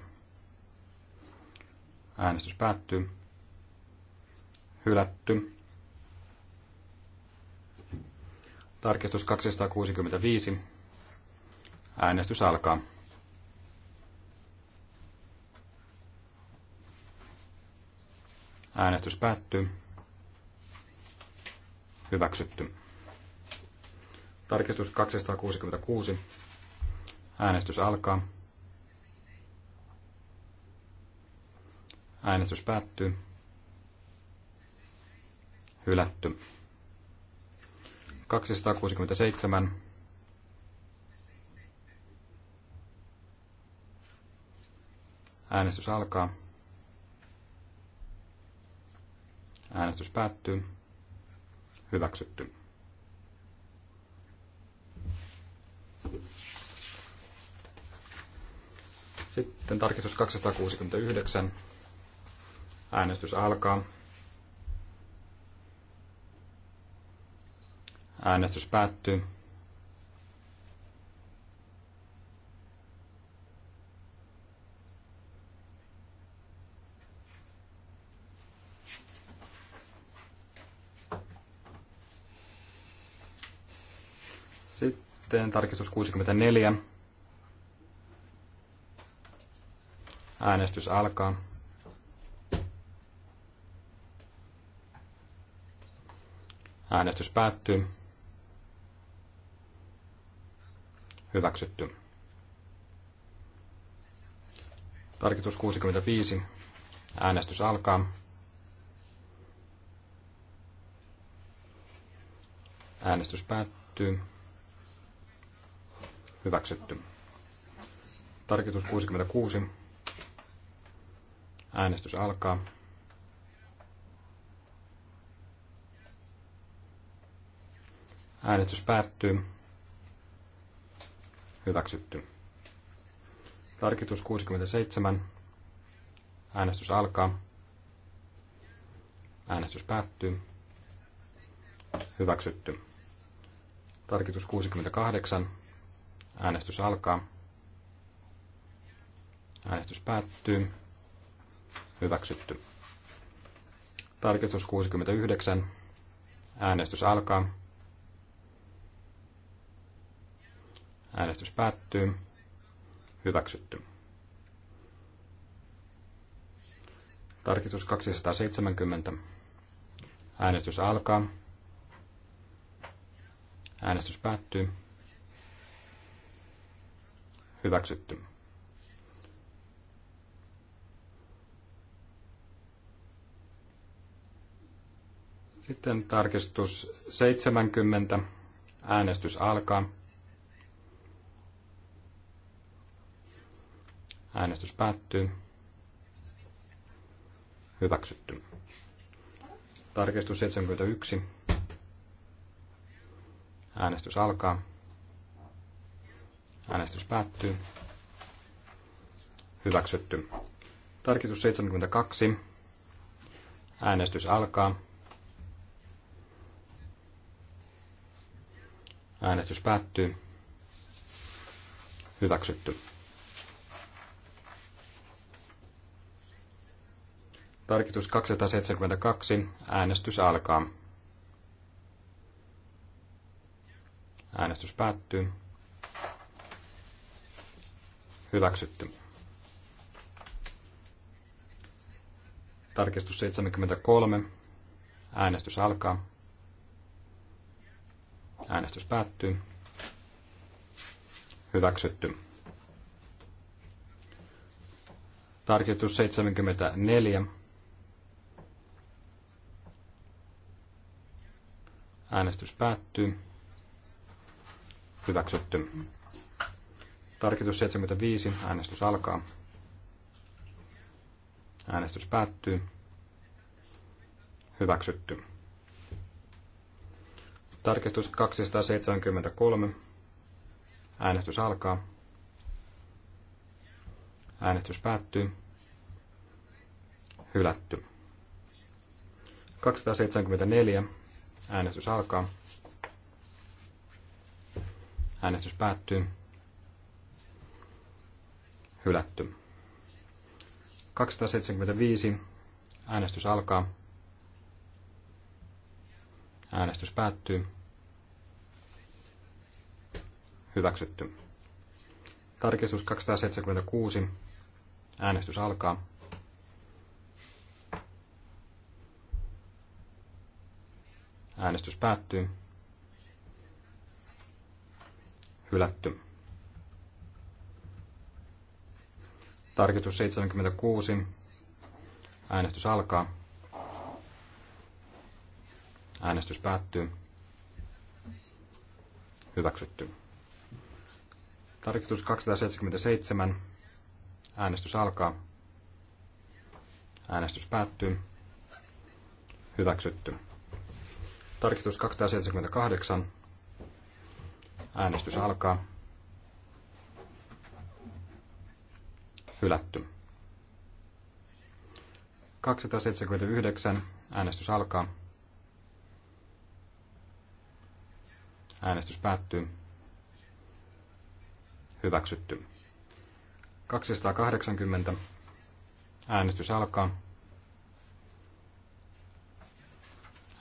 Äänestys päättyy. Hylätty. Tarkistus 265. Äänestys alkaa. Äänestys päättyy. Hyväksytty. Tarkistus 266. Äänestys alkaa. Äänestys päättyy. Hylätty. 267. Äänestys alkaa. Äänestys päättyy. Hyväksytty. Sitten tarkistus 269. Äänestys alkaa. Äänestys päättyy. Sitten tarkistus 64. Äänestys alkaa. Äänestys päättyy. Hyväksytty. Tarkistus 65. Äänestys alkaa. Äänestys päättyy. Hyväksytty. Tarkistus 66. Äänestys alkaa. Äänestys päättyy. Hyväksytty. Tarkistus 67. Äänestys alkaa. Äänestys päättyy. Hyväksytty. Tarkistus 68. Äänestys alkaa. Äänestys päättyy. Hyväksytty. Tarkistus 69. Äänestys alkaa. Äänestys päättyy. Hyväksytty. Tarkistus 270. Äänestys alkaa. Äänestys päättyy. Hyväksytty. Sitten tarkistus 70. Äänestys alkaa. Äänestys päättyy. Hyväksytty. Tarkistus 71. Äänestys alkaa. Äänestys päättyy. Hyväksytty. Tarkistus 72. Äänestys alkaa. Äänestys päättyy. Hyväksytty. Tarkistus 272. Äänestys alkaa. Äänestys päättyy. Hyväksytty. Tarkistus 73. Äänestys alkaa. Äänestys päättyy. Hyväksytty. Tarkistus 74. Äänestys päättyy. Hyväksytty. Tarkistus 75. Äänestys alkaa. Äänestys päättyy. Hyväksytty. Tarkistus 273. Äänestys alkaa. Äänestys päättyy. Hylätty. 274. Äänestys alkaa. Äänestys päättyy. Hylätty. 275. Äänestys alkaa. Äänestys päättyy. Hyväksytty. Tarkistus 276. Äänestys alkaa. Äänestys päättyy. Hylätty. Tarkistus 76. Äänestys alkaa. Äänestys päättyy. Hyväksytty. Tarkistus 277. Äänestys alkaa. Äänestys päättyy. Hyväksytty. Tarkistus 278. Äänestys alkaa. Hylätty. 279. Äänestys alkaa. Äänestys päättyy. Hyväksytty. 280. Äänestys alkaa.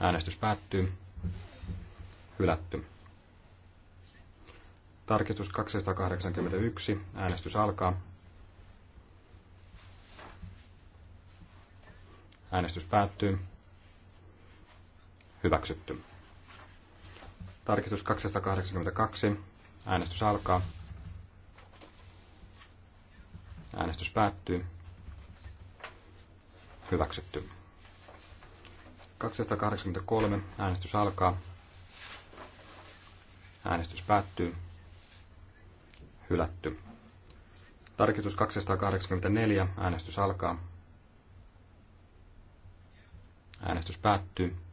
Äänestys päättyy. Hylätty. Tarkistus 281. Äänestys alkaa. Äänestys päättyy. Hyväksytty. Tarkistus 282. Äänestys alkaa. Äänestys päättyy. Hyväksytty. 283. Äänestys alkaa. Äänestys päättyy. Hylätty. Tarkistus 284. Äänestys alkaa. Äänestys päättyy.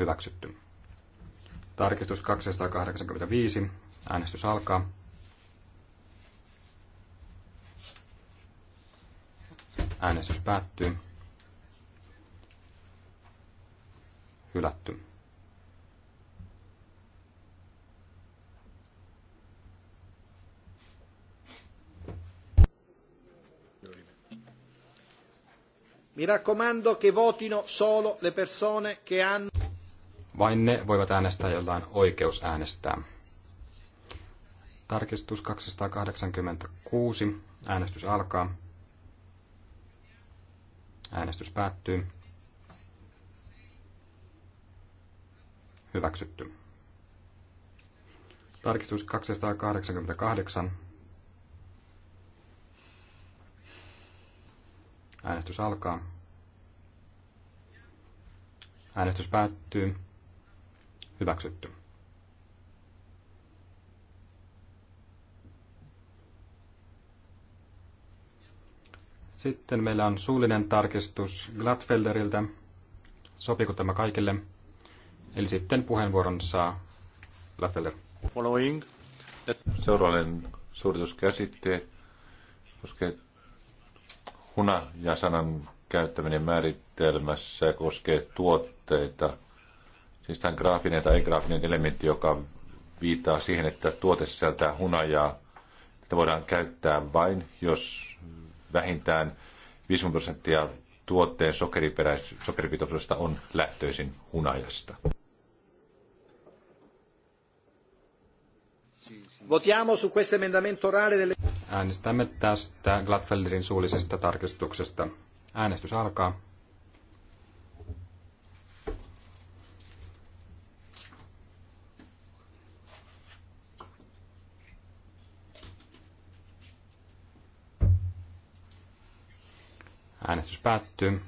Hyväksytty. Tarkistus 285. Äänestys alkaa. Äänestys päättyy. Hylätty. Mi raccomando che votino solo le persone che hanno vain ne voivat äänestää, joilla on oikeus äänestää. Tarkistus 286. Äänestys alkaa. Äänestys päättyy. Hyväksytty. Tarkistus 288. Äänestys alkaa. Äänestys päättyy. Hyväksytty. Sitten meillä on suullinen tarkistus Gladfelderiltä. Sopiiko tämä kaikille? Eli sitten puheenvuoron saa Gladfelder. Following. Seuraavainen suorituskäsitteet koskee huna ja sanan käyttäminen määritelmässä koskee tuotteita, siis tämän graafinen tai ei-graafinen elementti, joka viittaa siihen, että tuote sisältää hunajaa, että voidaan käyttää vain, jos vähintään 50 prosenttia tuotteen sokeripitoisuudesta on lähtöisin hunajasta. Votiamo su questo emendamento orale delle... Äänestämme tästä Gladfelderin suullisesta tarkistuksesta. Äänestys alkaa. Äänestys päättyy.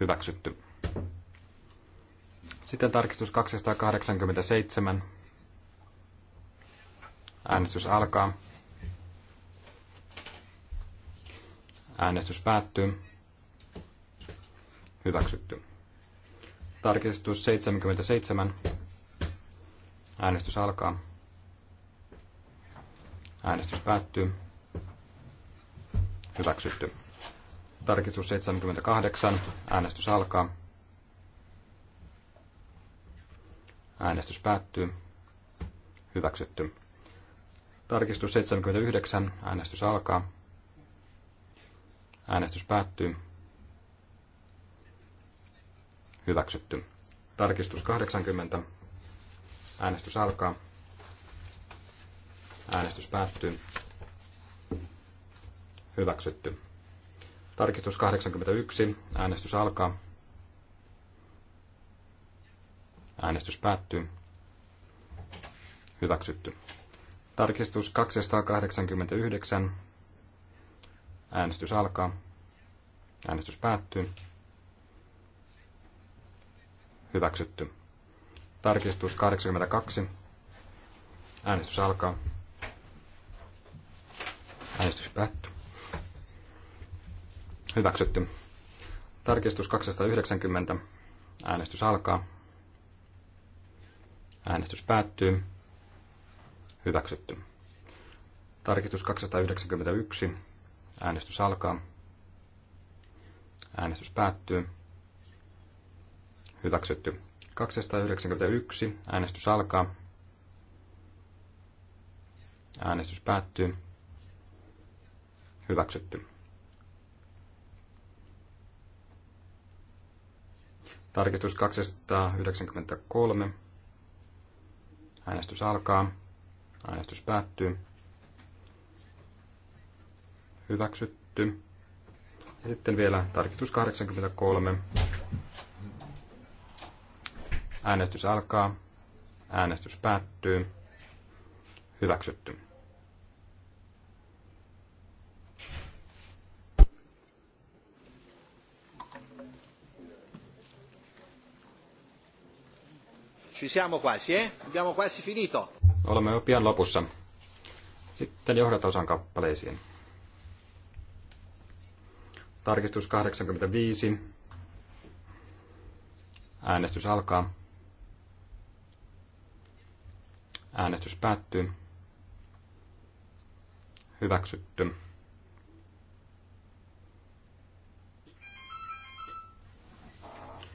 Hyväksytty. Sitten tarkistus 287. Äänestys alkaa. Äänestys päättyy. Hyväksytty. Tarkistus 77. Äänestys alkaa. Äänestys päättyy. Hyväksytty. Tarkistus 78. Äänestys alkaa. Äänestys päättyy. Hyväksytty. Tarkistus 79. Äänestys alkaa. Äänestys päättyy. Hyväksytty. Tarkistus 80. Äänestys alkaa. Äänestys päättyy. Hyväksytty. Tarkistus 81. Äänestys alkaa. Äänestys päättyy. Hyväksytty. Tarkistus 289. Äänestys alkaa. Äänestys päättyy. Hyväksytty. Tarkistus 82. Äänestys alkaa. Äänestys päättyy. Hyväksytty. Tarkistus 290. Äänestys alkaa. Äänestys päättyy. Hyväksytty. Tarkistus 291. Äänestys alkaa. Äänestys päättyy. Hyväksytty. 291. Äänestys alkaa. Äänestys päättyy. Hyväksytty. Tarkistus 293. Äänestys alkaa. Äänestys päättyy. Hyväksytty. Ja sitten vielä tarkistus 83. Äänestys alkaa. Äänestys päättyy. Hyväksytty. Ci siamo quasi, eh? Abbiamo quasi finito. Olemme jo pian lopussa. Sitten johdatosan kappaleisiin. Tarkistus 85. Äänestys alkaa. Äänestys päättyy. Hyväksytty.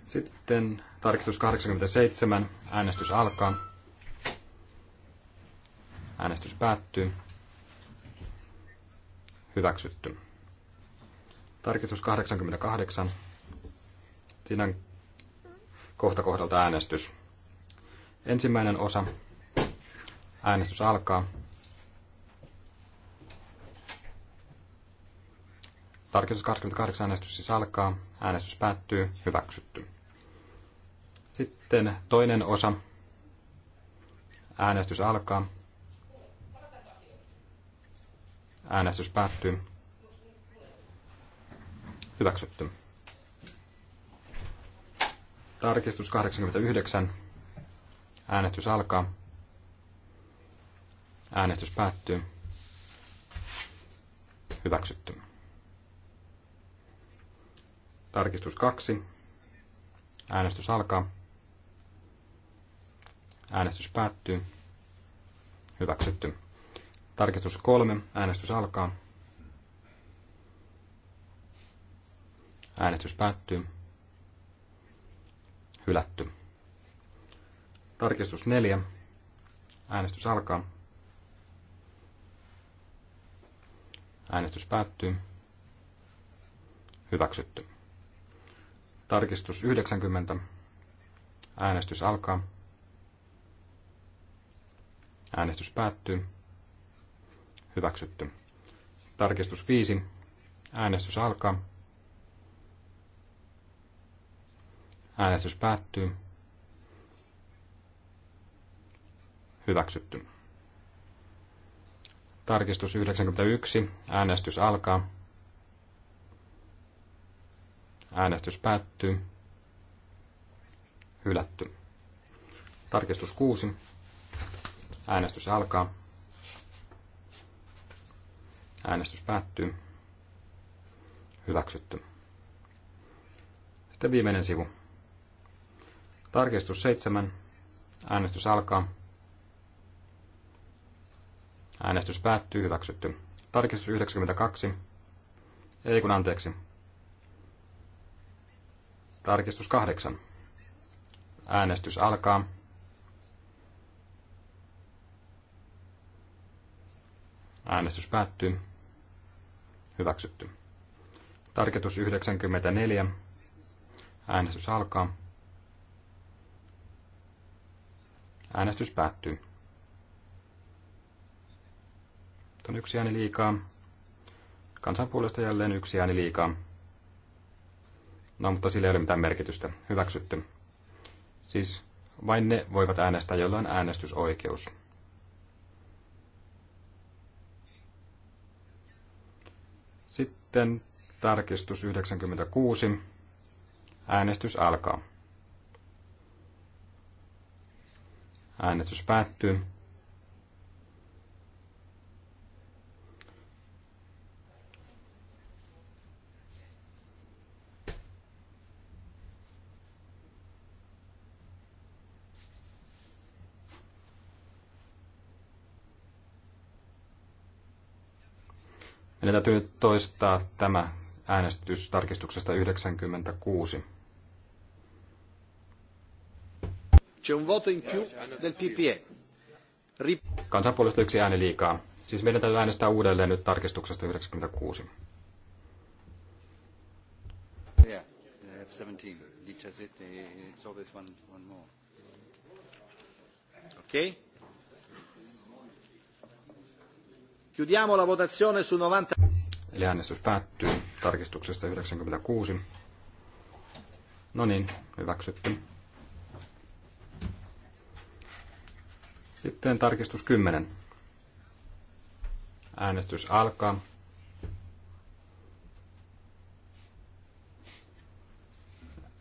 Sitten Tarkistus 87. Äänestys alkaa. Äänestys päättyy. Hyväksytty. Tarkistus 88. Siinä kohta kohdalta äänestys. Ensimmäinen osa. Äänestys alkaa. Tarkistus 28 äänestys siis alkaa. Äänestys päättyy. Hyväksytty. Sitten toinen osa. Äänestys alkaa. Äänestys päättyy. Hyväksytty. Tarkistus 89. Äänestys alkaa. Äänestys päättyy. Hyväksytty. Tarkistus 2. Äänestys alkaa. Äänestys päättyy. Hyväksytty. Tarkistus kolme. Äänestys alkaa. Äänestys päättyy. Hylätty. Tarkistus neljä. Äänestys alkaa. Äänestys päättyy. Hyväksytty. Tarkistus 90. Äänestys alkaa. Äänestys päättyy. Hyväksytty. Tarkistus 5. Äänestys alkaa. Äänestys päättyy. Hyväksytty. Tarkistus 91. Äänestys alkaa. Äänestys päättyy. Hylätty. Tarkistus 6. Äänestys alkaa. Äänestys päättyy. Hyväksytty. Sitten viimeinen sivu. Tarkistus 7. Äänestys alkaa. Äänestys päättyy. Hyväksytty. Tarkistus 92. Ei kun anteeksi. Tarkistus 8. Äänestys alkaa. Äänestys päättyy. Hyväksytty. Tarkoitus 94. Äänestys alkaa. Äänestys päättyy. Nyt on yksi ääni liikaa. Kansan puolesta jälleen yksi ääni liikaa. No, mutta sillä ei ole mitään merkitystä. Hyväksytty. Siis vain ne voivat äänestää, joilla on äänestysoikeus. Sitten tarkistus 96. Äänestys alkaa. Äänestys päättyy. Eli täytyy nyt toistaa tämä äänestys tarkistuksesta 96. C'è un voto in più del PPE. Kansanpuolesta yksi ääni liikaa. Siis meidän täytyy äänestää uudelleen nyt tarkistuksesta 96. Yeah, 17. it's always one, one more. Okay. Chiudiamo la votazione su 90. Eli äänestys päättyy tarkistuksesta 96. No niin, hyväksytty. Sitten tarkistus 10. Äänestys alkaa.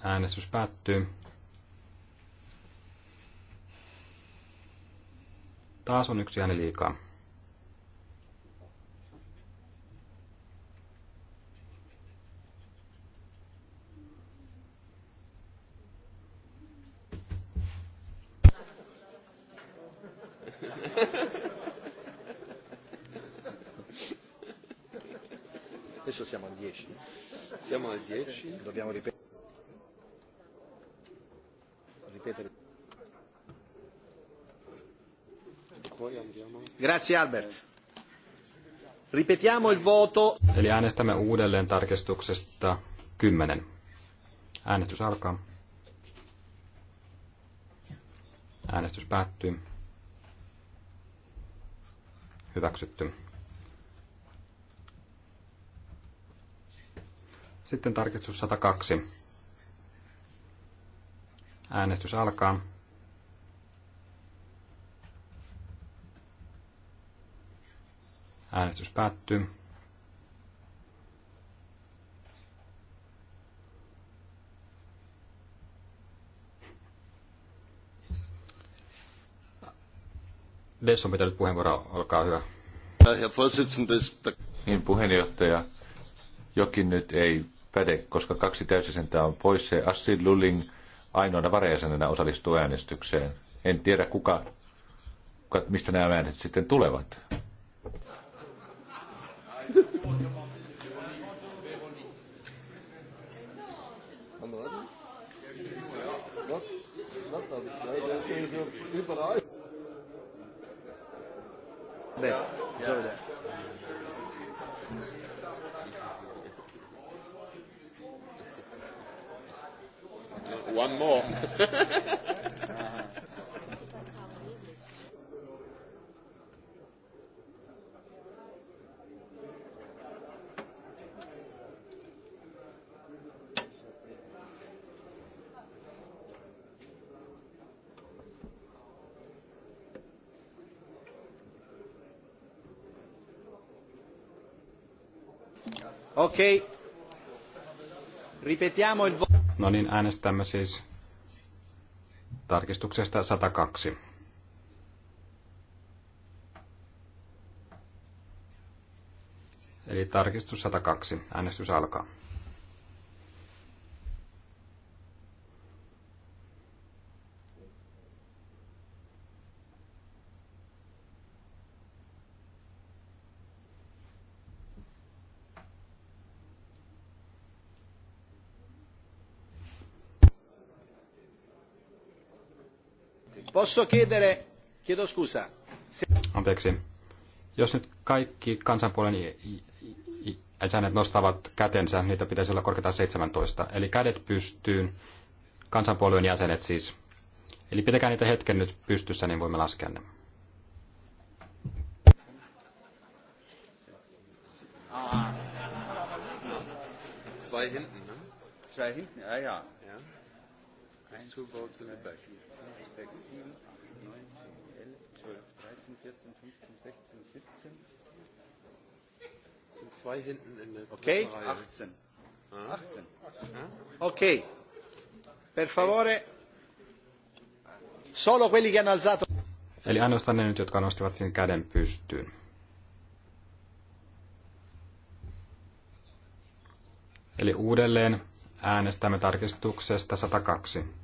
Äänestys päättyy. Taas on yksi ääni liikaa. 10 dobbiamo ripetere ripetere grazie Albert ripetiamo il voto eli äänestämme uudelleen tarkistuksesta 10 äänestys alkaa äänestys päättyy hyväksytty Sitten tarkistus 102. Äänestys alkaa. Äänestys päättyy. Des on pitänyt puheenvuoroa, olkaa hyvä. Niin puheenjohtaja, jokin nyt ei päde, koska kaksi täysisentää on pois. Se Astrid Lulling ainoana varajäsenenä osallistuu äänestykseen. En tiedä, kuka, kuka mistä nämä äänet sitten tulevat. Yeah. One more. Ok. Ripetiamo il voto. No niin, äänestämme siis tarkistuksesta 102. Eli tarkistus 102. Äänestys alkaa. Posso chiedere, chiedo scusa. Se... Anteeksi. Jos nyt kaikki kansanpuolen jäsenet nostavat kätensä, niitä pitäisi olla korkeintaan 17. Eli kädet pystyyn, kansanpuolueen jäsenet siis. Eli pitäkää niitä hetken nyt pystyssä, niin voimme laskea ne. Ah. Zwei hinten, ne? Zwei hinten, ja, ja. Two votes in the back. 6, 7, 8, 9, 10, 11, 12, 13, 14, 15, 16, 17. sind zwei hinten in der Okay, 18. 18. Hm? per favore, solo quelli che hanno alzato. Eli ainoastaan ne nyt, jotka nostivat sen käden pystyyn. Eli uudelleen äänestämme tarkistuksesta 102.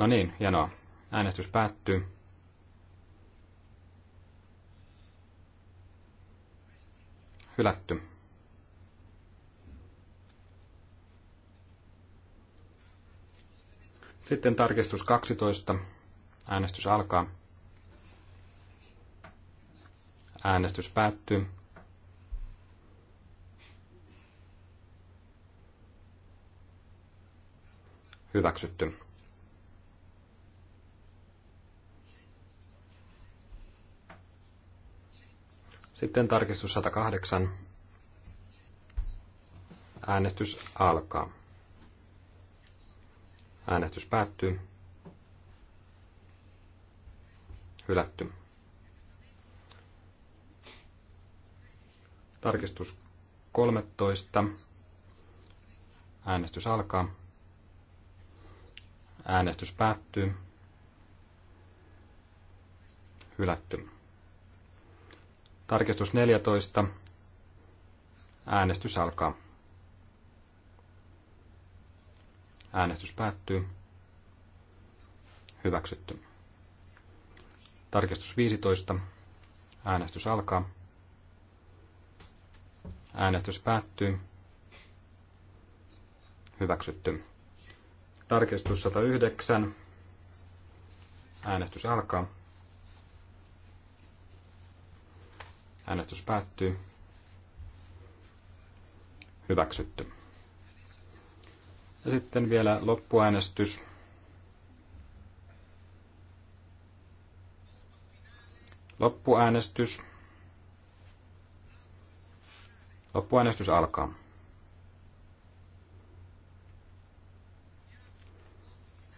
No niin, hienoa. Äänestys päättyy. Hylätty. Sitten tarkistus 12. Äänestys alkaa. Äänestys päättyy. Hyväksytty. Sitten tarkistus 108. Äänestys alkaa. Äänestys päättyy. Hylätty. Tarkistus 13. Äänestys alkaa. Äänestys päättyy. Hylätty. Tarkistus 14. Äänestys alkaa. Äänestys päättyy. Hyväksytty. Tarkistus 15. Äänestys alkaa. Äänestys päättyy. Hyväksytty. Tarkistus 109. Äänestys alkaa. Äänestys päättyy. Hyväksytty. Ja sitten vielä loppuäänestys. Loppuäänestys. Loppuäänestys alkaa.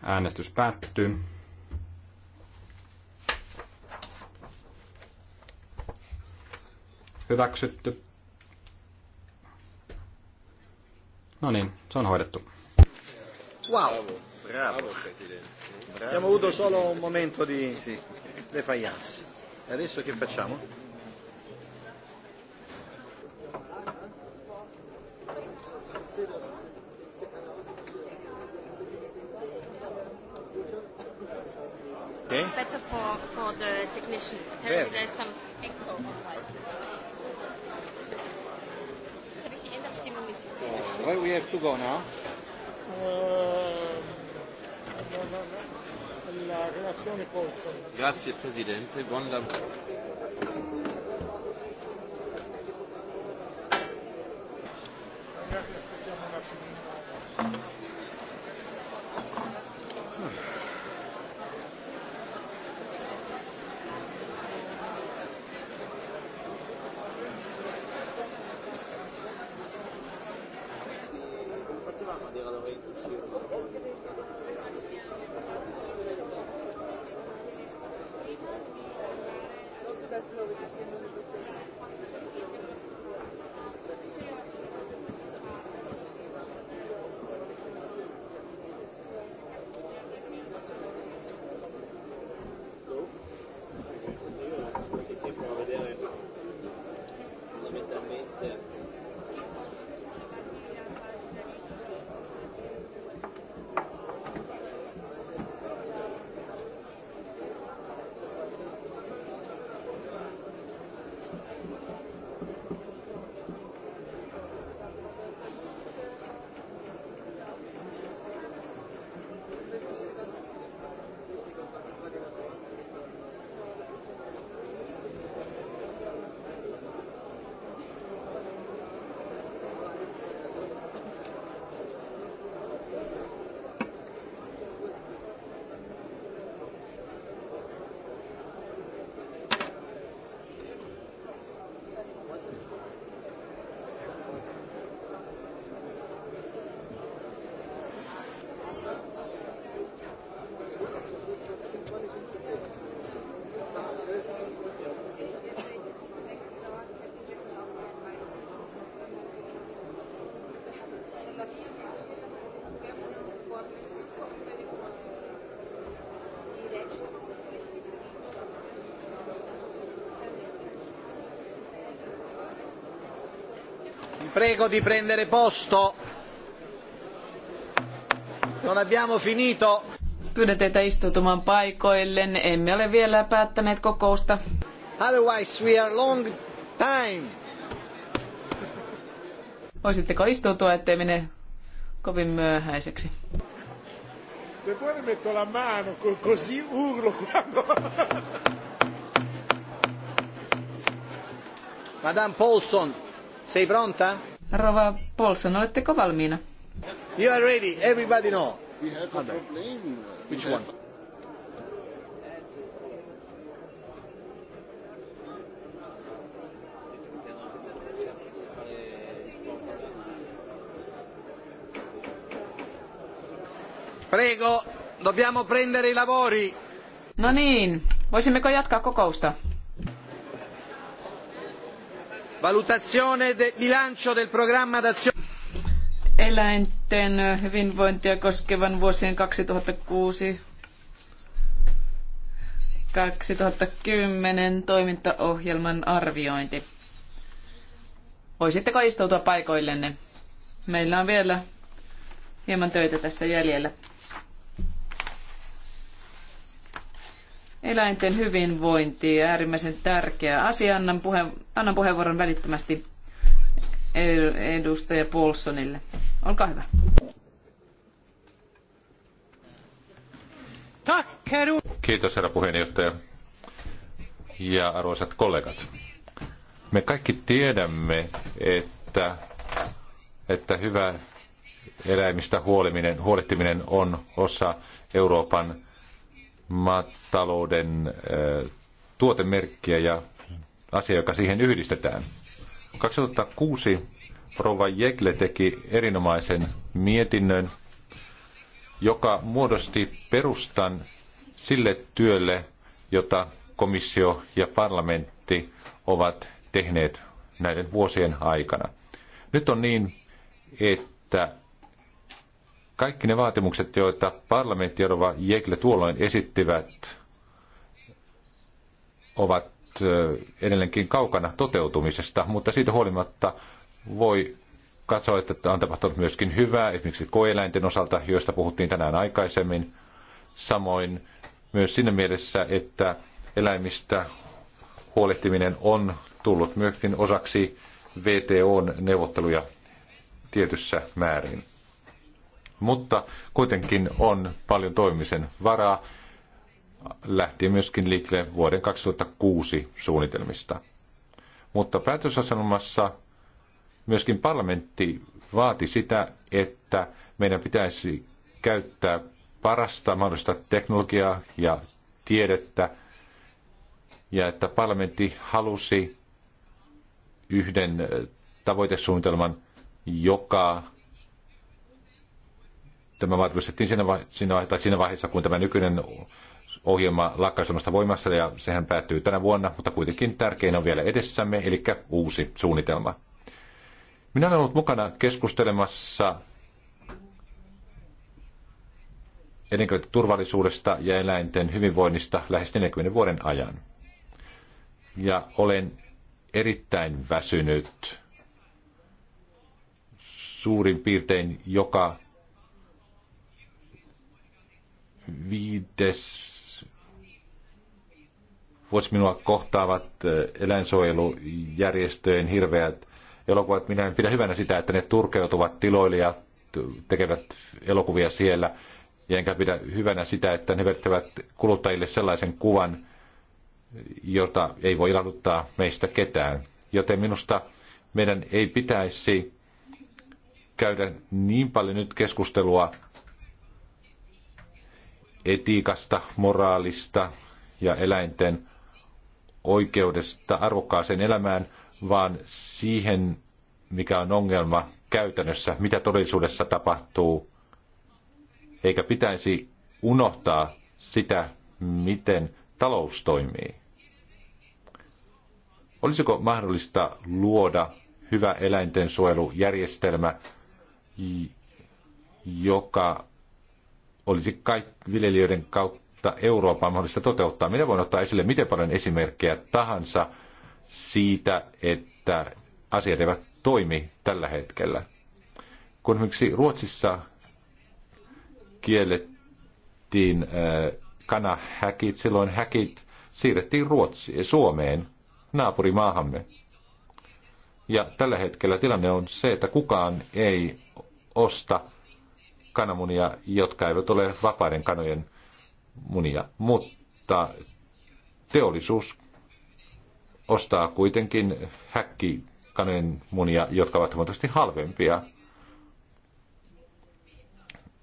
Äänestys päättyy. Hyväksytty. No niin, se on hoidettu. Wow. Bravo. Bravo. Abbiamo avuto solo un momento di sì. defaillance. E adesso che facciamo? Okay. It's better for, for the technician. Apparently there's some echo. Right, we have to go now? Eh, no, no, no. Grazie Presidente, buon lavoro. Prego di prendere posto. Non abbiamo finito. Pyydän teitä istutumaan paikoilleen. Emme ole vielä päättäneet kokousta. Otherwise we are long time. Voisitteko istutua, ettei mene kovin myöhäiseksi? Se puoi metto la mano, così urlo quando... Madame Paulson, Sei pronta? Rova Paulson, oletteko valmiina? You are ready, everybody know. We have a problem. Which one? Prego, dobbiamo prendere i lavori. No niin, voisimmeko jatkaa kokousta? Valutazione del bilancio del programma d'azione. Eläinten hyvinvointia koskevan vuosien 2006 2010 toimintaohjelman arviointi. Voisitteko istautua paikoillenne? Meillä on vielä hieman töitä tässä jäljellä. Eläinten hyvinvointi, äärimmäisen tärkeä asia. Annan, puhe, annan puheenvuoron välittömästi edustaja Paulsonille. Olkaa hyvä. Kiitos herra puheenjohtaja ja arvoisat kollegat. Me kaikki tiedämme, että, että hyvä eläimistä huoleminen huolehtiminen on osa Euroopan maatalouden tuotemerkkiä ja asia, joka siihen yhdistetään. 2006 Rova Jegle teki erinomaisen mietinnön, joka muodosti perustan sille työlle, jota komissio ja parlamentti ovat tehneet näiden vuosien aikana. Nyt on niin, että kaikki ne vaatimukset, joita parlamentti Jorva Jekle tuolloin esittivät, ovat edelleenkin kaukana toteutumisesta, mutta siitä huolimatta voi katsoa, että on tapahtunut myöskin hyvää, esimerkiksi koeläinten osalta, joista puhuttiin tänään aikaisemmin. Samoin myös siinä mielessä, että eläimistä huolehtiminen on tullut myöskin osaksi VTOn neuvotteluja tietyssä määrin mutta kuitenkin on paljon toimisen varaa, Lähti myöskin liikkeelle vuoden 2006 suunnitelmista. Mutta päätösasemassa myöskin parlamentti vaati sitä, että meidän pitäisi käyttää parasta mahdollista teknologiaa ja tiedettä, ja että parlamentti halusi yhden tavoitesuunnitelman, joka tämä mahdollistettiin siinä, siinä, tai siinä vaiheessa, kun tämä nykyinen ohjelma lakkaisemasta voimassa, ja sehän päättyy tänä vuonna, mutta kuitenkin tärkein on vielä edessämme, eli uusi suunnitelma. Minä olen ollut mukana keskustelemassa turvallisuudesta ja eläinten hyvinvoinnista lähes 40 vuoden ajan. Ja olen erittäin väsynyt suurin piirtein joka viides vuosi minua kohtaavat eh, eläinsuojelujärjestöjen hirveät elokuvat. Minä en pidä hyvänä sitä, että ne turkeutuvat tiloille ja tekevät elokuvia siellä. Ja enkä pidä hyvänä sitä, että ne välittävät kuluttajille sellaisen kuvan, jota ei voi ilahduttaa meistä ketään. Joten minusta meidän ei pitäisi käydä niin paljon nyt keskustelua etiikasta, moraalista ja eläinten oikeudesta arvokkaaseen elämään, vaan siihen, mikä on ongelma käytännössä, mitä todellisuudessa tapahtuu, eikä pitäisi unohtaa sitä, miten talous toimii. Olisiko mahdollista luoda hyvä eläintensuojelujärjestelmä, joka olisi kaikki viljelijöiden kautta Euroopan mahdollista toteuttaa. Minä voin ottaa esille miten paljon esimerkkejä tahansa siitä, että asiat eivät toimi tällä hetkellä. Kun esimerkiksi Ruotsissa kiellettiin äh, kanahäkit, silloin häkit siirrettiin Ruotsiin, Suomeen, naapurimaahamme. Ja tällä hetkellä tilanne on se, että kukaan ei osta kanamunia, jotka eivät ole vapaiden kanojen munia, mutta teollisuus ostaa kuitenkin häkkikanojen munia, jotka ovat huomattavasti halvempia.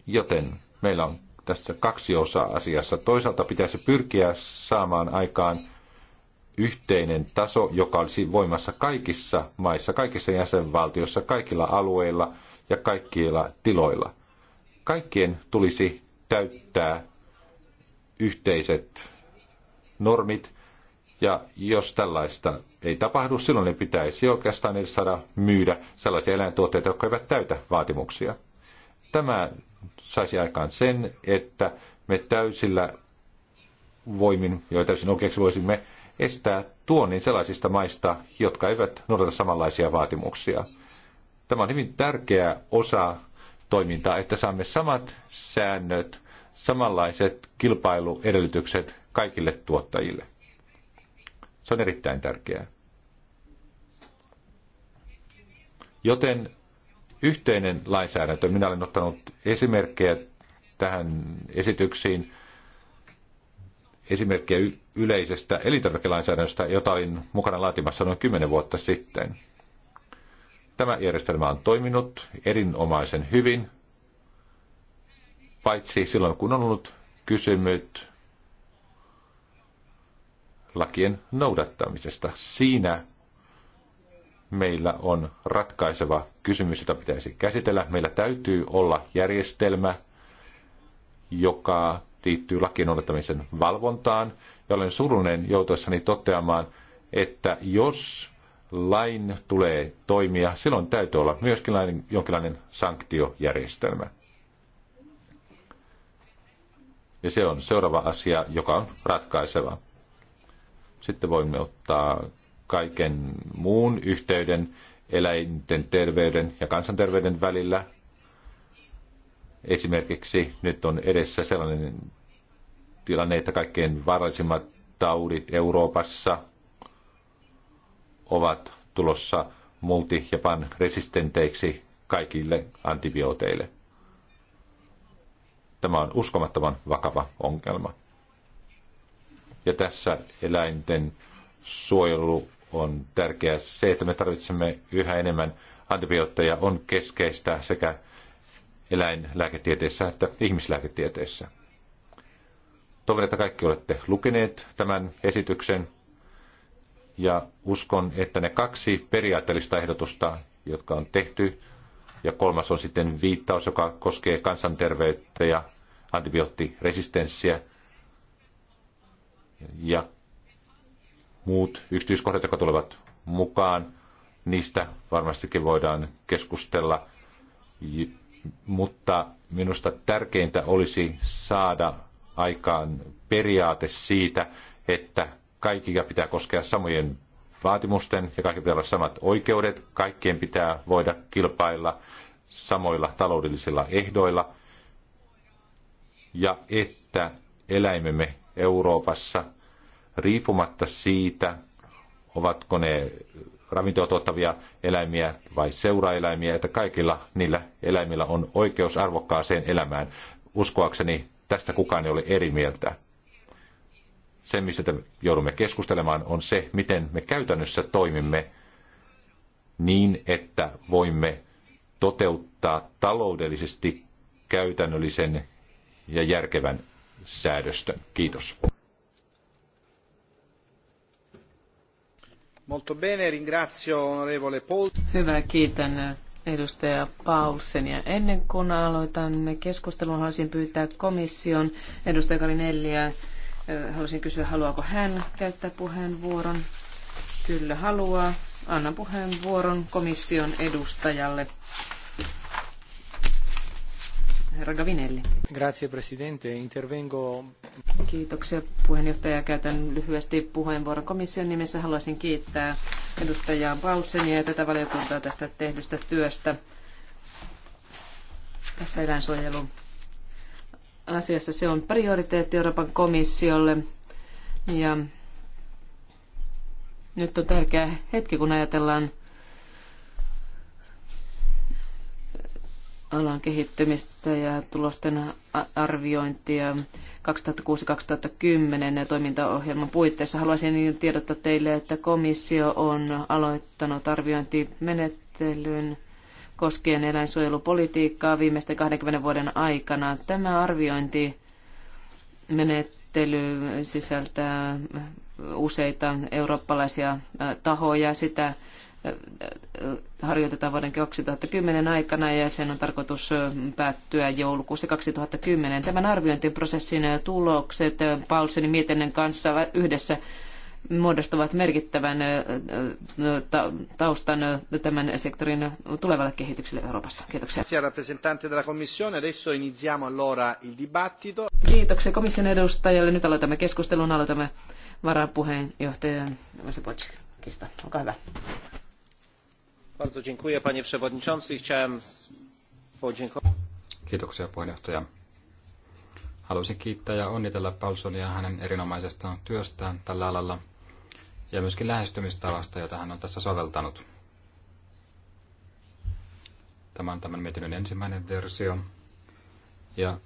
Joten meillä on tässä kaksi osaa asiassa. Toisaalta pitäisi pyrkiä saamaan aikaan yhteinen taso, joka olisi voimassa kaikissa maissa, kaikissa jäsenvaltioissa, kaikilla alueilla ja kaikilla tiloilla kaikkien tulisi täyttää yhteiset normit, ja jos tällaista ei tapahdu, silloin ne pitäisi oikeastaan edes saada myydä sellaisia eläintuotteita, jotka eivät täytä vaatimuksia. Tämä saisi aikaan sen, että me täysillä voimin, joita täysin oikeaksi voisimme estää tuonnin sellaisista maista, jotka eivät noudata samanlaisia vaatimuksia. Tämä on hyvin tärkeä osa toimintaa, että saamme samat säännöt, samanlaiset kilpailuedellytykset kaikille tuottajille. Se on erittäin tärkeää. Joten yhteinen lainsäädäntö, minä olen ottanut esimerkkejä tähän esityksiin, esimerkkejä yleisestä elintarvikelainsäädännöstä, jota olin mukana laatimassa noin kymmenen vuotta sitten. Tämä järjestelmä on toiminut erinomaisen hyvin, paitsi silloin kun on ollut kysymyt lakien noudattamisesta. Siinä meillä on ratkaiseva kysymys, jota pitäisi käsitellä. Meillä täytyy olla järjestelmä, joka liittyy lakien noudattamisen valvontaan. Ja olen surunen joutuessani toteamaan, että jos lain tulee toimia, silloin täytyy olla myöskin jonkinlainen sanktiojärjestelmä. Ja se on seuraava asia, joka on ratkaiseva. Sitten voimme ottaa kaiken muun yhteyden eläinten terveyden ja kansanterveyden välillä. Esimerkiksi nyt on edessä sellainen tilanne, että kaikkein vaarallisimmat taudit Euroopassa – ovat tulossa multi- ja pan-resistenteiksi kaikille antibiooteille. Tämä on uskomattoman vakava ongelma. Ja tässä eläinten suojelu on tärkeää. Se, että me tarvitsemme yhä enemmän antibiootteja, on keskeistä sekä eläinlääketieteessä että ihmislääketieteessä. Toivon, että kaikki olette lukeneet tämän esityksen. Ja uskon, että ne kaksi periaatteellista ehdotusta, jotka on tehty, ja kolmas on sitten viittaus, joka koskee kansanterveyttä ja antibioottiresistenssiä ja muut yksityiskohdat, jotka tulevat mukaan, niistä varmastikin voidaan keskustella. Mutta minusta tärkeintä olisi saada aikaan periaate siitä, että kaikkia pitää koskea samojen vaatimusten ja kaikki pitää olla samat oikeudet. Kaikkien pitää voida kilpailla samoilla taloudellisilla ehdoilla. Ja että eläimemme Euroopassa riippumatta siitä, ovatko ne ravintoa tuottavia eläimiä vai seuraeläimiä, että kaikilla niillä eläimillä on oikeus arvokkaaseen elämään. Uskoakseni tästä kukaan ei ole eri mieltä. Se, mistä joudumme keskustelemaan, on se, miten me käytännössä toimimme niin, että voimme toteuttaa taloudellisesti käytännöllisen ja järkevän säädöstön. Kiitos. Molto bene, ringrazio onorevole Paul. Hyvä, kiitän edustaja Paulsen. Ja ennen kuin aloitan keskustelun, haluaisin pyytää komission edustaja Karinelliä Haluaisin kysyä, haluaako hän käyttää puheenvuoron? Kyllä haluaa. Anna puheenvuoron komission edustajalle. Herra Gavinelli. Grazie Presidente. Intervengo... Kiitoksia puheenjohtaja. Käytän lyhyesti puheenvuoron komission nimessä. Haluaisin kiittää edustajaa Balsenia ja tätä valiokuntaa tästä tehdystä työstä tässä eläinsuojelu asiassa se on prioriteetti Euroopan komissiolle. Ja nyt on tärkeä hetki, kun ajatellaan alan kehittymistä ja tulosten arviointia 2006-2010 toimintaohjelman puitteissa. Haluaisin tiedottaa teille, että komissio on aloittanut arviointimenettelyn koskien eläinsuojelupolitiikkaa viimeisten 20 vuoden aikana. Tämä arviointi menettely sisältää useita eurooppalaisia tahoja. Sitä harjoitetaan vuoden 2010 aikana ja sen on tarkoitus päättyä joulukuussa 2010. Tämän arviointiprosessin tulokset Paulsenin mietinnön kanssa yhdessä muodostavat merkittävän taustan tämän sektorin tulevalle kehitykselle Euroopassa. Kiitoksia. Kiitoksia komission edustajalle. Nyt aloitamme keskustelun. Aloitamme varapuheenjohtajan Masipocikista. Olkaa hyvä. Kiitoksia puheenjohtaja. Haluaisin kiittää ja onnitella Paulsonia hänen erinomaisesta työstään tällä alalla ja myöskin lähestymistavasta, jota hän on tässä soveltanut. Tämä on tämän mietinnön ensimmäinen versio. Ja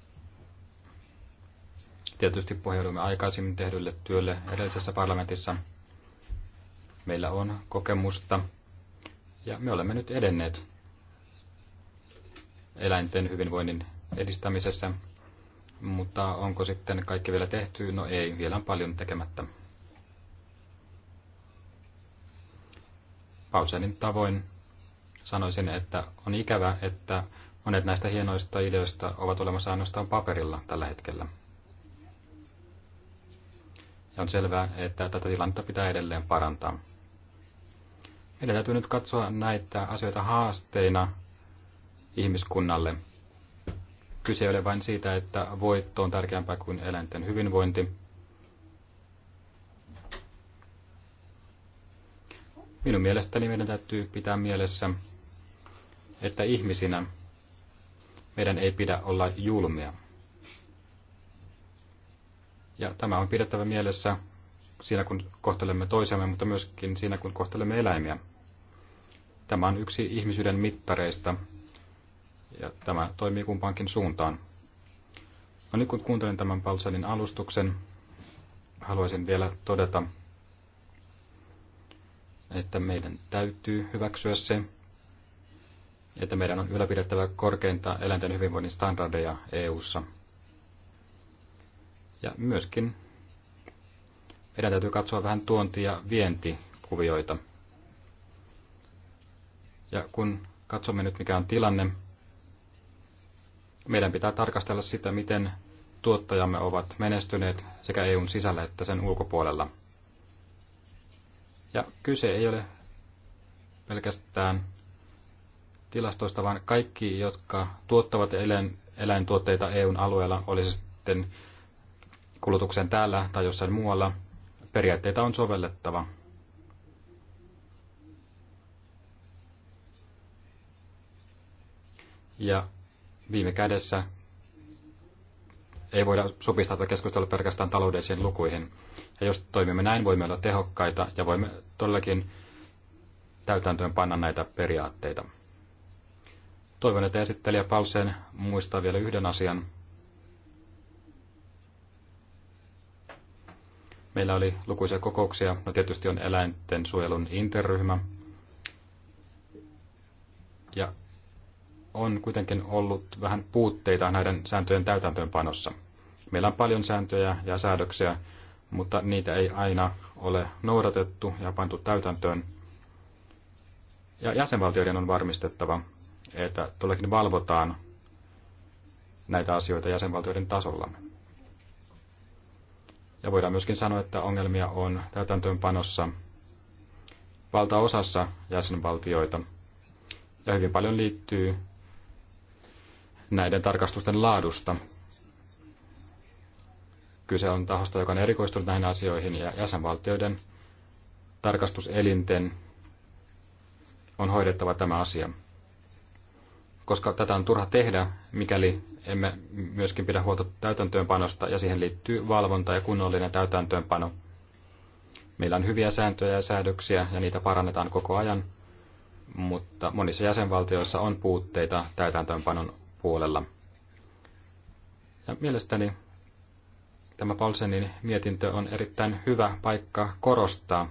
tietysti pohjaudumme aikaisemmin tehdylle työlle edellisessä parlamentissa. Meillä on kokemusta ja me olemme nyt edenneet eläinten hyvinvoinnin edistämisessä, mutta onko sitten kaikki vielä tehty? No ei, vielä on paljon tekemättä. Pauselin tavoin sanoisin, että on ikävä, että monet näistä hienoista ideoista ovat olemassa ainoastaan paperilla tällä hetkellä. Ja on selvää, että tätä tilannetta pitää edelleen parantaa. Meidän täytyy nyt katsoa näitä asioita haasteina ihmiskunnalle. Kyse ei ole vain siitä, että voitto on tärkeämpää kuin eläinten hyvinvointi, Minun mielestäni meidän täytyy pitää mielessä, että ihmisinä meidän ei pidä olla julmia. Ja tämä on pidettävä mielessä siinä, kun kohtelemme toisiamme, mutta myöskin siinä, kun kohtelemme eläimiä. Tämä on yksi ihmisyyden mittareista, ja tämä toimii kumpaankin suuntaan. No nyt niin, kun kuuntelin tämän Palsanin alustuksen, haluaisin vielä todeta, että meidän täytyy hyväksyä se, että meidän on ylläpidettävä korkeinta eläinten hyvinvoinnin standardeja EU:ssa. Ja myöskin meidän täytyy katsoa vähän tuonti- ja vientikuvioita. Ja kun katsomme nyt mikä on tilanne, meidän pitää tarkastella sitä, miten tuottajamme ovat menestyneet sekä EUn sisällä että sen ulkopuolella – ja kyse ei ole pelkästään tilastoista, vaan kaikki, jotka tuottavat eläin, eläintuotteita EUn alueella, olisi sitten kulutuksen täällä tai jossain muualla, periaatteita on sovellettava. Ja viime kädessä ei voida supistaa tätä keskustelua pelkästään taloudellisiin lukuihin. Ja jos toimimme näin, voimme olla tehokkaita ja voimme todellakin täytäntöön panna näitä periaatteita. Toivon, että esittelijä Paulsen muistaa vielä yhden asian. Meillä oli lukuisia kokouksia. No tietysti on eläinten suojelun interryhmä. Ja on kuitenkin ollut vähän puutteita näiden sääntöjen täytäntöönpanossa. Meillä on paljon sääntöjä ja säädöksiä, mutta niitä ei aina ole noudatettu ja pantu täytäntöön. Ja jäsenvaltioiden on varmistettava, että todellakin valvotaan näitä asioita jäsenvaltioiden tasolla. Ja voidaan myöskin sanoa, että ongelmia on täytäntöönpanossa valtaosassa jäsenvaltioita. Ja hyvin paljon liittyy näiden tarkastusten laadusta Kyse on tahosta, joka on erikoistunut näihin asioihin ja jäsenvaltioiden tarkastuselinten on hoidettava tämä asia. Koska tätä on turha tehdä, mikäli emme myöskin pidä huolta täytäntöönpanosta ja siihen liittyy valvonta ja kunnollinen täytäntöönpano. Meillä on hyviä sääntöjä ja säädöksiä ja niitä parannetaan koko ajan, mutta monissa jäsenvaltioissa on puutteita täytäntöönpanon puolella. Ja mielestäni Tämä Paulsenin mietintö on erittäin hyvä paikka korostaa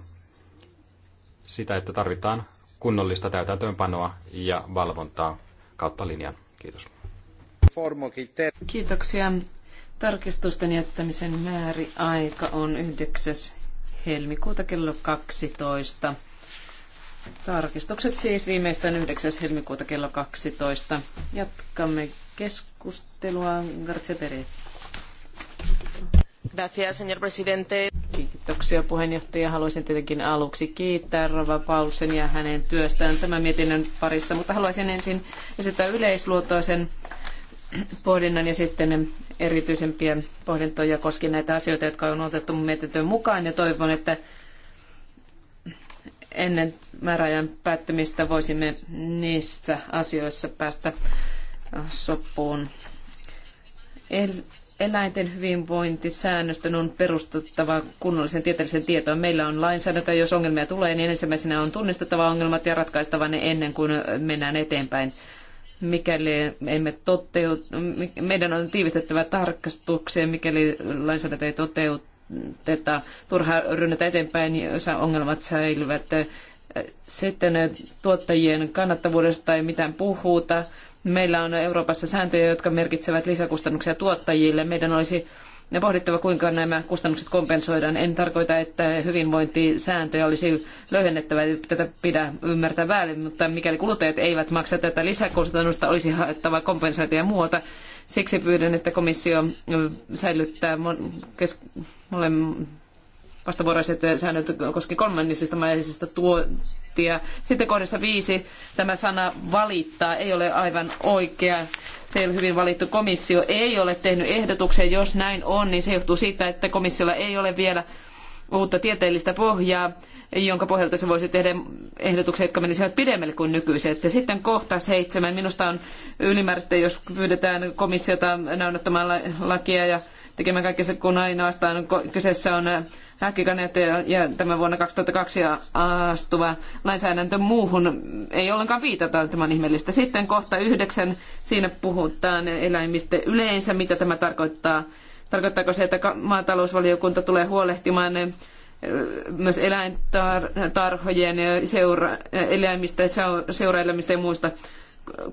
sitä, että tarvitaan kunnollista täytäntöönpanoa ja valvontaa kautta linjan. Kiitos. Kiitoksia. Tarkistusten jättämisen aika on 9. helmikuuta kello 12. Tarkistukset siis viimeistään 9. helmikuuta kello 12. Jatkamme keskustelua. Garcia Gracias, señor presidente. Kiitoksia puheenjohtaja. Haluaisin tietenkin aluksi kiittää Rova Paulsen ja hänen työstään tämän mietinnön parissa, mutta haluaisin ensin esittää yleisluotoisen pohdinnan ja sitten erityisempiä pohdintoja koskien näitä asioita, jotka on otettu mietintöön mukaan ja toivon, että ennen määräajan päättymistä voisimme niissä asioissa päästä sopuun. Eläinten hyvinvointisäännöstön on perustuttava kunnollisen tieteelliseen tietoon. Meillä on lainsäädäntö, jos ongelmia tulee, niin ensimmäisenä on tunnistettava ongelmat ja ratkaistava ne ennen kuin mennään eteenpäin. Mikäli emme toteut, meidän on tiivistettävä tarkastuksia, mikäli lainsäädäntö ei toteuteta. turhaa rynnätä eteenpäin, jos ongelmat säilyvät. Sitten tuottajien kannattavuudesta ei mitään puhuta Meillä on Euroopassa sääntöjä, jotka merkitsevät lisäkustannuksia tuottajille. Meidän olisi ja pohdittava, kuinka nämä kustannukset kompensoidaan. En tarkoita, että hyvinvointisääntöjä olisi löyhennettävä, ei tätä pidä ymmärtää väärin, mutta mikäli kuluttajat eivät maksa tätä lisäkustannusta, olisi haettava kompensaatio muuta. Siksi pyydän, että komissio säilyttää kes- molemmat vastavuoroiset säännöt koski kolmannisista maisista tuotia. Sitten kohdassa viisi tämä sana valittaa ei ole aivan oikea. Se ei ole hyvin valittu. Komissio ei ole tehnyt ehdotuksia. Jos näin on, niin se johtuu siitä, että komissiolla ei ole vielä uutta tieteellistä pohjaa, jonka pohjalta se voisi tehdä ehdotuksia, jotka menisivät pidemmälle kuin nykyiset. Ja sitten kohta seitsemän. Minusta on ylimääräistä, jos pyydetään komissiota noudattamaan lakia ja tekemään kaikkensa, kun ainoastaan kyseessä on äh, häkkikaneet ja, ja tämä vuonna 2002 astuva lainsäädäntö muuhun ei ollenkaan viitata, tämä on ihmeellistä. Sitten kohta yhdeksän, siinä puhutaan eläimistä yleensä, mitä tämä tarkoittaa. Tarkoittaako se, että maatalousvaliokunta tulee huolehtimaan äh, myös eläintarhojen ja seura, äh, eläimistä, seuraeläimistä ja muusta.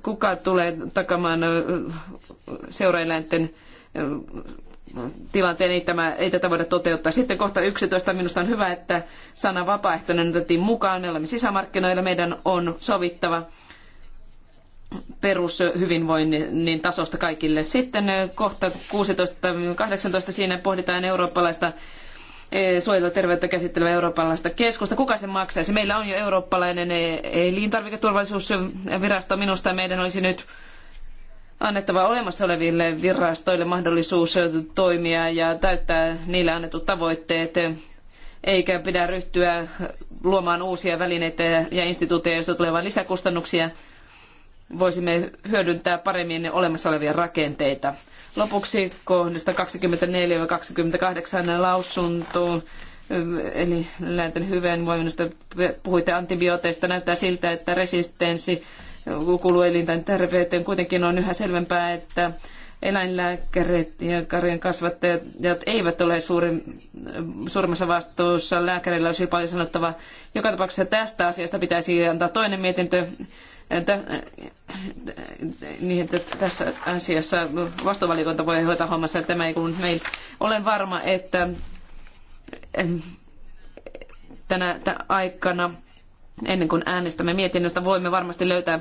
Kuka tulee takamaan seuraeläinten tilanteen ei, tämä, ei tätä voida toteuttaa. Sitten kohta 11. Minusta on hyvä, että sana vapaaehtoinen otettiin mukaan. Me olemme sisämarkkinoilla, meidän on sovittava perushyvinvoinnin tasosta kaikille. Sitten kohta 16-18 siinä pohditaan eurooppalaista e, suojeluterveyttä käsittelevä eurooppalaista keskusta. Kuka sen maksaisi? Meillä on jo eurooppalainen e, elintarviketurvallisuusvirasto. Minusta meidän olisi nyt annettava olemassa oleville virastoille mahdollisuus toimia ja täyttää niille annetut tavoitteet, eikä pidä ryhtyä luomaan uusia välineitä ja instituutteja, joista tulee vain lisäkustannuksia. Voisimme hyödyntää paremmin olemassa olevia rakenteita. Lopuksi kohdista 24-28 lausuntoon eli eläinten hyvinvoinnista puhuitte antibiooteista, näyttää siltä, että resistenssi kuluelinten terveyteen. Kuitenkin on yhä selvempää, että eläinlääkärit ja karjan kasvattajat eivät ole suurin, suurimmassa vastuussa. Lääkärillä olisi paljon sanottavaa. Joka tapauksessa tästä asiasta pitäisi antaa toinen mietintö niin, että tässä asiassa vastuuvalikunta voi hoitaa hommassa, että tämä ei kuulu meille. Olen varma, että tänä aikana ennen kuin äänestämme mietinnöstä, voimme varmasti löytää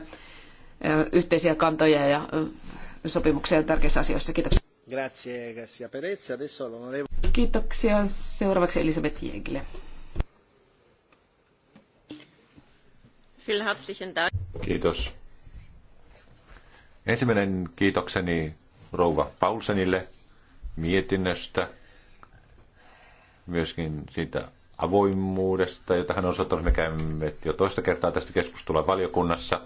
yhteisiä kantoja ja sopimuksia tärkeissä asioissa. Kiitoksia. Grazie, Garcia Perez. Adesso l'onorevole... Kiitoksia. Seuraavaksi Elisabeth Jägille. Kiitos. Ensimmäinen kiitokseni rouva Paulsenille mietinnöstä, myöskin siitä avoimuudesta, jota hän on osoittanut. Me käymme jo toista kertaa tästä keskustelua valiokunnassa.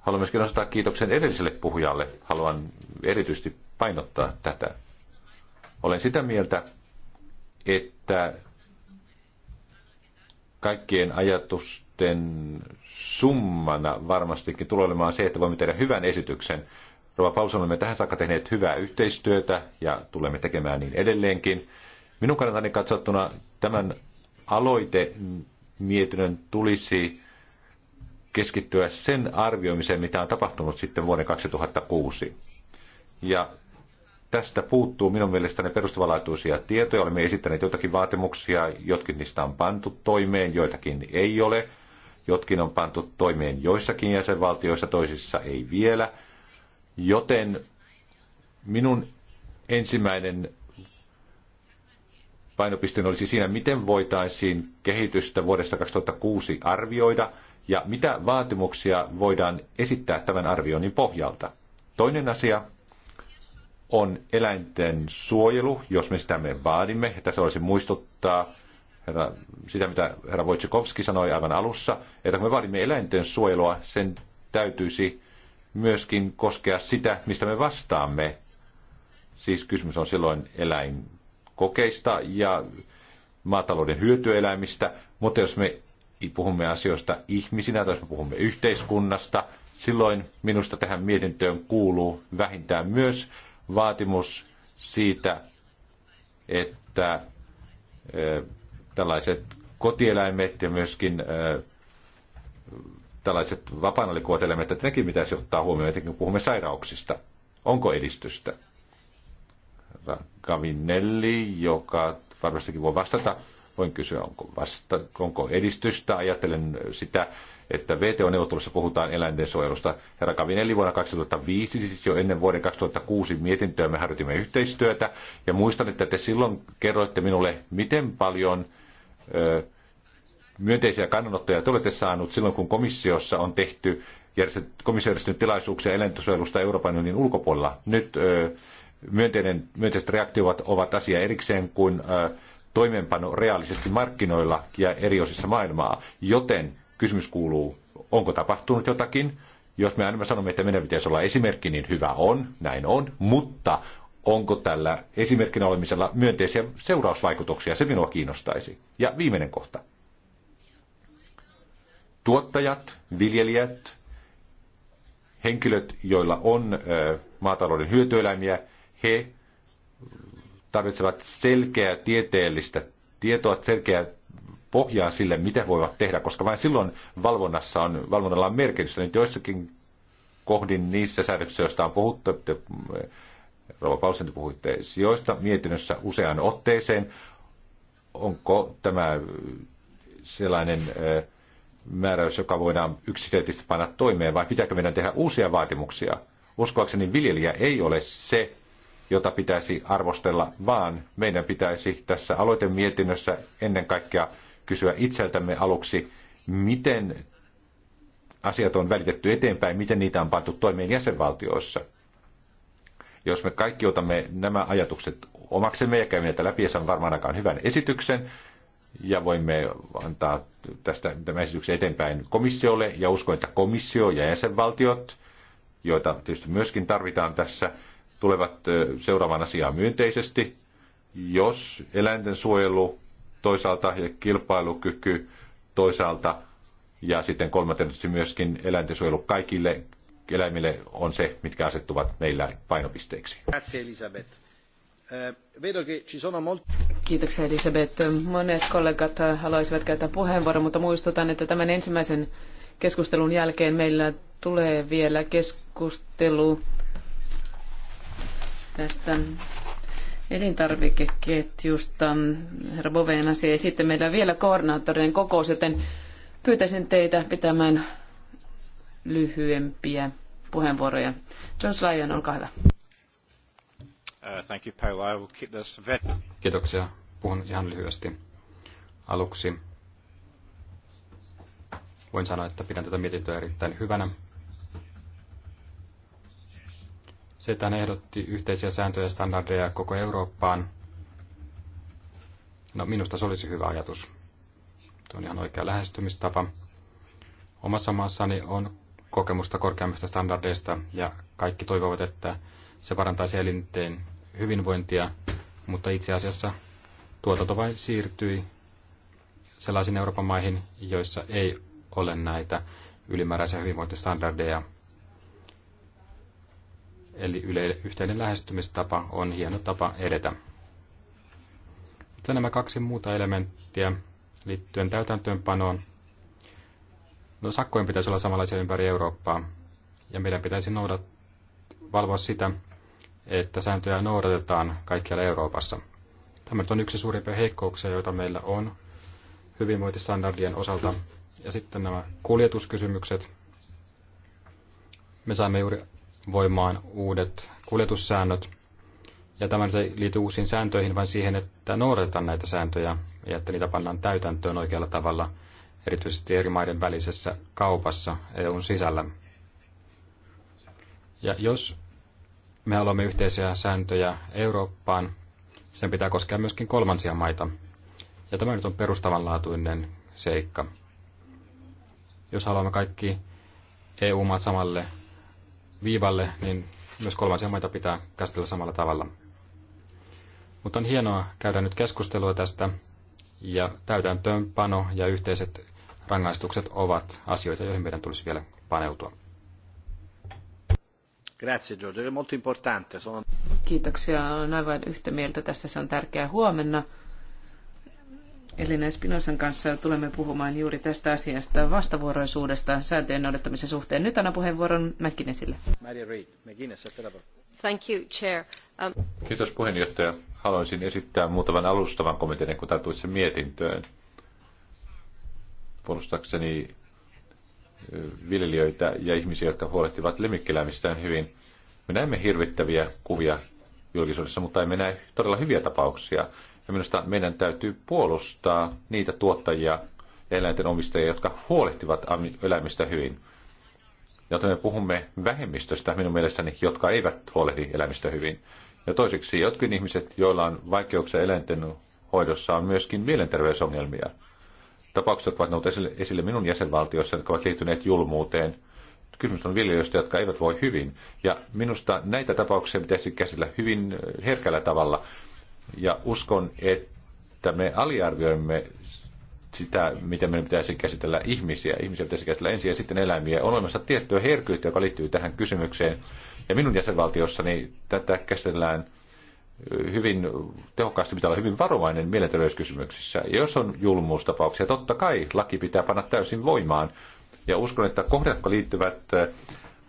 Haluan myöskin nostaa kiitoksen edelliselle puhujalle. Haluan erityisesti painottaa tätä. Olen sitä mieltä, että kaikkien ajatusten summana varmastikin tulee olemaan se, että voimme tehdä hyvän esityksen. Rova Paulson, olemme tähän saakka tehneet hyvää yhteistyötä ja tulemme tekemään niin edelleenkin. Minun kannaltani katsottuna tämän aloite mietinnön tulisi keskittyä sen arvioimiseen, mitä on tapahtunut sitten vuoden 2006. Ja tästä puuttuu minun mielestäni perustavanlaatuisia tietoja. Olemme esittäneet jotakin vaatimuksia, jotkin niistä on pantu toimeen, joitakin ei ole. Jotkin on pantu toimeen joissakin jäsenvaltioissa, toisissa ei vielä. Joten minun ensimmäinen painopisteen olisi siinä, miten voitaisiin kehitystä vuodesta 2006 arvioida ja mitä vaatimuksia voidaan esittää tämän arvioinnin pohjalta. Toinen asia on eläinten suojelu, jos me sitä me vaadimme. Tässä olisi muistuttaa herra, sitä, mitä herra Wojciechowski sanoi aivan alussa, että kun me vaadimme eläinten suojelua, sen täytyisi myöskin koskea sitä, mistä me vastaamme. Siis kysymys on silloin eläin kokeista ja maatalouden hyötyeläimistä, mutta jos me puhumme asioista ihmisinä tai jos me puhumme yhteiskunnasta, silloin minusta tähän mietintöön kuuluu vähintään myös vaatimus siitä, että tällaiset kotieläimet ja myöskin tällaiset vapaana eläimet, että nekin pitäisi ottaa huomioon, etenkin kun puhumme sairauksista. Onko edistystä? Kavinelli, joka varmastikin voi vastata. Voin kysyä, onko, vasta, onko edistystä. Ajattelen sitä, että VTO-neuvottelussa puhutaan eläinten suojelusta. Herra Kavinelli vuonna 2005, siis jo ennen vuoden 2006 mietintöä me harjoitimme yhteistyötä. Ja muistan, että te silloin kerroitte minulle, miten paljon ö, myönteisiä kannanottoja te olette saanut silloin, kun komissiossa on tehty järjestet, komissio järjestänyt tilaisuuksia eläintensuojelusta Euroopan unionin ulkopuolella. Nyt ö, myönteinen, myönteiset reaktiot ovat asia erikseen kuin toimeenpano reaalisesti markkinoilla ja eri osissa maailmaa. Joten kysymys kuuluu, onko tapahtunut jotakin? Jos me aina sanomme, että meidän pitäisi olla esimerkki, niin hyvä on, näin on, mutta onko tällä esimerkkinä olemisella myönteisiä seurausvaikutuksia, se minua kiinnostaisi. Ja viimeinen kohta. Tuottajat, viljelijät, henkilöt, joilla on maatalouden hyötyeläimiä, he tarvitsevat selkeää tieteellistä tietoa, selkeää pohjaa sille, mitä voivat tehdä, koska vain silloin valvonnassa on, valvonnalla on merkitystä. Nyt joissakin kohdin niissä säädöksissä, joista on puhuttu, te, Rova Paulsen, te puhuitte sijoista mietinnössä useaan otteeseen, onko tämä sellainen määräys, joka voidaan yksiselitteisesti panna toimeen, vai pitääkö meidän tehdä uusia vaatimuksia? Uskoakseni viljelijä ei ole se, jota pitäisi arvostella, vaan meidän pitäisi tässä aloitemietinnössä ennen kaikkea kysyä itseltämme aluksi, miten asiat on välitetty eteenpäin, miten niitä on pantu toimeen jäsenvaltioissa. Jos me kaikki otamme nämä ajatukset omaksemme ja käymme näitä läpi, ja saamme varmaan aikaan hyvän esityksen, ja voimme antaa tästä tämän esityksen eteenpäin komissiolle, ja uskon, että komissio ja jäsenvaltiot, joita tietysti myöskin tarvitaan tässä, tulevat seuraamaan asiaa myönteisesti, jos eläinten suojelu toisaalta ja kilpailukyky toisaalta ja sitten kolmantena myöskin eläinten suojelu kaikille eläimille on se, mitkä asettuvat meillä painopisteiksi. Elisabeth. Kiitoksia Elisabeth. Monet kollegat haluaisivat käyttää puheenvuoron, mutta muistutan, että tämän ensimmäisen keskustelun jälkeen meillä tulee vielä keskustelu tästä elintarvikeketjusta. Herra Boveen asia ja sitten meillä on vielä koordinaattorien kokous, joten pyytäisin teitä pitämään lyhyempiä puheenvuoroja. John Lyon, olkaa hyvä. Uh, thank you, Paula. I will keep this Kiitoksia. Puhun ihan lyhyesti aluksi. Voin sanoa, että pidän tätä mietintöä erittäin hyvänä. Se, että ehdotti yhteisiä sääntöjä ja standardeja koko Eurooppaan, no minusta se olisi hyvä ajatus. Tuo on ihan oikea lähestymistapa. Omassa maassani on kokemusta korkeammista standardeista ja kaikki toivovat, että se parantaisi elinten hyvinvointia, mutta itse asiassa tuotanto vain siirtyi sellaisiin Euroopan maihin, joissa ei ole näitä ylimääräisiä hyvinvointistandardeja Eli yhteinen lähestymistapa on hieno tapa edetä. Sitten nämä kaksi muuta elementtiä liittyen täytäntöönpanoon. No sakkojen pitäisi olla samanlaisia ympäri Eurooppaa, ja meidän pitäisi noudat, valvoa sitä, että sääntöjä noudatetaan kaikkialla Euroopassa. Tämä on yksi suurimpia heikkouksia, joita meillä on hyvinvointistandardien osalta. Ja sitten nämä kuljetuskysymykset. Me saamme juuri voimaan uudet kuljetussäännöt. Ja tämä ei liity uusiin sääntöihin, vaan siihen, että noudatetaan näitä sääntöjä ja että niitä pannaan täytäntöön oikealla tavalla, erityisesti eri maiden välisessä kaupassa EUn sisällä. Ja jos me haluamme yhteisiä sääntöjä Eurooppaan, sen pitää koskea myöskin kolmansia maita. Ja tämä nyt on perustavanlaatuinen seikka. Jos haluamme kaikki EU-maat samalle viivalle, niin myös kolmansia maita pitää käsitellä samalla tavalla. Mutta on hienoa käydä nyt keskustelua tästä, ja täytäntöönpano ja yhteiset rangaistukset ovat asioita, joihin meidän tulisi vielä paneutua. Grazie Giorgio, molto importante. Sono... Kiitoksia, olen aivan yhtä mieltä tästä, se on tärkeää huomenna Elina Espinosan kanssa tulemme puhumaan juuri tästä asiasta vastavuoroisuudesta sääntöjen noudattamisen suhteen. Nyt annan puheenvuoron Mäkkinesille. Thank you, Chair. Um... Kiitos puheenjohtaja. Haluaisin esittää muutaman alustavan komitean, kun tartuitse mietintöön. Puolustakseni viljelijöitä ja ihmisiä, jotka huolehtivat lemmikkeläimistään hyvin. Me näemme hirvittäviä kuvia julkisuudessa, mutta emme näe todella hyviä tapauksia. Ja minusta meidän täytyy puolustaa niitä tuottajia ja eläinten omistajia, jotka huolehtivat eläimistä hyvin. Ja me puhumme vähemmistöstä minun mielestäni, jotka eivät huolehdi eläimistä hyvin. Ja toiseksi, jotkin ihmiset, joilla on vaikeuksia eläinten hoidossa, on myöskin mielenterveysongelmia. Tapaukset ovat nousseet esille, esille minun jäsenvaltiossa, jotka ovat liittyneet julmuuteen. Kysymys on viljelijöistä, jotka eivät voi hyvin. Ja minusta näitä tapauksia pitäisi käsitellä hyvin äh, herkällä tavalla ja uskon, että me aliarvioimme sitä, miten meidän pitäisi käsitellä ihmisiä. Ihmisiä pitäisi käsitellä ensin ja sitten eläimiä. On olemassa tiettyä herkkyyttä, joka liittyy tähän kysymykseen. Ja minun jäsenvaltiossani tätä käsitellään hyvin tehokkaasti, pitää olla hyvin varovainen mielenterveyskysymyksissä. Ja jos on julmuustapauksia, totta kai laki pitää panna täysin voimaan. Ja uskon, että kohdat, jotka liittyvät eh,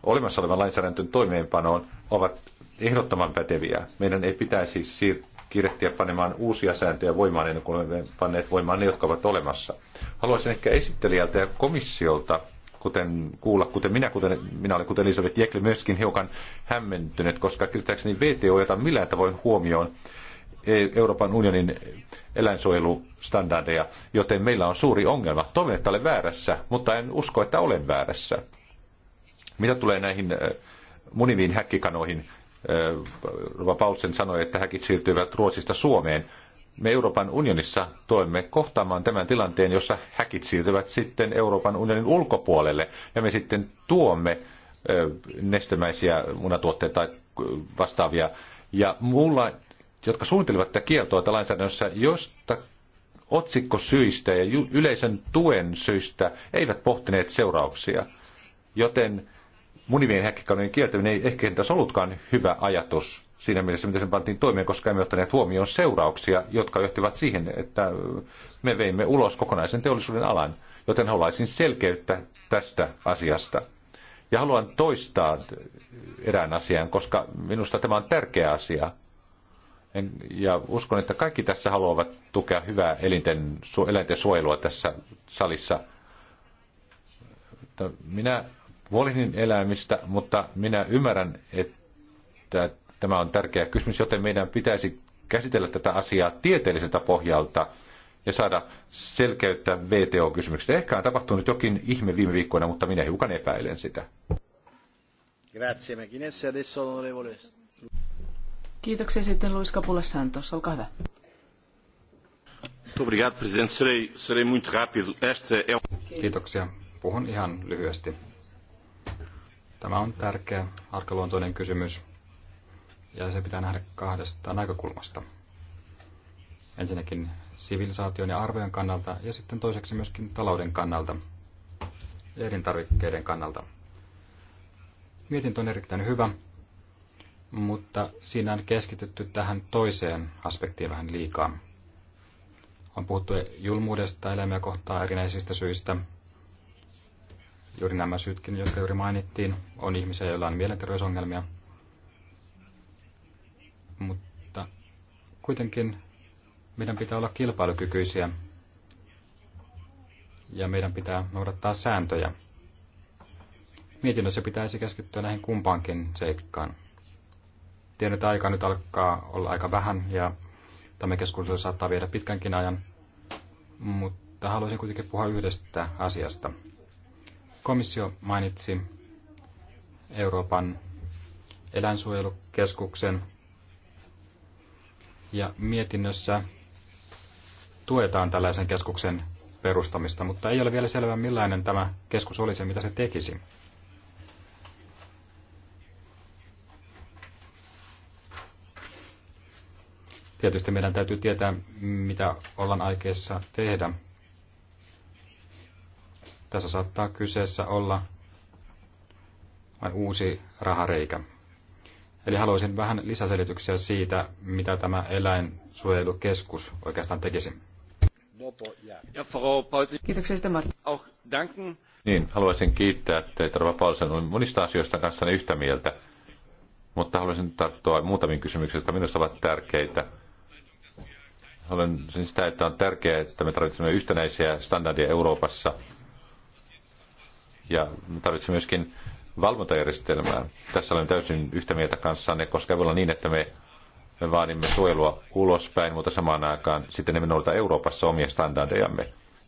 olemassa olevan lainsäädäntön toimeenpanoon, ovat ehdottoman päteviä. Meidän ei pitäisi siirtyä kiirehtiä panemaan uusia sääntöjä voimaan ennen kuin olemme panneet voimaan ne, jotka ovat olemassa. Haluaisin ehkä esittelijältä ja komissiolta kuten kuulla, kuten minä, kuten minä olen, kuten Elisabeth Jekli, myöskin hiukan hämmentynyt, koska käsittääkseni VTO jota millään tavoin huomioon e, Euroopan unionin eläinsuojelustandardeja, joten meillä on suuri ongelma. Toivon, että olen väärässä, mutta en usko, että olen väärässä. Mitä tulee näihin e, muniviin häkkikanoihin, Rova Paulsen sanoi, että häkit siirtyivät Ruotsista Suomeen. Me Euroopan unionissa toimme kohtaamaan tämän tilanteen, jossa häkit siirtyvät sitten Euroopan unionin ulkopuolelle ja me sitten tuomme nestemäisiä munatuotteita tai vastaavia. Ja mulla, jotka suunnittelivat tätä kieltoa että lainsäädännössä, josta otsikkosyistä ja yleisen tuen syistä eivät pohtineet seurauksia. Joten munivien häkkikalojen kieltäminen ei ehkä entäs ollutkaan hyvä ajatus siinä mielessä, miten se pantiin toimeen, koska emme ottaneet huomioon seurauksia, jotka johtivat siihen, että me veimme ulos kokonaisen teollisuuden alan. Joten haluaisin selkeyttä tästä asiasta. Ja haluan toistaa erään asian, koska minusta tämä on tärkeä asia. En, ja uskon, että kaikki tässä haluavat tukea hyvää elinten, eläinten suojelua tässä salissa. Minä Wallinin eläimistä, mutta minä ymmärrän, että tämä on tärkeä kysymys, joten meidän pitäisi käsitellä tätä asiaa tieteelliseltä pohjalta ja saada selkeyttä VTO-kysymyksestä. Ehkä on tapahtunut jokin ihme viime viikkoina, mutta minä hiukan epäilen sitä. Grazie, Kiitoksia sitten Luis Capula Santos. Olkaa hyvä. Um- Kiitoksia. Puhun ihan lyhyesti. Tämä on tärkeä arkaluontoinen kysymys ja se pitää nähdä kahdesta näkökulmasta. Ensinnäkin sivilisaation ja arvojen kannalta ja sitten toiseksi myöskin talouden kannalta ja elintarvikkeiden kannalta. Mietintö on erittäin hyvä, mutta siinä on keskitytty tähän toiseen aspektiin vähän liikaa. On puhuttu julmuudesta eläimiä kohtaan erinäisistä syistä, Juuri nämä syytkin, jotka juuri mainittiin, on ihmisiä, joilla on mielenterveysongelmia. Mutta kuitenkin meidän pitää olla kilpailukykyisiä ja meidän pitää noudattaa sääntöjä. Mietinnössä pitäisi keskittyä näihin kumpaankin seikkaan. Tiedän, että aika nyt alkaa olla aika vähän ja tämä keskustelu saattaa viedä pitkänkin ajan, mutta haluaisin kuitenkin puhua yhdestä asiasta – Komissio mainitsi Euroopan eläinsuojelukeskuksen ja mietinnössä tuetaan tällaisen keskuksen perustamista, mutta ei ole vielä selvää millainen tämä keskus olisi ja mitä se tekisi. Tietysti meidän täytyy tietää, mitä ollaan aikeissa tehdä, tässä saattaa kyseessä olla vain uusi rahareikä. Eli haluaisin vähän lisäselityksiä siitä, mitä tämä eläinsuojelukeskus oikeastaan tekisi. Kiitoksia sitä, Martin. Niin, haluaisin kiittää teitä, Rova Paulsen. Olen monista asioista kanssani yhtä mieltä, mutta haluaisin tarttua muutamiin kysymyksiin, jotka minusta ovat tärkeitä. Olen sitä, että on tärkeää, että me tarvitsemme yhtenäisiä standardeja Euroopassa – ja tarvitsemme myöskin valvontajärjestelmää. Tässä olen täysin yhtä mieltä kanssanne, koska ei voi olla niin, että me me vaadimme suojelua ulospäin, mutta samaan aikaan sitten emme noudata Euroopassa omia standardejamme.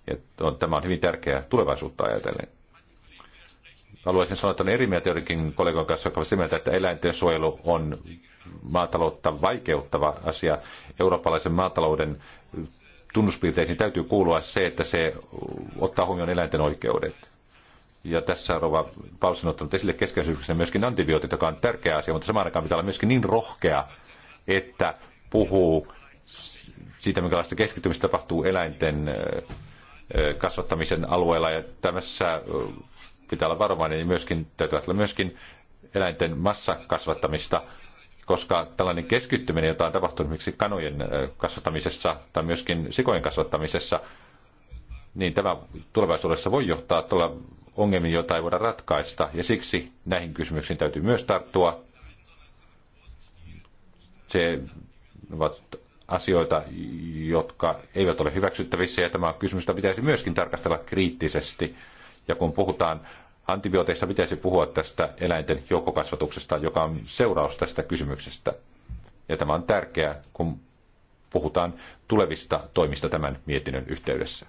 Ja on, tämä on hyvin tärkeää tulevaisuutta ajatellen. Haluaisin sanoa, että olen eri mieltä joidenkin kollegojen kanssa, jotka ovat sitä mieltä, että eläinten suojelu on maataloutta vaikeuttava asia. Eurooppalaisen maatalouden tunnuspiirteisiin täytyy kuulua se, että se ottaa huomioon eläinten oikeudet ja tässä Rova on ottanut esille keskeisyyksessä myöskin antibiootit, joka on tärkeä asia, mutta samaan aikaan pitää olla myöskin niin rohkea, että puhuu siitä, minkälaista keskittymistä tapahtuu eläinten kasvattamisen alueella. Ja tämässä pitää olla varovainen niin myöskin, täytyy ajatella myöskin eläinten massakasvattamista, koska tällainen keskittyminen, jota on tapahtunut miksi kanojen kasvattamisessa tai myöskin sikojen kasvattamisessa, niin tämä tulevaisuudessa voi johtaa tuolla ongelmiin, joita ei voida ratkaista, ja siksi näihin kysymyksiin täytyy myös tarttua. Se ovat asioita, jotka eivät ole hyväksyttävissä, ja tämä kysymystä pitäisi myöskin tarkastella kriittisesti. Ja kun puhutaan antibiooteista, pitäisi puhua tästä eläinten joukkokasvatuksesta, joka on seuraus tästä kysymyksestä. Ja tämä on tärkeää, kun puhutaan tulevista toimista tämän mietinnön yhteydessä.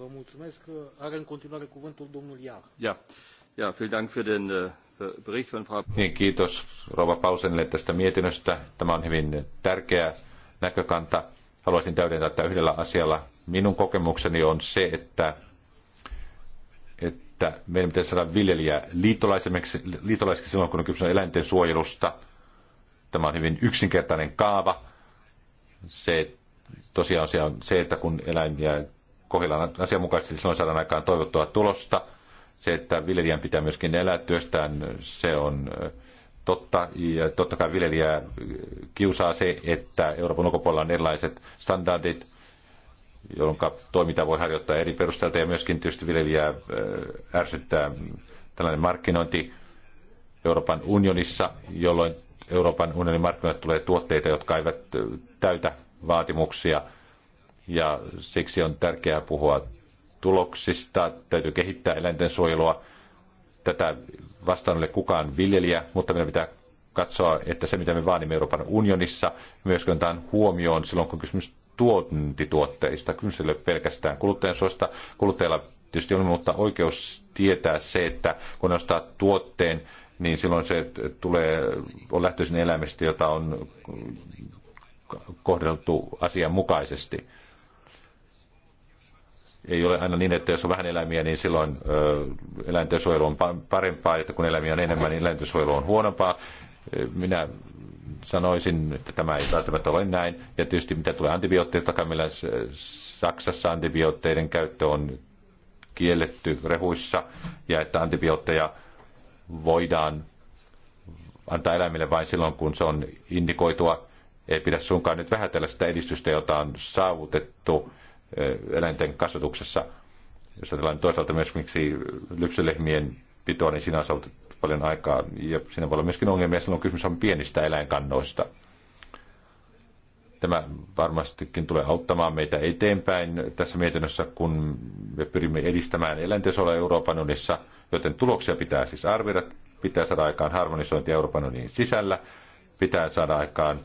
Vă mulțumesc. Are în continuare cuvântul domnul Iar. Ja. Ja, vielen Dank für den äh, Bericht von Frau... Niin, kiitos Rova Pausenille tästä mietinnöstä. Tämä on hyvin tärkeä näkökanta. Haluaisin täydentää tätä yhdellä asialla. Minun kokemukseni on se, että, että meidän pitäisi saada viljelijä liittolaiseksi, silloin, kun on kysymys eläinten suojelusta. Tämä on hyvin yksinkertainen kaava. Se tosiaan on se, että kun eläimiä kohdellaan asianmukaisesti, silloin saadaan aikaan toivottua tulosta. Se, että viljelijän pitää myöskin elää työstään, se on eh, totta. Ja totta kai viljelijää eh, kiusaa se, että Euroopan ulkopuolella on erilaiset standardit, jolloin toiminta voi harjoittaa eri perusteelta ja myöskin tietysti viljelijää eh, ärsyttää tällainen markkinointi Euroopan unionissa, jolloin Euroopan unionin markkinoille tulee tuotteita, jotka eivät täytä vaatimuksia – ja siksi on tärkeää puhua tuloksista. Täytyy kehittää eläinten suojelua. Tätä vastaan ole kukaan viljelijä, mutta meidän pitää katsoa, että se mitä me vaadimme Euroopan unionissa, myös otetaan huomioon silloin, kun kysymys tuotantituotteista, kysymys ei ole pelkästään kuluttajan suosta. Kuluttajalla tietysti on mutta oikeus tietää se, että kun ostaa tuotteen, niin silloin se tulee, on lähtöisin elämästä, jota on kohdeltu asianmukaisesti ei ole aina niin, että jos on vähän eläimiä, niin silloin eläintensuojelu on parempaa, että kun eläimiä on enemmän, niin eläintensuojelu on huonompaa. Minä sanoisin, että tämä ei välttämättä ole näin. Ja tietysti mitä tulee antibiootteja takamilla, Saksassa antibiootteiden käyttö on kielletty rehuissa ja että antibiootteja voidaan antaa eläimille vain silloin, kun se on indikoitua. Ei pidä suinkaan nyt vähätellä sitä edistystä, jota on saavutettu eläinten kasvatuksessa. Jos ajatellaan toisaalta myös miksi lypsylehmien pitoa, niin siinä on paljon aikaa ja siinä voi olla myöskin ongelmia silloin kysymys on pienistä eläinkannoista. Tämä varmastikin tulee auttamaan meitä eteenpäin tässä mietinnössä, kun me pyrimme edistämään eläintesolla Euroopan unissa, joten tuloksia pitää siis arvioida, pitää saada aikaan harmonisointi Euroopan unionin sisällä, pitää saada aikaan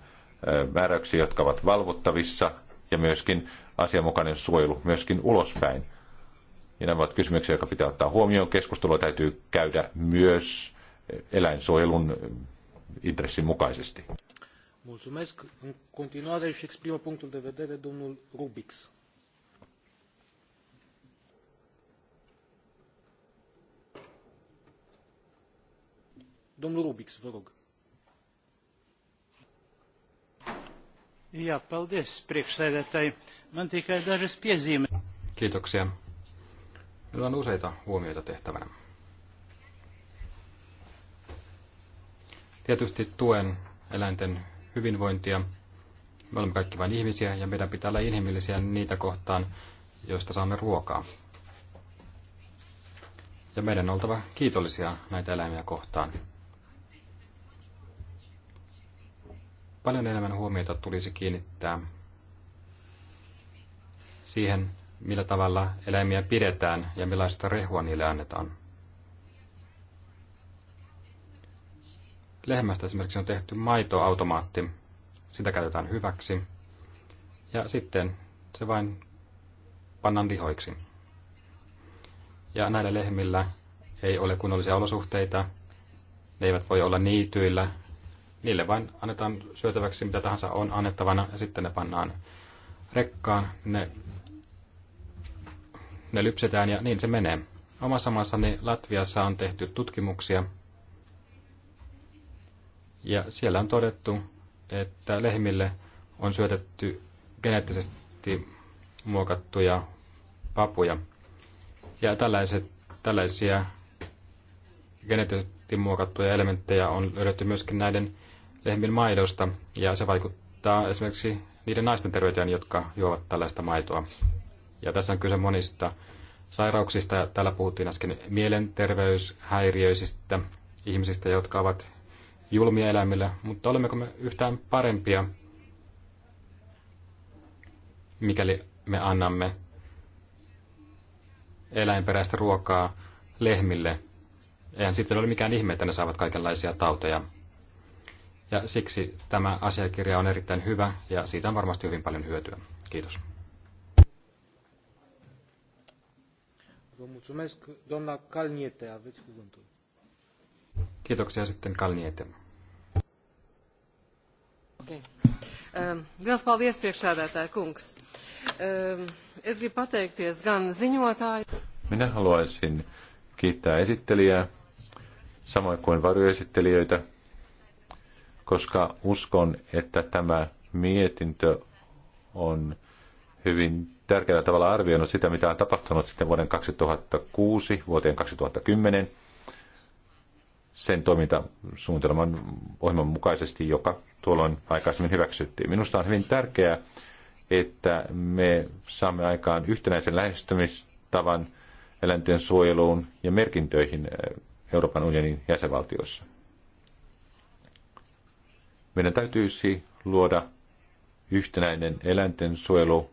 määräyksiä, jotka ovat valvottavissa ja myöskin asianmukainen suojelu myöskin ulospäin. Ja nämä ovat kysymyksiä, jotka pitää ottaa huomioon. Keskustelua täytyy käydä myös eläinsuojelun intressin mukaisesti. Mulțumesc. În continuare își exprimă punctul de vedere domnul Rubix. Domnul Rubix, vă rog. Jā, paldies, priekšsēdētāji. Kiitoksia. Meillä on useita huomioita tehtävänä. Tietysti tuen eläinten hyvinvointia. Me olemme kaikki vain ihmisiä ja meidän pitää olla inhimillisiä niitä kohtaan, joista saamme ruokaa. Ja meidän on oltava kiitollisia näitä eläimiä kohtaan. Paljon enemmän huomiota tulisi kiinnittää siihen, millä tavalla eläimiä pidetään ja millaista rehua niille annetaan. Lehmästä esimerkiksi on tehty maitoautomaatti. Sitä käytetään hyväksi. Ja sitten se vain pannaan lihoiksi. Ja näillä lehmillä ei ole kunnollisia olosuhteita. Ne eivät voi olla niityillä. Niille vain annetaan syötäväksi mitä tahansa on annettavana ja sitten ne pannaan rekkaan, ne, ne lypsetään ja niin se menee. Omassa maassani Latviassa on tehty tutkimuksia ja siellä on todettu, että lehmille on syötetty geneettisesti muokattuja papuja. Ja tällaiset, tällaisia geneettisesti muokattuja elementtejä on löydetty myöskin näiden lehmin maidosta, ja se vaikuttaa esimerkiksi niiden naisten terveyteen, jotka juovat tällaista maitoa. Ja tässä on kyse monista sairauksista. Täällä puhuttiin äsken mielenterveyshäiriöisistä ihmisistä, jotka ovat julmia eläimille, mutta olemmeko me yhtään parempia, mikäli me annamme eläinperäistä ruokaa lehmille. Eihän sitten ole mikään ihme, että ne saavat kaikenlaisia tauteja ja siksi tämä asiakirja on erittäin hyvä ja siitä on varmasti hyvin paljon hyötyä. Kiitos. Kiitoksia sitten Kalniete. Okay. Liels paldies, priekšsēdētāja kungs. Es ehm, gribu pateikties gan ziņotāju. Minä haluaisin kiittää esittelijää, samoin kuin varjoesittelijöitä, koska uskon, että tämä mietintö on hyvin tärkeällä tavalla arvioinut sitä, mitä on tapahtunut sitten vuoden 2006 vuoteen 2010 sen toimintasuunnitelman ohjelman mukaisesti, joka tuolloin aikaisemmin hyväksyttiin. Minusta on hyvin tärkeää, että me saamme aikaan yhtenäisen lähestymistavan eläinten suojeluun ja merkintöihin Euroopan unionin jäsenvaltiossa. Meidän täytyisi luoda yhtenäinen eläinten suojelu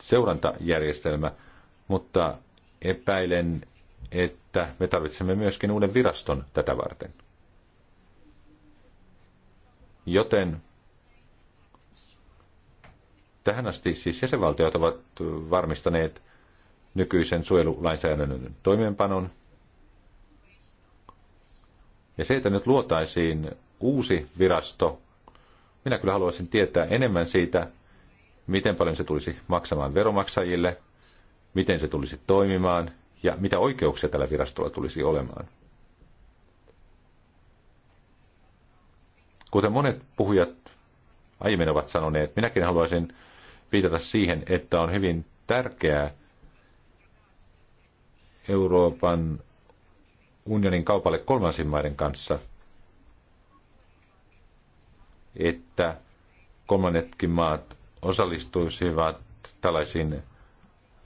seurantajärjestelmä, mutta epäilen, että me tarvitsemme myöskin uuden viraston tätä varten. Joten tähän asti siis jäsenvaltiot ovat varmistaneet nykyisen suojelulainsäädännön toimeenpanon. Ja se, että nyt luotaisiin uusi virasto, minä kyllä haluaisin tietää enemmän siitä, miten paljon se tulisi maksamaan veromaksajille, miten se tulisi toimimaan ja mitä oikeuksia tällä virastolla tulisi olemaan. Kuten monet puhujat aiemmin ovat sanoneet, minäkin haluaisin viitata siihen, että on hyvin tärkeää Euroopan unionin kaupalle kolmansin maiden kanssa – että kolmannetkin maat osallistuisivat tällaisiin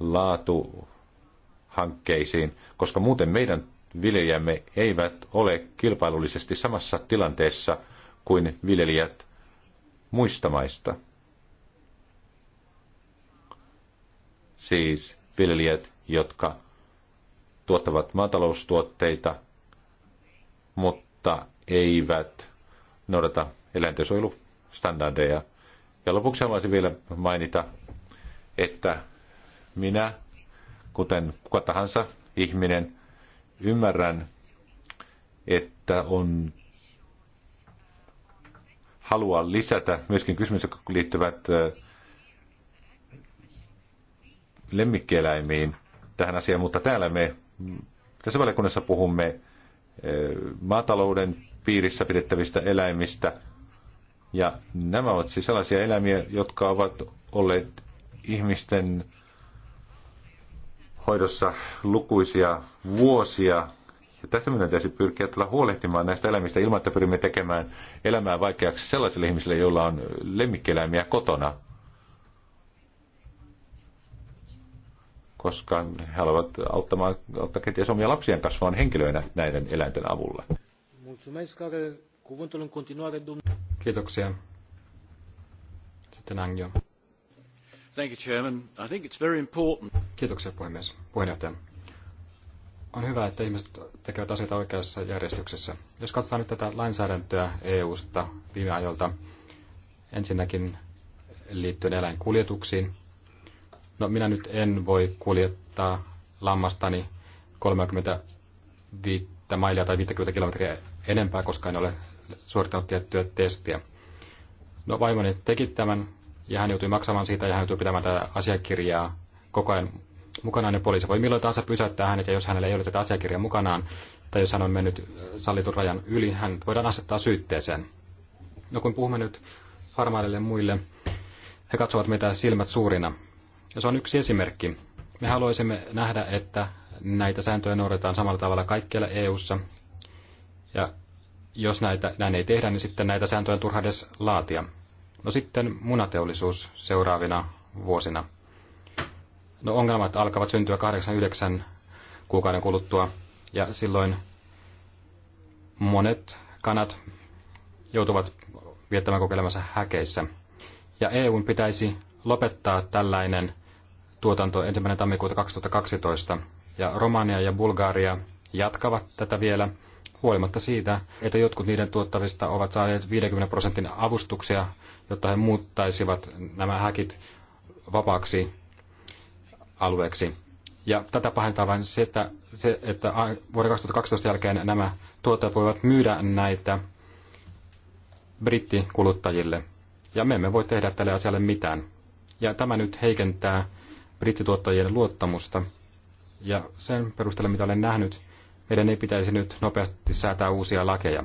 laatuhankkeisiin, koska muuten meidän viljelijämme eivät ole kilpailullisesti samassa tilanteessa kuin viljelijät muista maista. Siis viljelijät, jotka tuottavat maataloustuotteita, mutta eivät noudata eläintensuojelustandardeja. Ja lopuksi haluaisin vielä mainita, että minä, kuten kuka tahansa ihminen, ymmärrän, että on halua lisätä myöskin kysymys, jotka liittyvät lemmikkieläimiin tähän asiaan, mutta täällä me tässä valiokunnassa puhumme maatalouden piirissä pidettävistä eläimistä – ja nämä ovat siis sellaisia eläimiä, jotka ovat olleet ihmisten hoidossa lukuisia vuosia. Ja tässä meidän täytyy pyrkiä tulla huolehtimaan näistä eläimistä ilman, että pyrimme tekemään elämää vaikeaksi sellaisille ihmisille, joilla on lemmikkieläimiä kotona. Koska he haluavat auttamaan, auttaa kenties omia lapsien kasvaan henkilöinä näiden eläinten avulla. Kiitoksia. Sitten Angio. Thank you, Chairman. I think it's very important. Kiitoksia puhemies. puheenjohtaja. On hyvä, että ihmiset tekevät asioita oikeassa järjestyksessä. Jos katsotaan nyt tätä lainsäädäntöä EU-sta viime ajoilta, ensinnäkin liittyen eläinkuljetuksiin. No minä nyt en voi kuljettaa lammastani 35 mailia tai 50 kilometriä enempää, koska en ole suorittanut tiettyä testiä. No vaimoni teki tämän ja hän joutui maksamaan siitä ja hän joutui pitämään tätä asiakirjaa koko ajan mukanaan ja poliisi voi milloin tahansa pysäyttää hänet ja jos hänellä ei ole tätä asiakirjaa mukanaan tai jos hän on mennyt sallitun rajan yli, hän voidaan asettaa syytteeseen. No kun puhumme nyt farmaadeille muille, he katsovat meitä silmät suurina. Ja se on yksi esimerkki. Me haluaisimme nähdä, että näitä sääntöjä noudatetaan samalla tavalla kaikkialla EU:ssa. Ja jos näitä, näin ei tehdä, niin sitten näitä sääntöjä on turha edes laatia. No sitten munateollisuus seuraavina vuosina. No ongelmat alkavat syntyä 89 kuukauden kuluttua ja silloin monet kanat joutuvat viettämään kokeilemansa häkeissä. Ja EUn pitäisi lopettaa tällainen tuotanto 1. tammikuuta 2012. Ja Romania ja Bulgaria jatkavat tätä vielä – huolimatta siitä, että jotkut niiden tuottavista ovat saaneet 50 prosentin avustuksia, jotta he muuttaisivat nämä häkit vapaaksi alueeksi. Ja tätä pahentaa vain se, että, se, että vuoden 2012 jälkeen nämä tuottajat voivat myydä näitä brittikuluttajille. Ja me emme voi tehdä tälle asialle mitään. Ja tämä nyt heikentää brittituottajien luottamusta. Ja sen perusteella, mitä olen nähnyt, meidän ei pitäisi nyt nopeasti säätää uusia lakeja.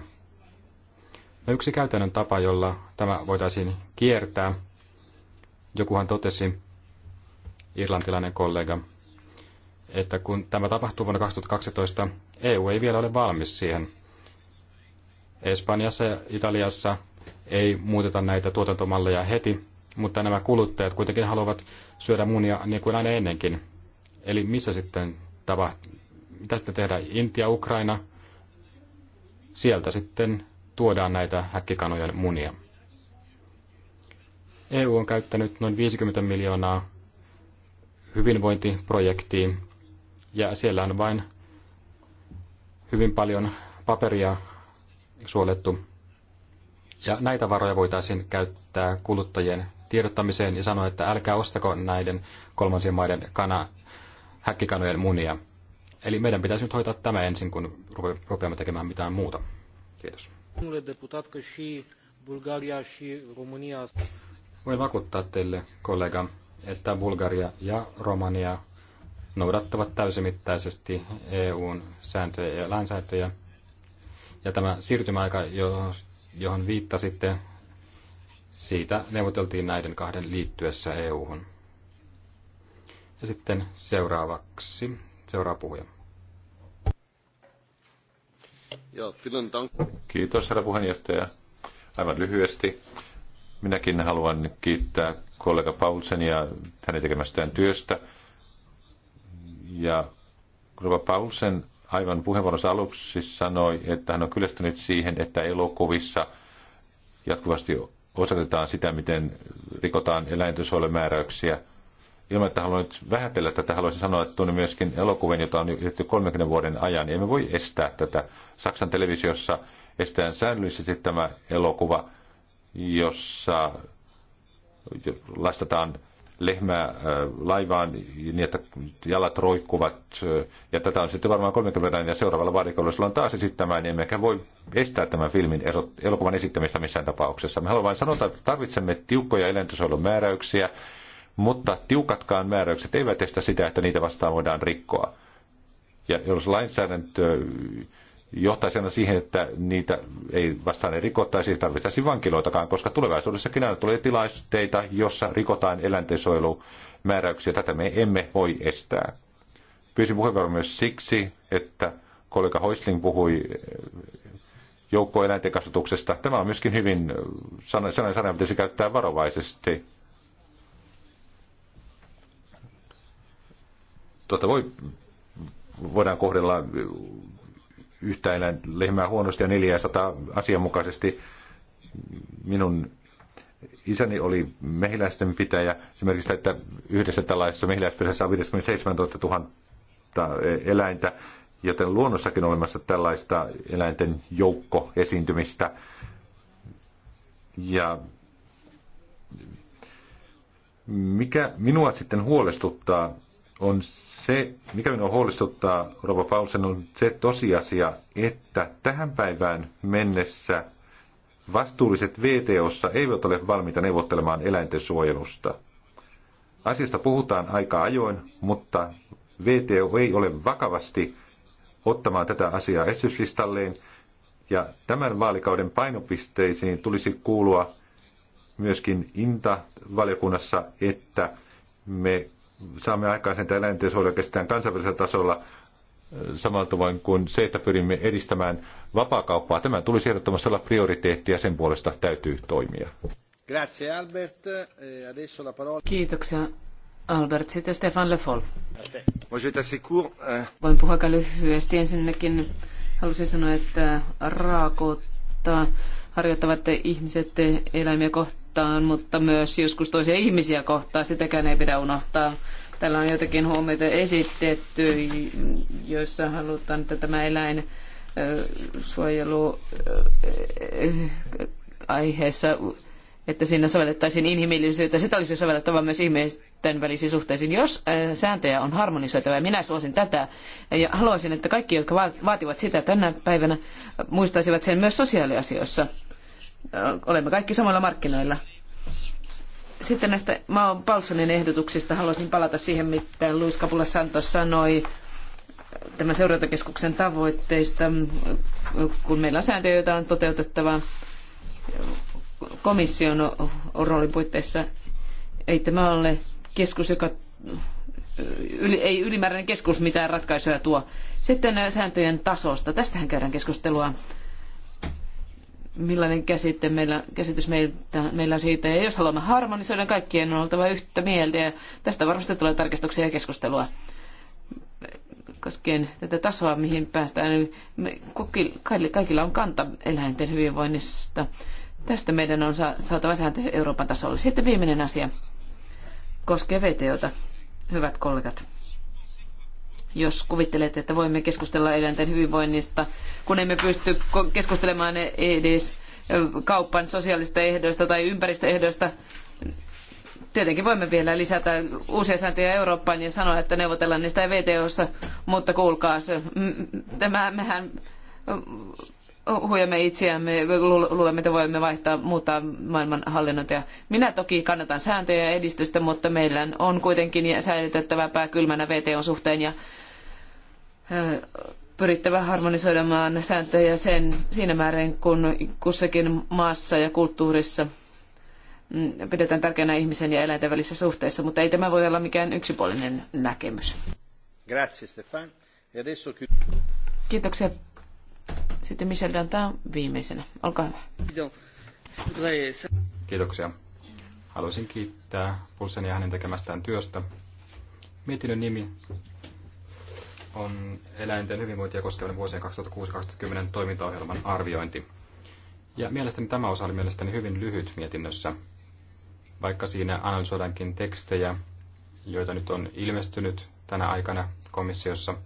No yksi käytännön tapa, jolla tämä voitaisiin kiertää, jokuhan totesi, irlantilainen kollega, että kun tämä tapahtuu vuonna 2012, EU ei vielä ole valmis siihen. Espanjassa ja Italiassa ei muuteta näitä tuotantomalleja heti, mutta nämä kuluttajat kuitenkin haluavat syödä munia niin kuin aina ennenkin. Eli missä sitten tapa, tästä tehdään Intia, Ukraina. Sieltä sitten tuodaan näitä häkkikanojen munia. EU on käyttänyt noin 50 miljoonaa hyvinvointiprojektiin ja siellä on vain hyvin paljon paperia suolettu. Ja näitä varoja voitaisiin käyttää kuluttajien tiedottamiseen ja sanoa, että älkää ostako näiden kolmansien maiden kana, häkkikanojen munia. Eli meidän pitäisi nyt hoitaa tämä ensin, kun rupeamme tekemään mitään muuta. Kiitos. Voin vakuuttaa teille, kollega, että Bulgaria ja Romania noudattavat täysimittaisesti EUn sääntöjä ja lainsääntöjä. Ja tämä siirtymäaika, johon viittasitte, siitä neuvoteltiin näiden kahden liittyessä EUhun. Ja sitten seuraavaksi, seuraava puhuja. Kiitos, herra puheenjohtaja. Aivan lyhyesti. Minäkin haluan kiittää kollega Paulsen ja hänen tekemästään työstä. Ja Rova Paulsen aivan puheenvuoronsa aluksi sanoi, että hän on kyllästynyt siihen, että elokuvissa jatkuvasti osoitetaan sitä, miten rikotaan eläintensuojelumääräyksiä – ilman että haluan nyt vähätellä tätä, haluaisin sanoa, että tunnen myöskin elokuvien, jota on yritetty 30 vuoden ajan. Emme voi estää tätä. Saksan televisiossa estetään säännöllisesti tämä elokuva, jossa lastataan lehmää äh, laivaan niin, että jalat roikkuvat. Äh, ja tätä on sitten varmaan 30 vuoden ja seuraavalla vaalikaudella on taas esittämään, niin emmekä voi estää tämän filmin elokuvan esittämistä missään tapauksessa. Me haluamme vain sanoa, että tarvitsemme tiukkoja eläintensuojelun määräyksiä, mutta tiukatkaan määräykset eivät estä sitä, että niitä vastaan voidaan rikkoa. Ja jos lainsäädäntö johtaisi aina siihen, että niitä ei vastaan ei rikottaisi, ei tarvittaisi vankiloitakaan, koska tulevaisuudessakin aina tulee tilasteita, jossa rikotaan eläintensuojelumääräyksiä. Tätä me emme voi estää. Pyysin puheenvuoron myös siksi, että kollega Hoisling puhui joukkoeläinten kasvatuksesta. Tämä on myöskin hyvin, sanan, sanan, sanan pitäisi käyttää varovaisesti tota voi, voidaan kohdella yhtä eläin, lehmää huonosti ja 400 asianmukaisesti. Minun isäni oli mehiläisten pitäjä. Esimerkiksi, että yhdessä tällaisessa mehiläispesässä on 57 000 eläintä, joten luonnossakin on olemassa tällaista eläinten joukko esiintymistä. Ja mikä minua sitten huolestuttaa on se, mikä minua huolestuttaa, Rova Paulsen, on se tosiasia, että tähän päivään mennessä vastuulliset VTOssa eivät ole valmiita neuvottelemaan eläinten suojelusta. Asiasta puhutaan aika ajoin, mutta VTO ei ole vakavasti ottamaan tätä asiaa esityslistalleen, ja tämän vaalikauden painopisteisiin tulisi kuulua myöskin INTA-valiokunnassa, että me saamme sen eläinten suojelua kestään kansainvälisellä tasolla äh, samalla tavoin kuin se, että pyrimme edistämään vapaakauppaa. Tämä tulisi ehdottomasti olla prioriteetti ja sen puolesta täytyy toimia. Grazie Albert. E adesso la parola. Kiitoksia Albert. Sitten Stefan Le Foll. Euh. Voin puhua lyhyesti. Ensinnäkin halusin sanoa, että raakoittaa harjoittavat ihmiset eläimiä kohtaan, mutta myös joskus toisia ihmisiä kohtaan. Sitäkään ei pidä unohtaa. Täällä on jotakin huomioita esitetty, joissa halutaan, että tämä eläin suojelu aiheessa että siinä sovellettaisiin inhimillisyyttä. Sitä olisi sovellettava myös ihmisten välisiin suhteisiin. Jos äh, sääntöjä on harmonisoitava, ja minä suosin tätä, ja haluaisin, että kaikki, jotka vaativat sitä tänä päivänä, muistaisivat sen myös sosiaaliasioissa. Äh, olemme kaikki samoilla markkinoilla. Sitten näistä Mao Paulsonin ehdotuksista haluaisin palata siihen, mitä Luis Capula Santos sanoi äh, tämän seurantakeskuksen tavoitteista, kun meillä on sääntöjä, joita on toteutettava komission roolin puitteissa. Ei tämä ole keskus, joka yli, ei ylimääräinen keskus mitään ratkaisuja tuo. Sitten sääntöjen tasosta. Tästähän käydään keskustelua. Millainen käsite meillä, käsitys meiltä, meillä on siitä. Ja jos haluamme harmonisoida, kaikkien on oltava yhtä mieltä. Ja tästä varmasti tulee tarkistuksia ja keskustelua koskien tätä tasoa, mihin päästään. Kaikilla on kanta eläinten hyvinvoinnista. Tästä meidän on saatava sääntö Euroopan tasolle. Sitten viimeinen asia koskee VTOta, hyvät kollegat. Jos kuvittelette, että voimme keskustella eläinten hyvinvoinnista, kun emme pysty keskustelemaan edes kaupan sosiaalista ehdoista tai ympäristöehdoista, tietenkin voimme vielä lisätä uusia sääntöjä Eurooppaan ja sanoa, että neuvotellaan niistä VTOssa, mutta se tämä, mehän huijamme itseämme, luulemme, että voimme vaihtaa, muuttaa maailman hallinnointia. Minä toki kannatan sääntöjä ja edistystä, mutta meillä on kuitenkin säilytettävä pää kylmänä VTOn suhteen ja pyrittävä harmonisoimaan sääntöjä sen, siinä määrin, kun kussakin maassa ja kulttuurissa mm, pidetään tärkeänä ihmisen ja eläinten välissä suhteessa, mutta ei tämä voi olla mikään yksipuolinen näkemys. Grazie, Stefan. E Kiitoksia sitten Michel Dantin viimeisenä. Olkaa hyvä. Kiitoksia. Haluaisin kiittää ja hänen tekemästään työstä. Mietinnön nimi on eläinten hyvinvointia koskevan vuosien 2006-2010 toimintaohjelman arviointi. Ja mielestäni tämä osa oli mielestäni hyvin lyhyt mietinnössä, vaikka siinä analysoidaankin tekstejä, joita nyt on ilmestynyt tänä aikana komissiossa –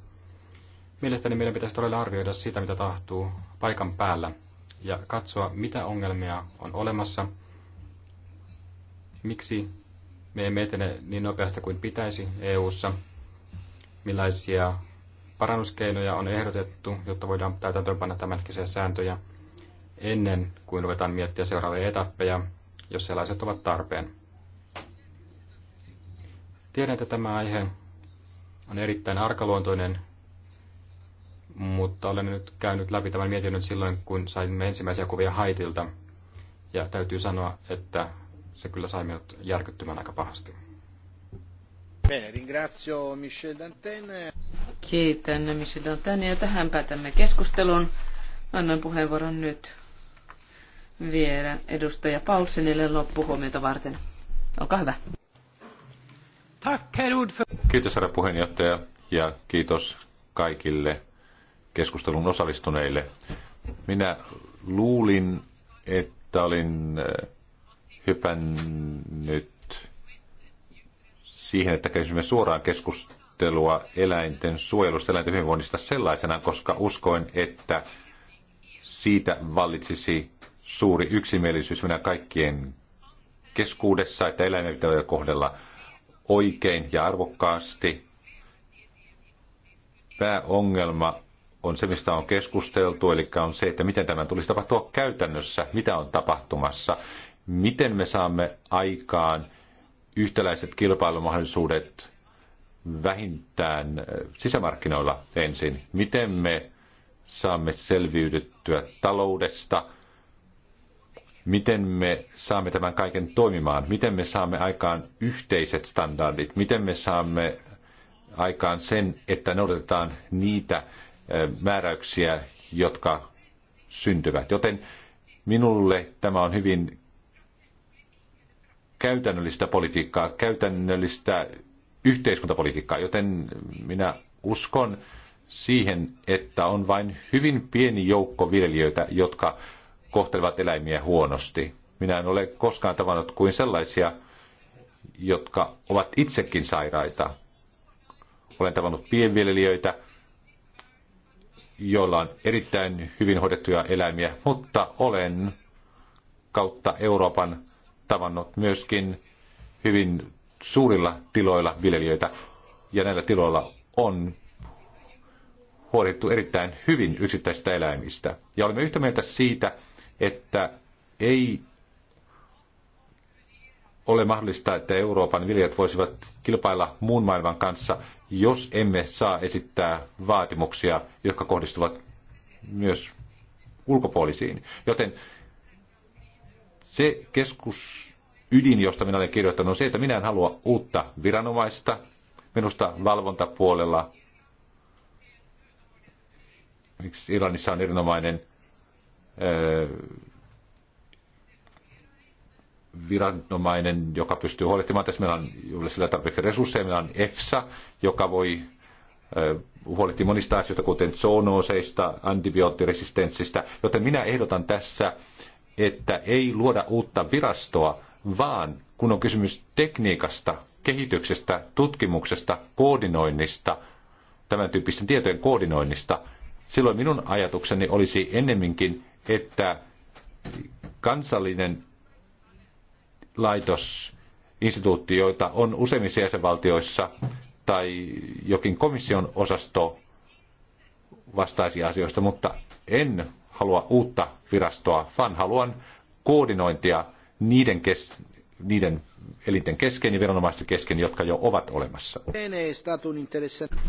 Mielestäni meidän pitäisi todella arvioida sitä, mitä tahtuu paikan päällä ja katsoa, mitä ongelmia on olemassa, miksi me emme etene niin nopeasti kuin pitäisi EU:ssa, millaisia parannuskeinoja on ehdotettu, jotta voidaan täytäntöönpanna tämänhetkisiä sääntöjä ennen kuin ruvetaan miettiä seuraavia etappeja, jos sellaiset ovat tarpeen. Tiedän, että tämä aihe on erittäin arkaluontoinen mutta olen nyt käynyt läpi tämän mietinnön silloin, kun saimme ensimmäisiä kuvia Haitilta. Ja täytyy sanoa, että se kyllä sai minut järkyttymään aika pahasti. Kiitän Michel Dantene ja tähän päätämme keskustelun. Annan puheenvuoron nyt vielä edustaja Paulsenille loppuhuomiota varten. Olkaa hyvä. Kiitos herra puheenjohtaja ja kiitos kaikille keskustelun osallistuneille. Minä luulin, että olin eh, hypännyt siihen, että kävisimme suoraan keskustelua eläinten suojelusta, eläinten hyvinvoinnista sellaisena, koska uskoin, että siitä vallitsisi suuri yksimielisyys minä kaikkien keskuudessa, että eläimiä pitää kohdella oikein ja arvokkaasti. Pääongelma on se, mistä on keskusteltu, eli on se, että miten tämän tulisi tapahtua käytännössä, mitä on tapahtumassa, miten me saamme aikaan yhtäläiset kilpailumahdollisuudet vähintään eh, sisämarkkinoilla ensin, miten me saamme selviydyttyä taloudesta, miten me saamme tämän kaiken toimimaan, miten me saamme aikaan yhteiset standardit, miten me saamme aikaan sen, että noudatetaan niitä määräyksiä, jotka syntyvät. Joten minulle tämä on hyvin käytännöllistä politiikkaa, käytännöllistä yhteiskuntapolitiikkaa, joten minä uskon siihen, että on vain hyvin pieni joukko viljelijöitä, jotka kohtelevat eläimiä huonosti. Minä en ole koskaan tavannut kuin sellaisia, jotka ovat itsekin sairaita. Olen tavannut pienviljelijöitä, joilla on erittäin hyvin hoidettuja eläimiä, mutta olen kautta Euroopan tavannut myöskin hyvin suurilla tiloilla viljelijöitä, ja näillä tiloilla on huolittu erittäin hyvin yksittäisistä eläimistä. Ja olemme yhtä mieltä siitä, että ei ole mahdollista, että Euroopan viljelijät voisivat kilpailla muun maailman kanssa jos emme saa esittää vaatimuksia, jotka kohdistuvat myös ulkopuolisiin. Joten se keskus ydin, josta minä olen kirjoittanut, on se, että minä en halua uutta viranomaista. Minusta valvontapuolella, miksi Iranissa on erinomainen viranomainen, joka pystyy huolehtimaan tässä. Meillä on sillä tarpeeksi resursseja. Meillä on EFSA, joka voi huolehtia monista asioista, kuten zoonooseista, antibioottiresistenssistä. Joten minä ehdotan tässä, että ei luoda uutta virastoa, vaan kun on kysymys tekniikasta, kehityksestä, tutkimuksesta, koordinoinnista, tämän tyyppisten tietojen koordinoinnista, silloin minun ajatukseni olisi ennemminkin, että kansallinen laitos, instituutti, joita on useimmissa jäsenvaltioissa, tai jokin komission osasto vastaisi asioista, mutta en halua uutta virastoa, vaan haluan koordinointia niiden, kes, niiden elinten kesken ja viranomaisten kesken, jotka jo ovat olemassa.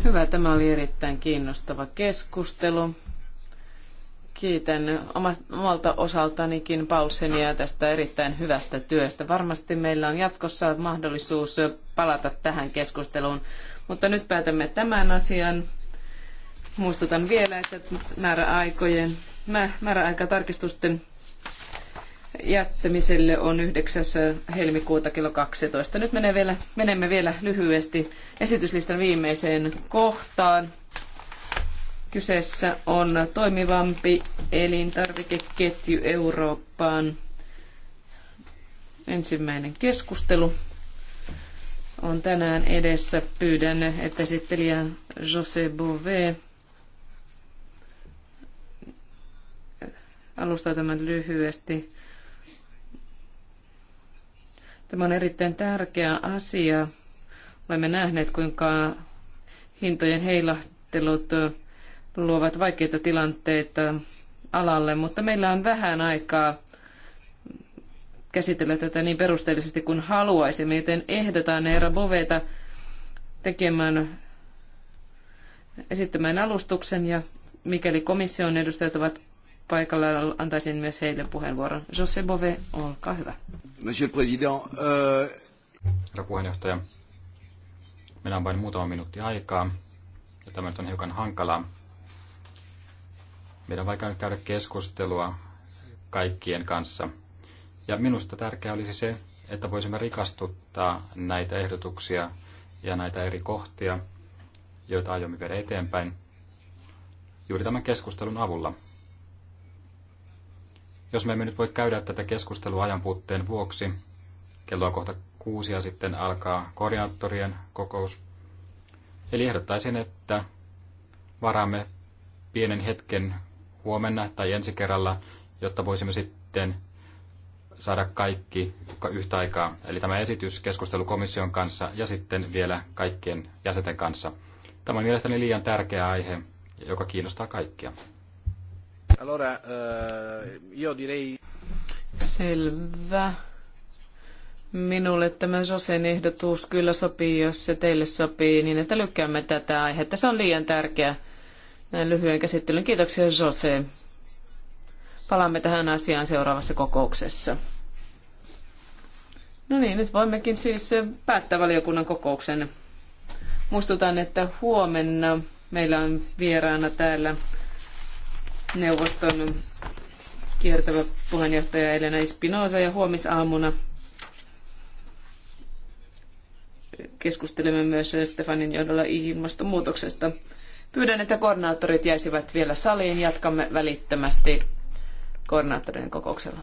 Hyvä, tämä oli erittäin kiinnostava keskustelu. Kiitän omalta osaltanikin Paulsenia tästä erittäin hyvästä työstä. Varmasti meillä on jatkossa mahdollisuus palata tähän keskusteluun, mutta nyt päätämme tämän asian. Muistutan vielä, että määräaikojen, määräaikatarkistusten jättämiselle on 9. helmikuuta kello 12. Nyt vielä, menemme vielä lyhyesti esityslistan viimeiseen kohtaan. Kyseessä on toimivampi elintarvikeketju Eurooppaan. Ensimmäinen keskustelu on tänään edessä. Pyydän, että esittelijä José Bové alustaa tämän lyhyesti. Tämä on erittäin tärkeä asia. Olemme nähneet, kuinka hintojen heilahtelut luovat vaikeita tilanteita alalle, mutta meillä on vähän aikaa käsitellä tätä niin perusteellisesti kuin haluaisimme, joten ehdotan Eera Boveta tekemään esittämään alustuksen ja mikäli komission edustajat ovat paikalla, antaisin myös heille puheenvuoron. Jose Bove, olkaa hyvä. Monsieur le Président, euh... Herra puheenjohtaja, meillä on vain muutama minuutti aikaa ja tämä nyt on hiukan hankalaa, meidän vaikka käydä keskustelua kaikkien kanssa. Ja minusta tärkeää olisi se, että voisimme rikastuttaa näitä ehdotuksia ja näitä eri kohtia, joita aiomme viedä eteenpäin, juuri tämän keskustelun avulla. Jos me emme nyt voi käydä tätä keskustelua ajan puutteen vuoksi, kelloa kohta kuusia sitten alkaa koordinaattorien kokous. Eli ehdottaisin, että varaamme pienen hetken huomenna tai ensi kerralla, jotta voisimme sitten saada kaikki yhtä aikaa. Eli tämä esitys, keskustelu komission kanssa ja sitten vielä kaikkien jäsenten kanssa. Tämä on mielestäni liian tärkeä aihe, joka kiinnostaa kaikkia. Allora, eh, io direi... Selvä. Minulle tämä Josen ehdotus kyllä sopii, jos se teille sopii, niin että lykkäämme tätä aihetta. Se on liian tärkeä näin lyhyen käsittelyn. Kiitoksia Jose. Palaamme tähän asiaan seuraavassa kokouksessa. No niin, nyt voimmekin siis päättää valiokunnan kokouksen. Muistutan, että huomenna meillä on vieraana täällä neuvoston kiertävä puheenjohtaja Elena Espinosa ja huomisaamuna keskustelemme myös Stefanin johdolla ilmastonmuutoksesta. Pyydän, että koordinaattorit jäisivät vielä saliin. Jatkamme välittömästi koordinaattorien kokouksella.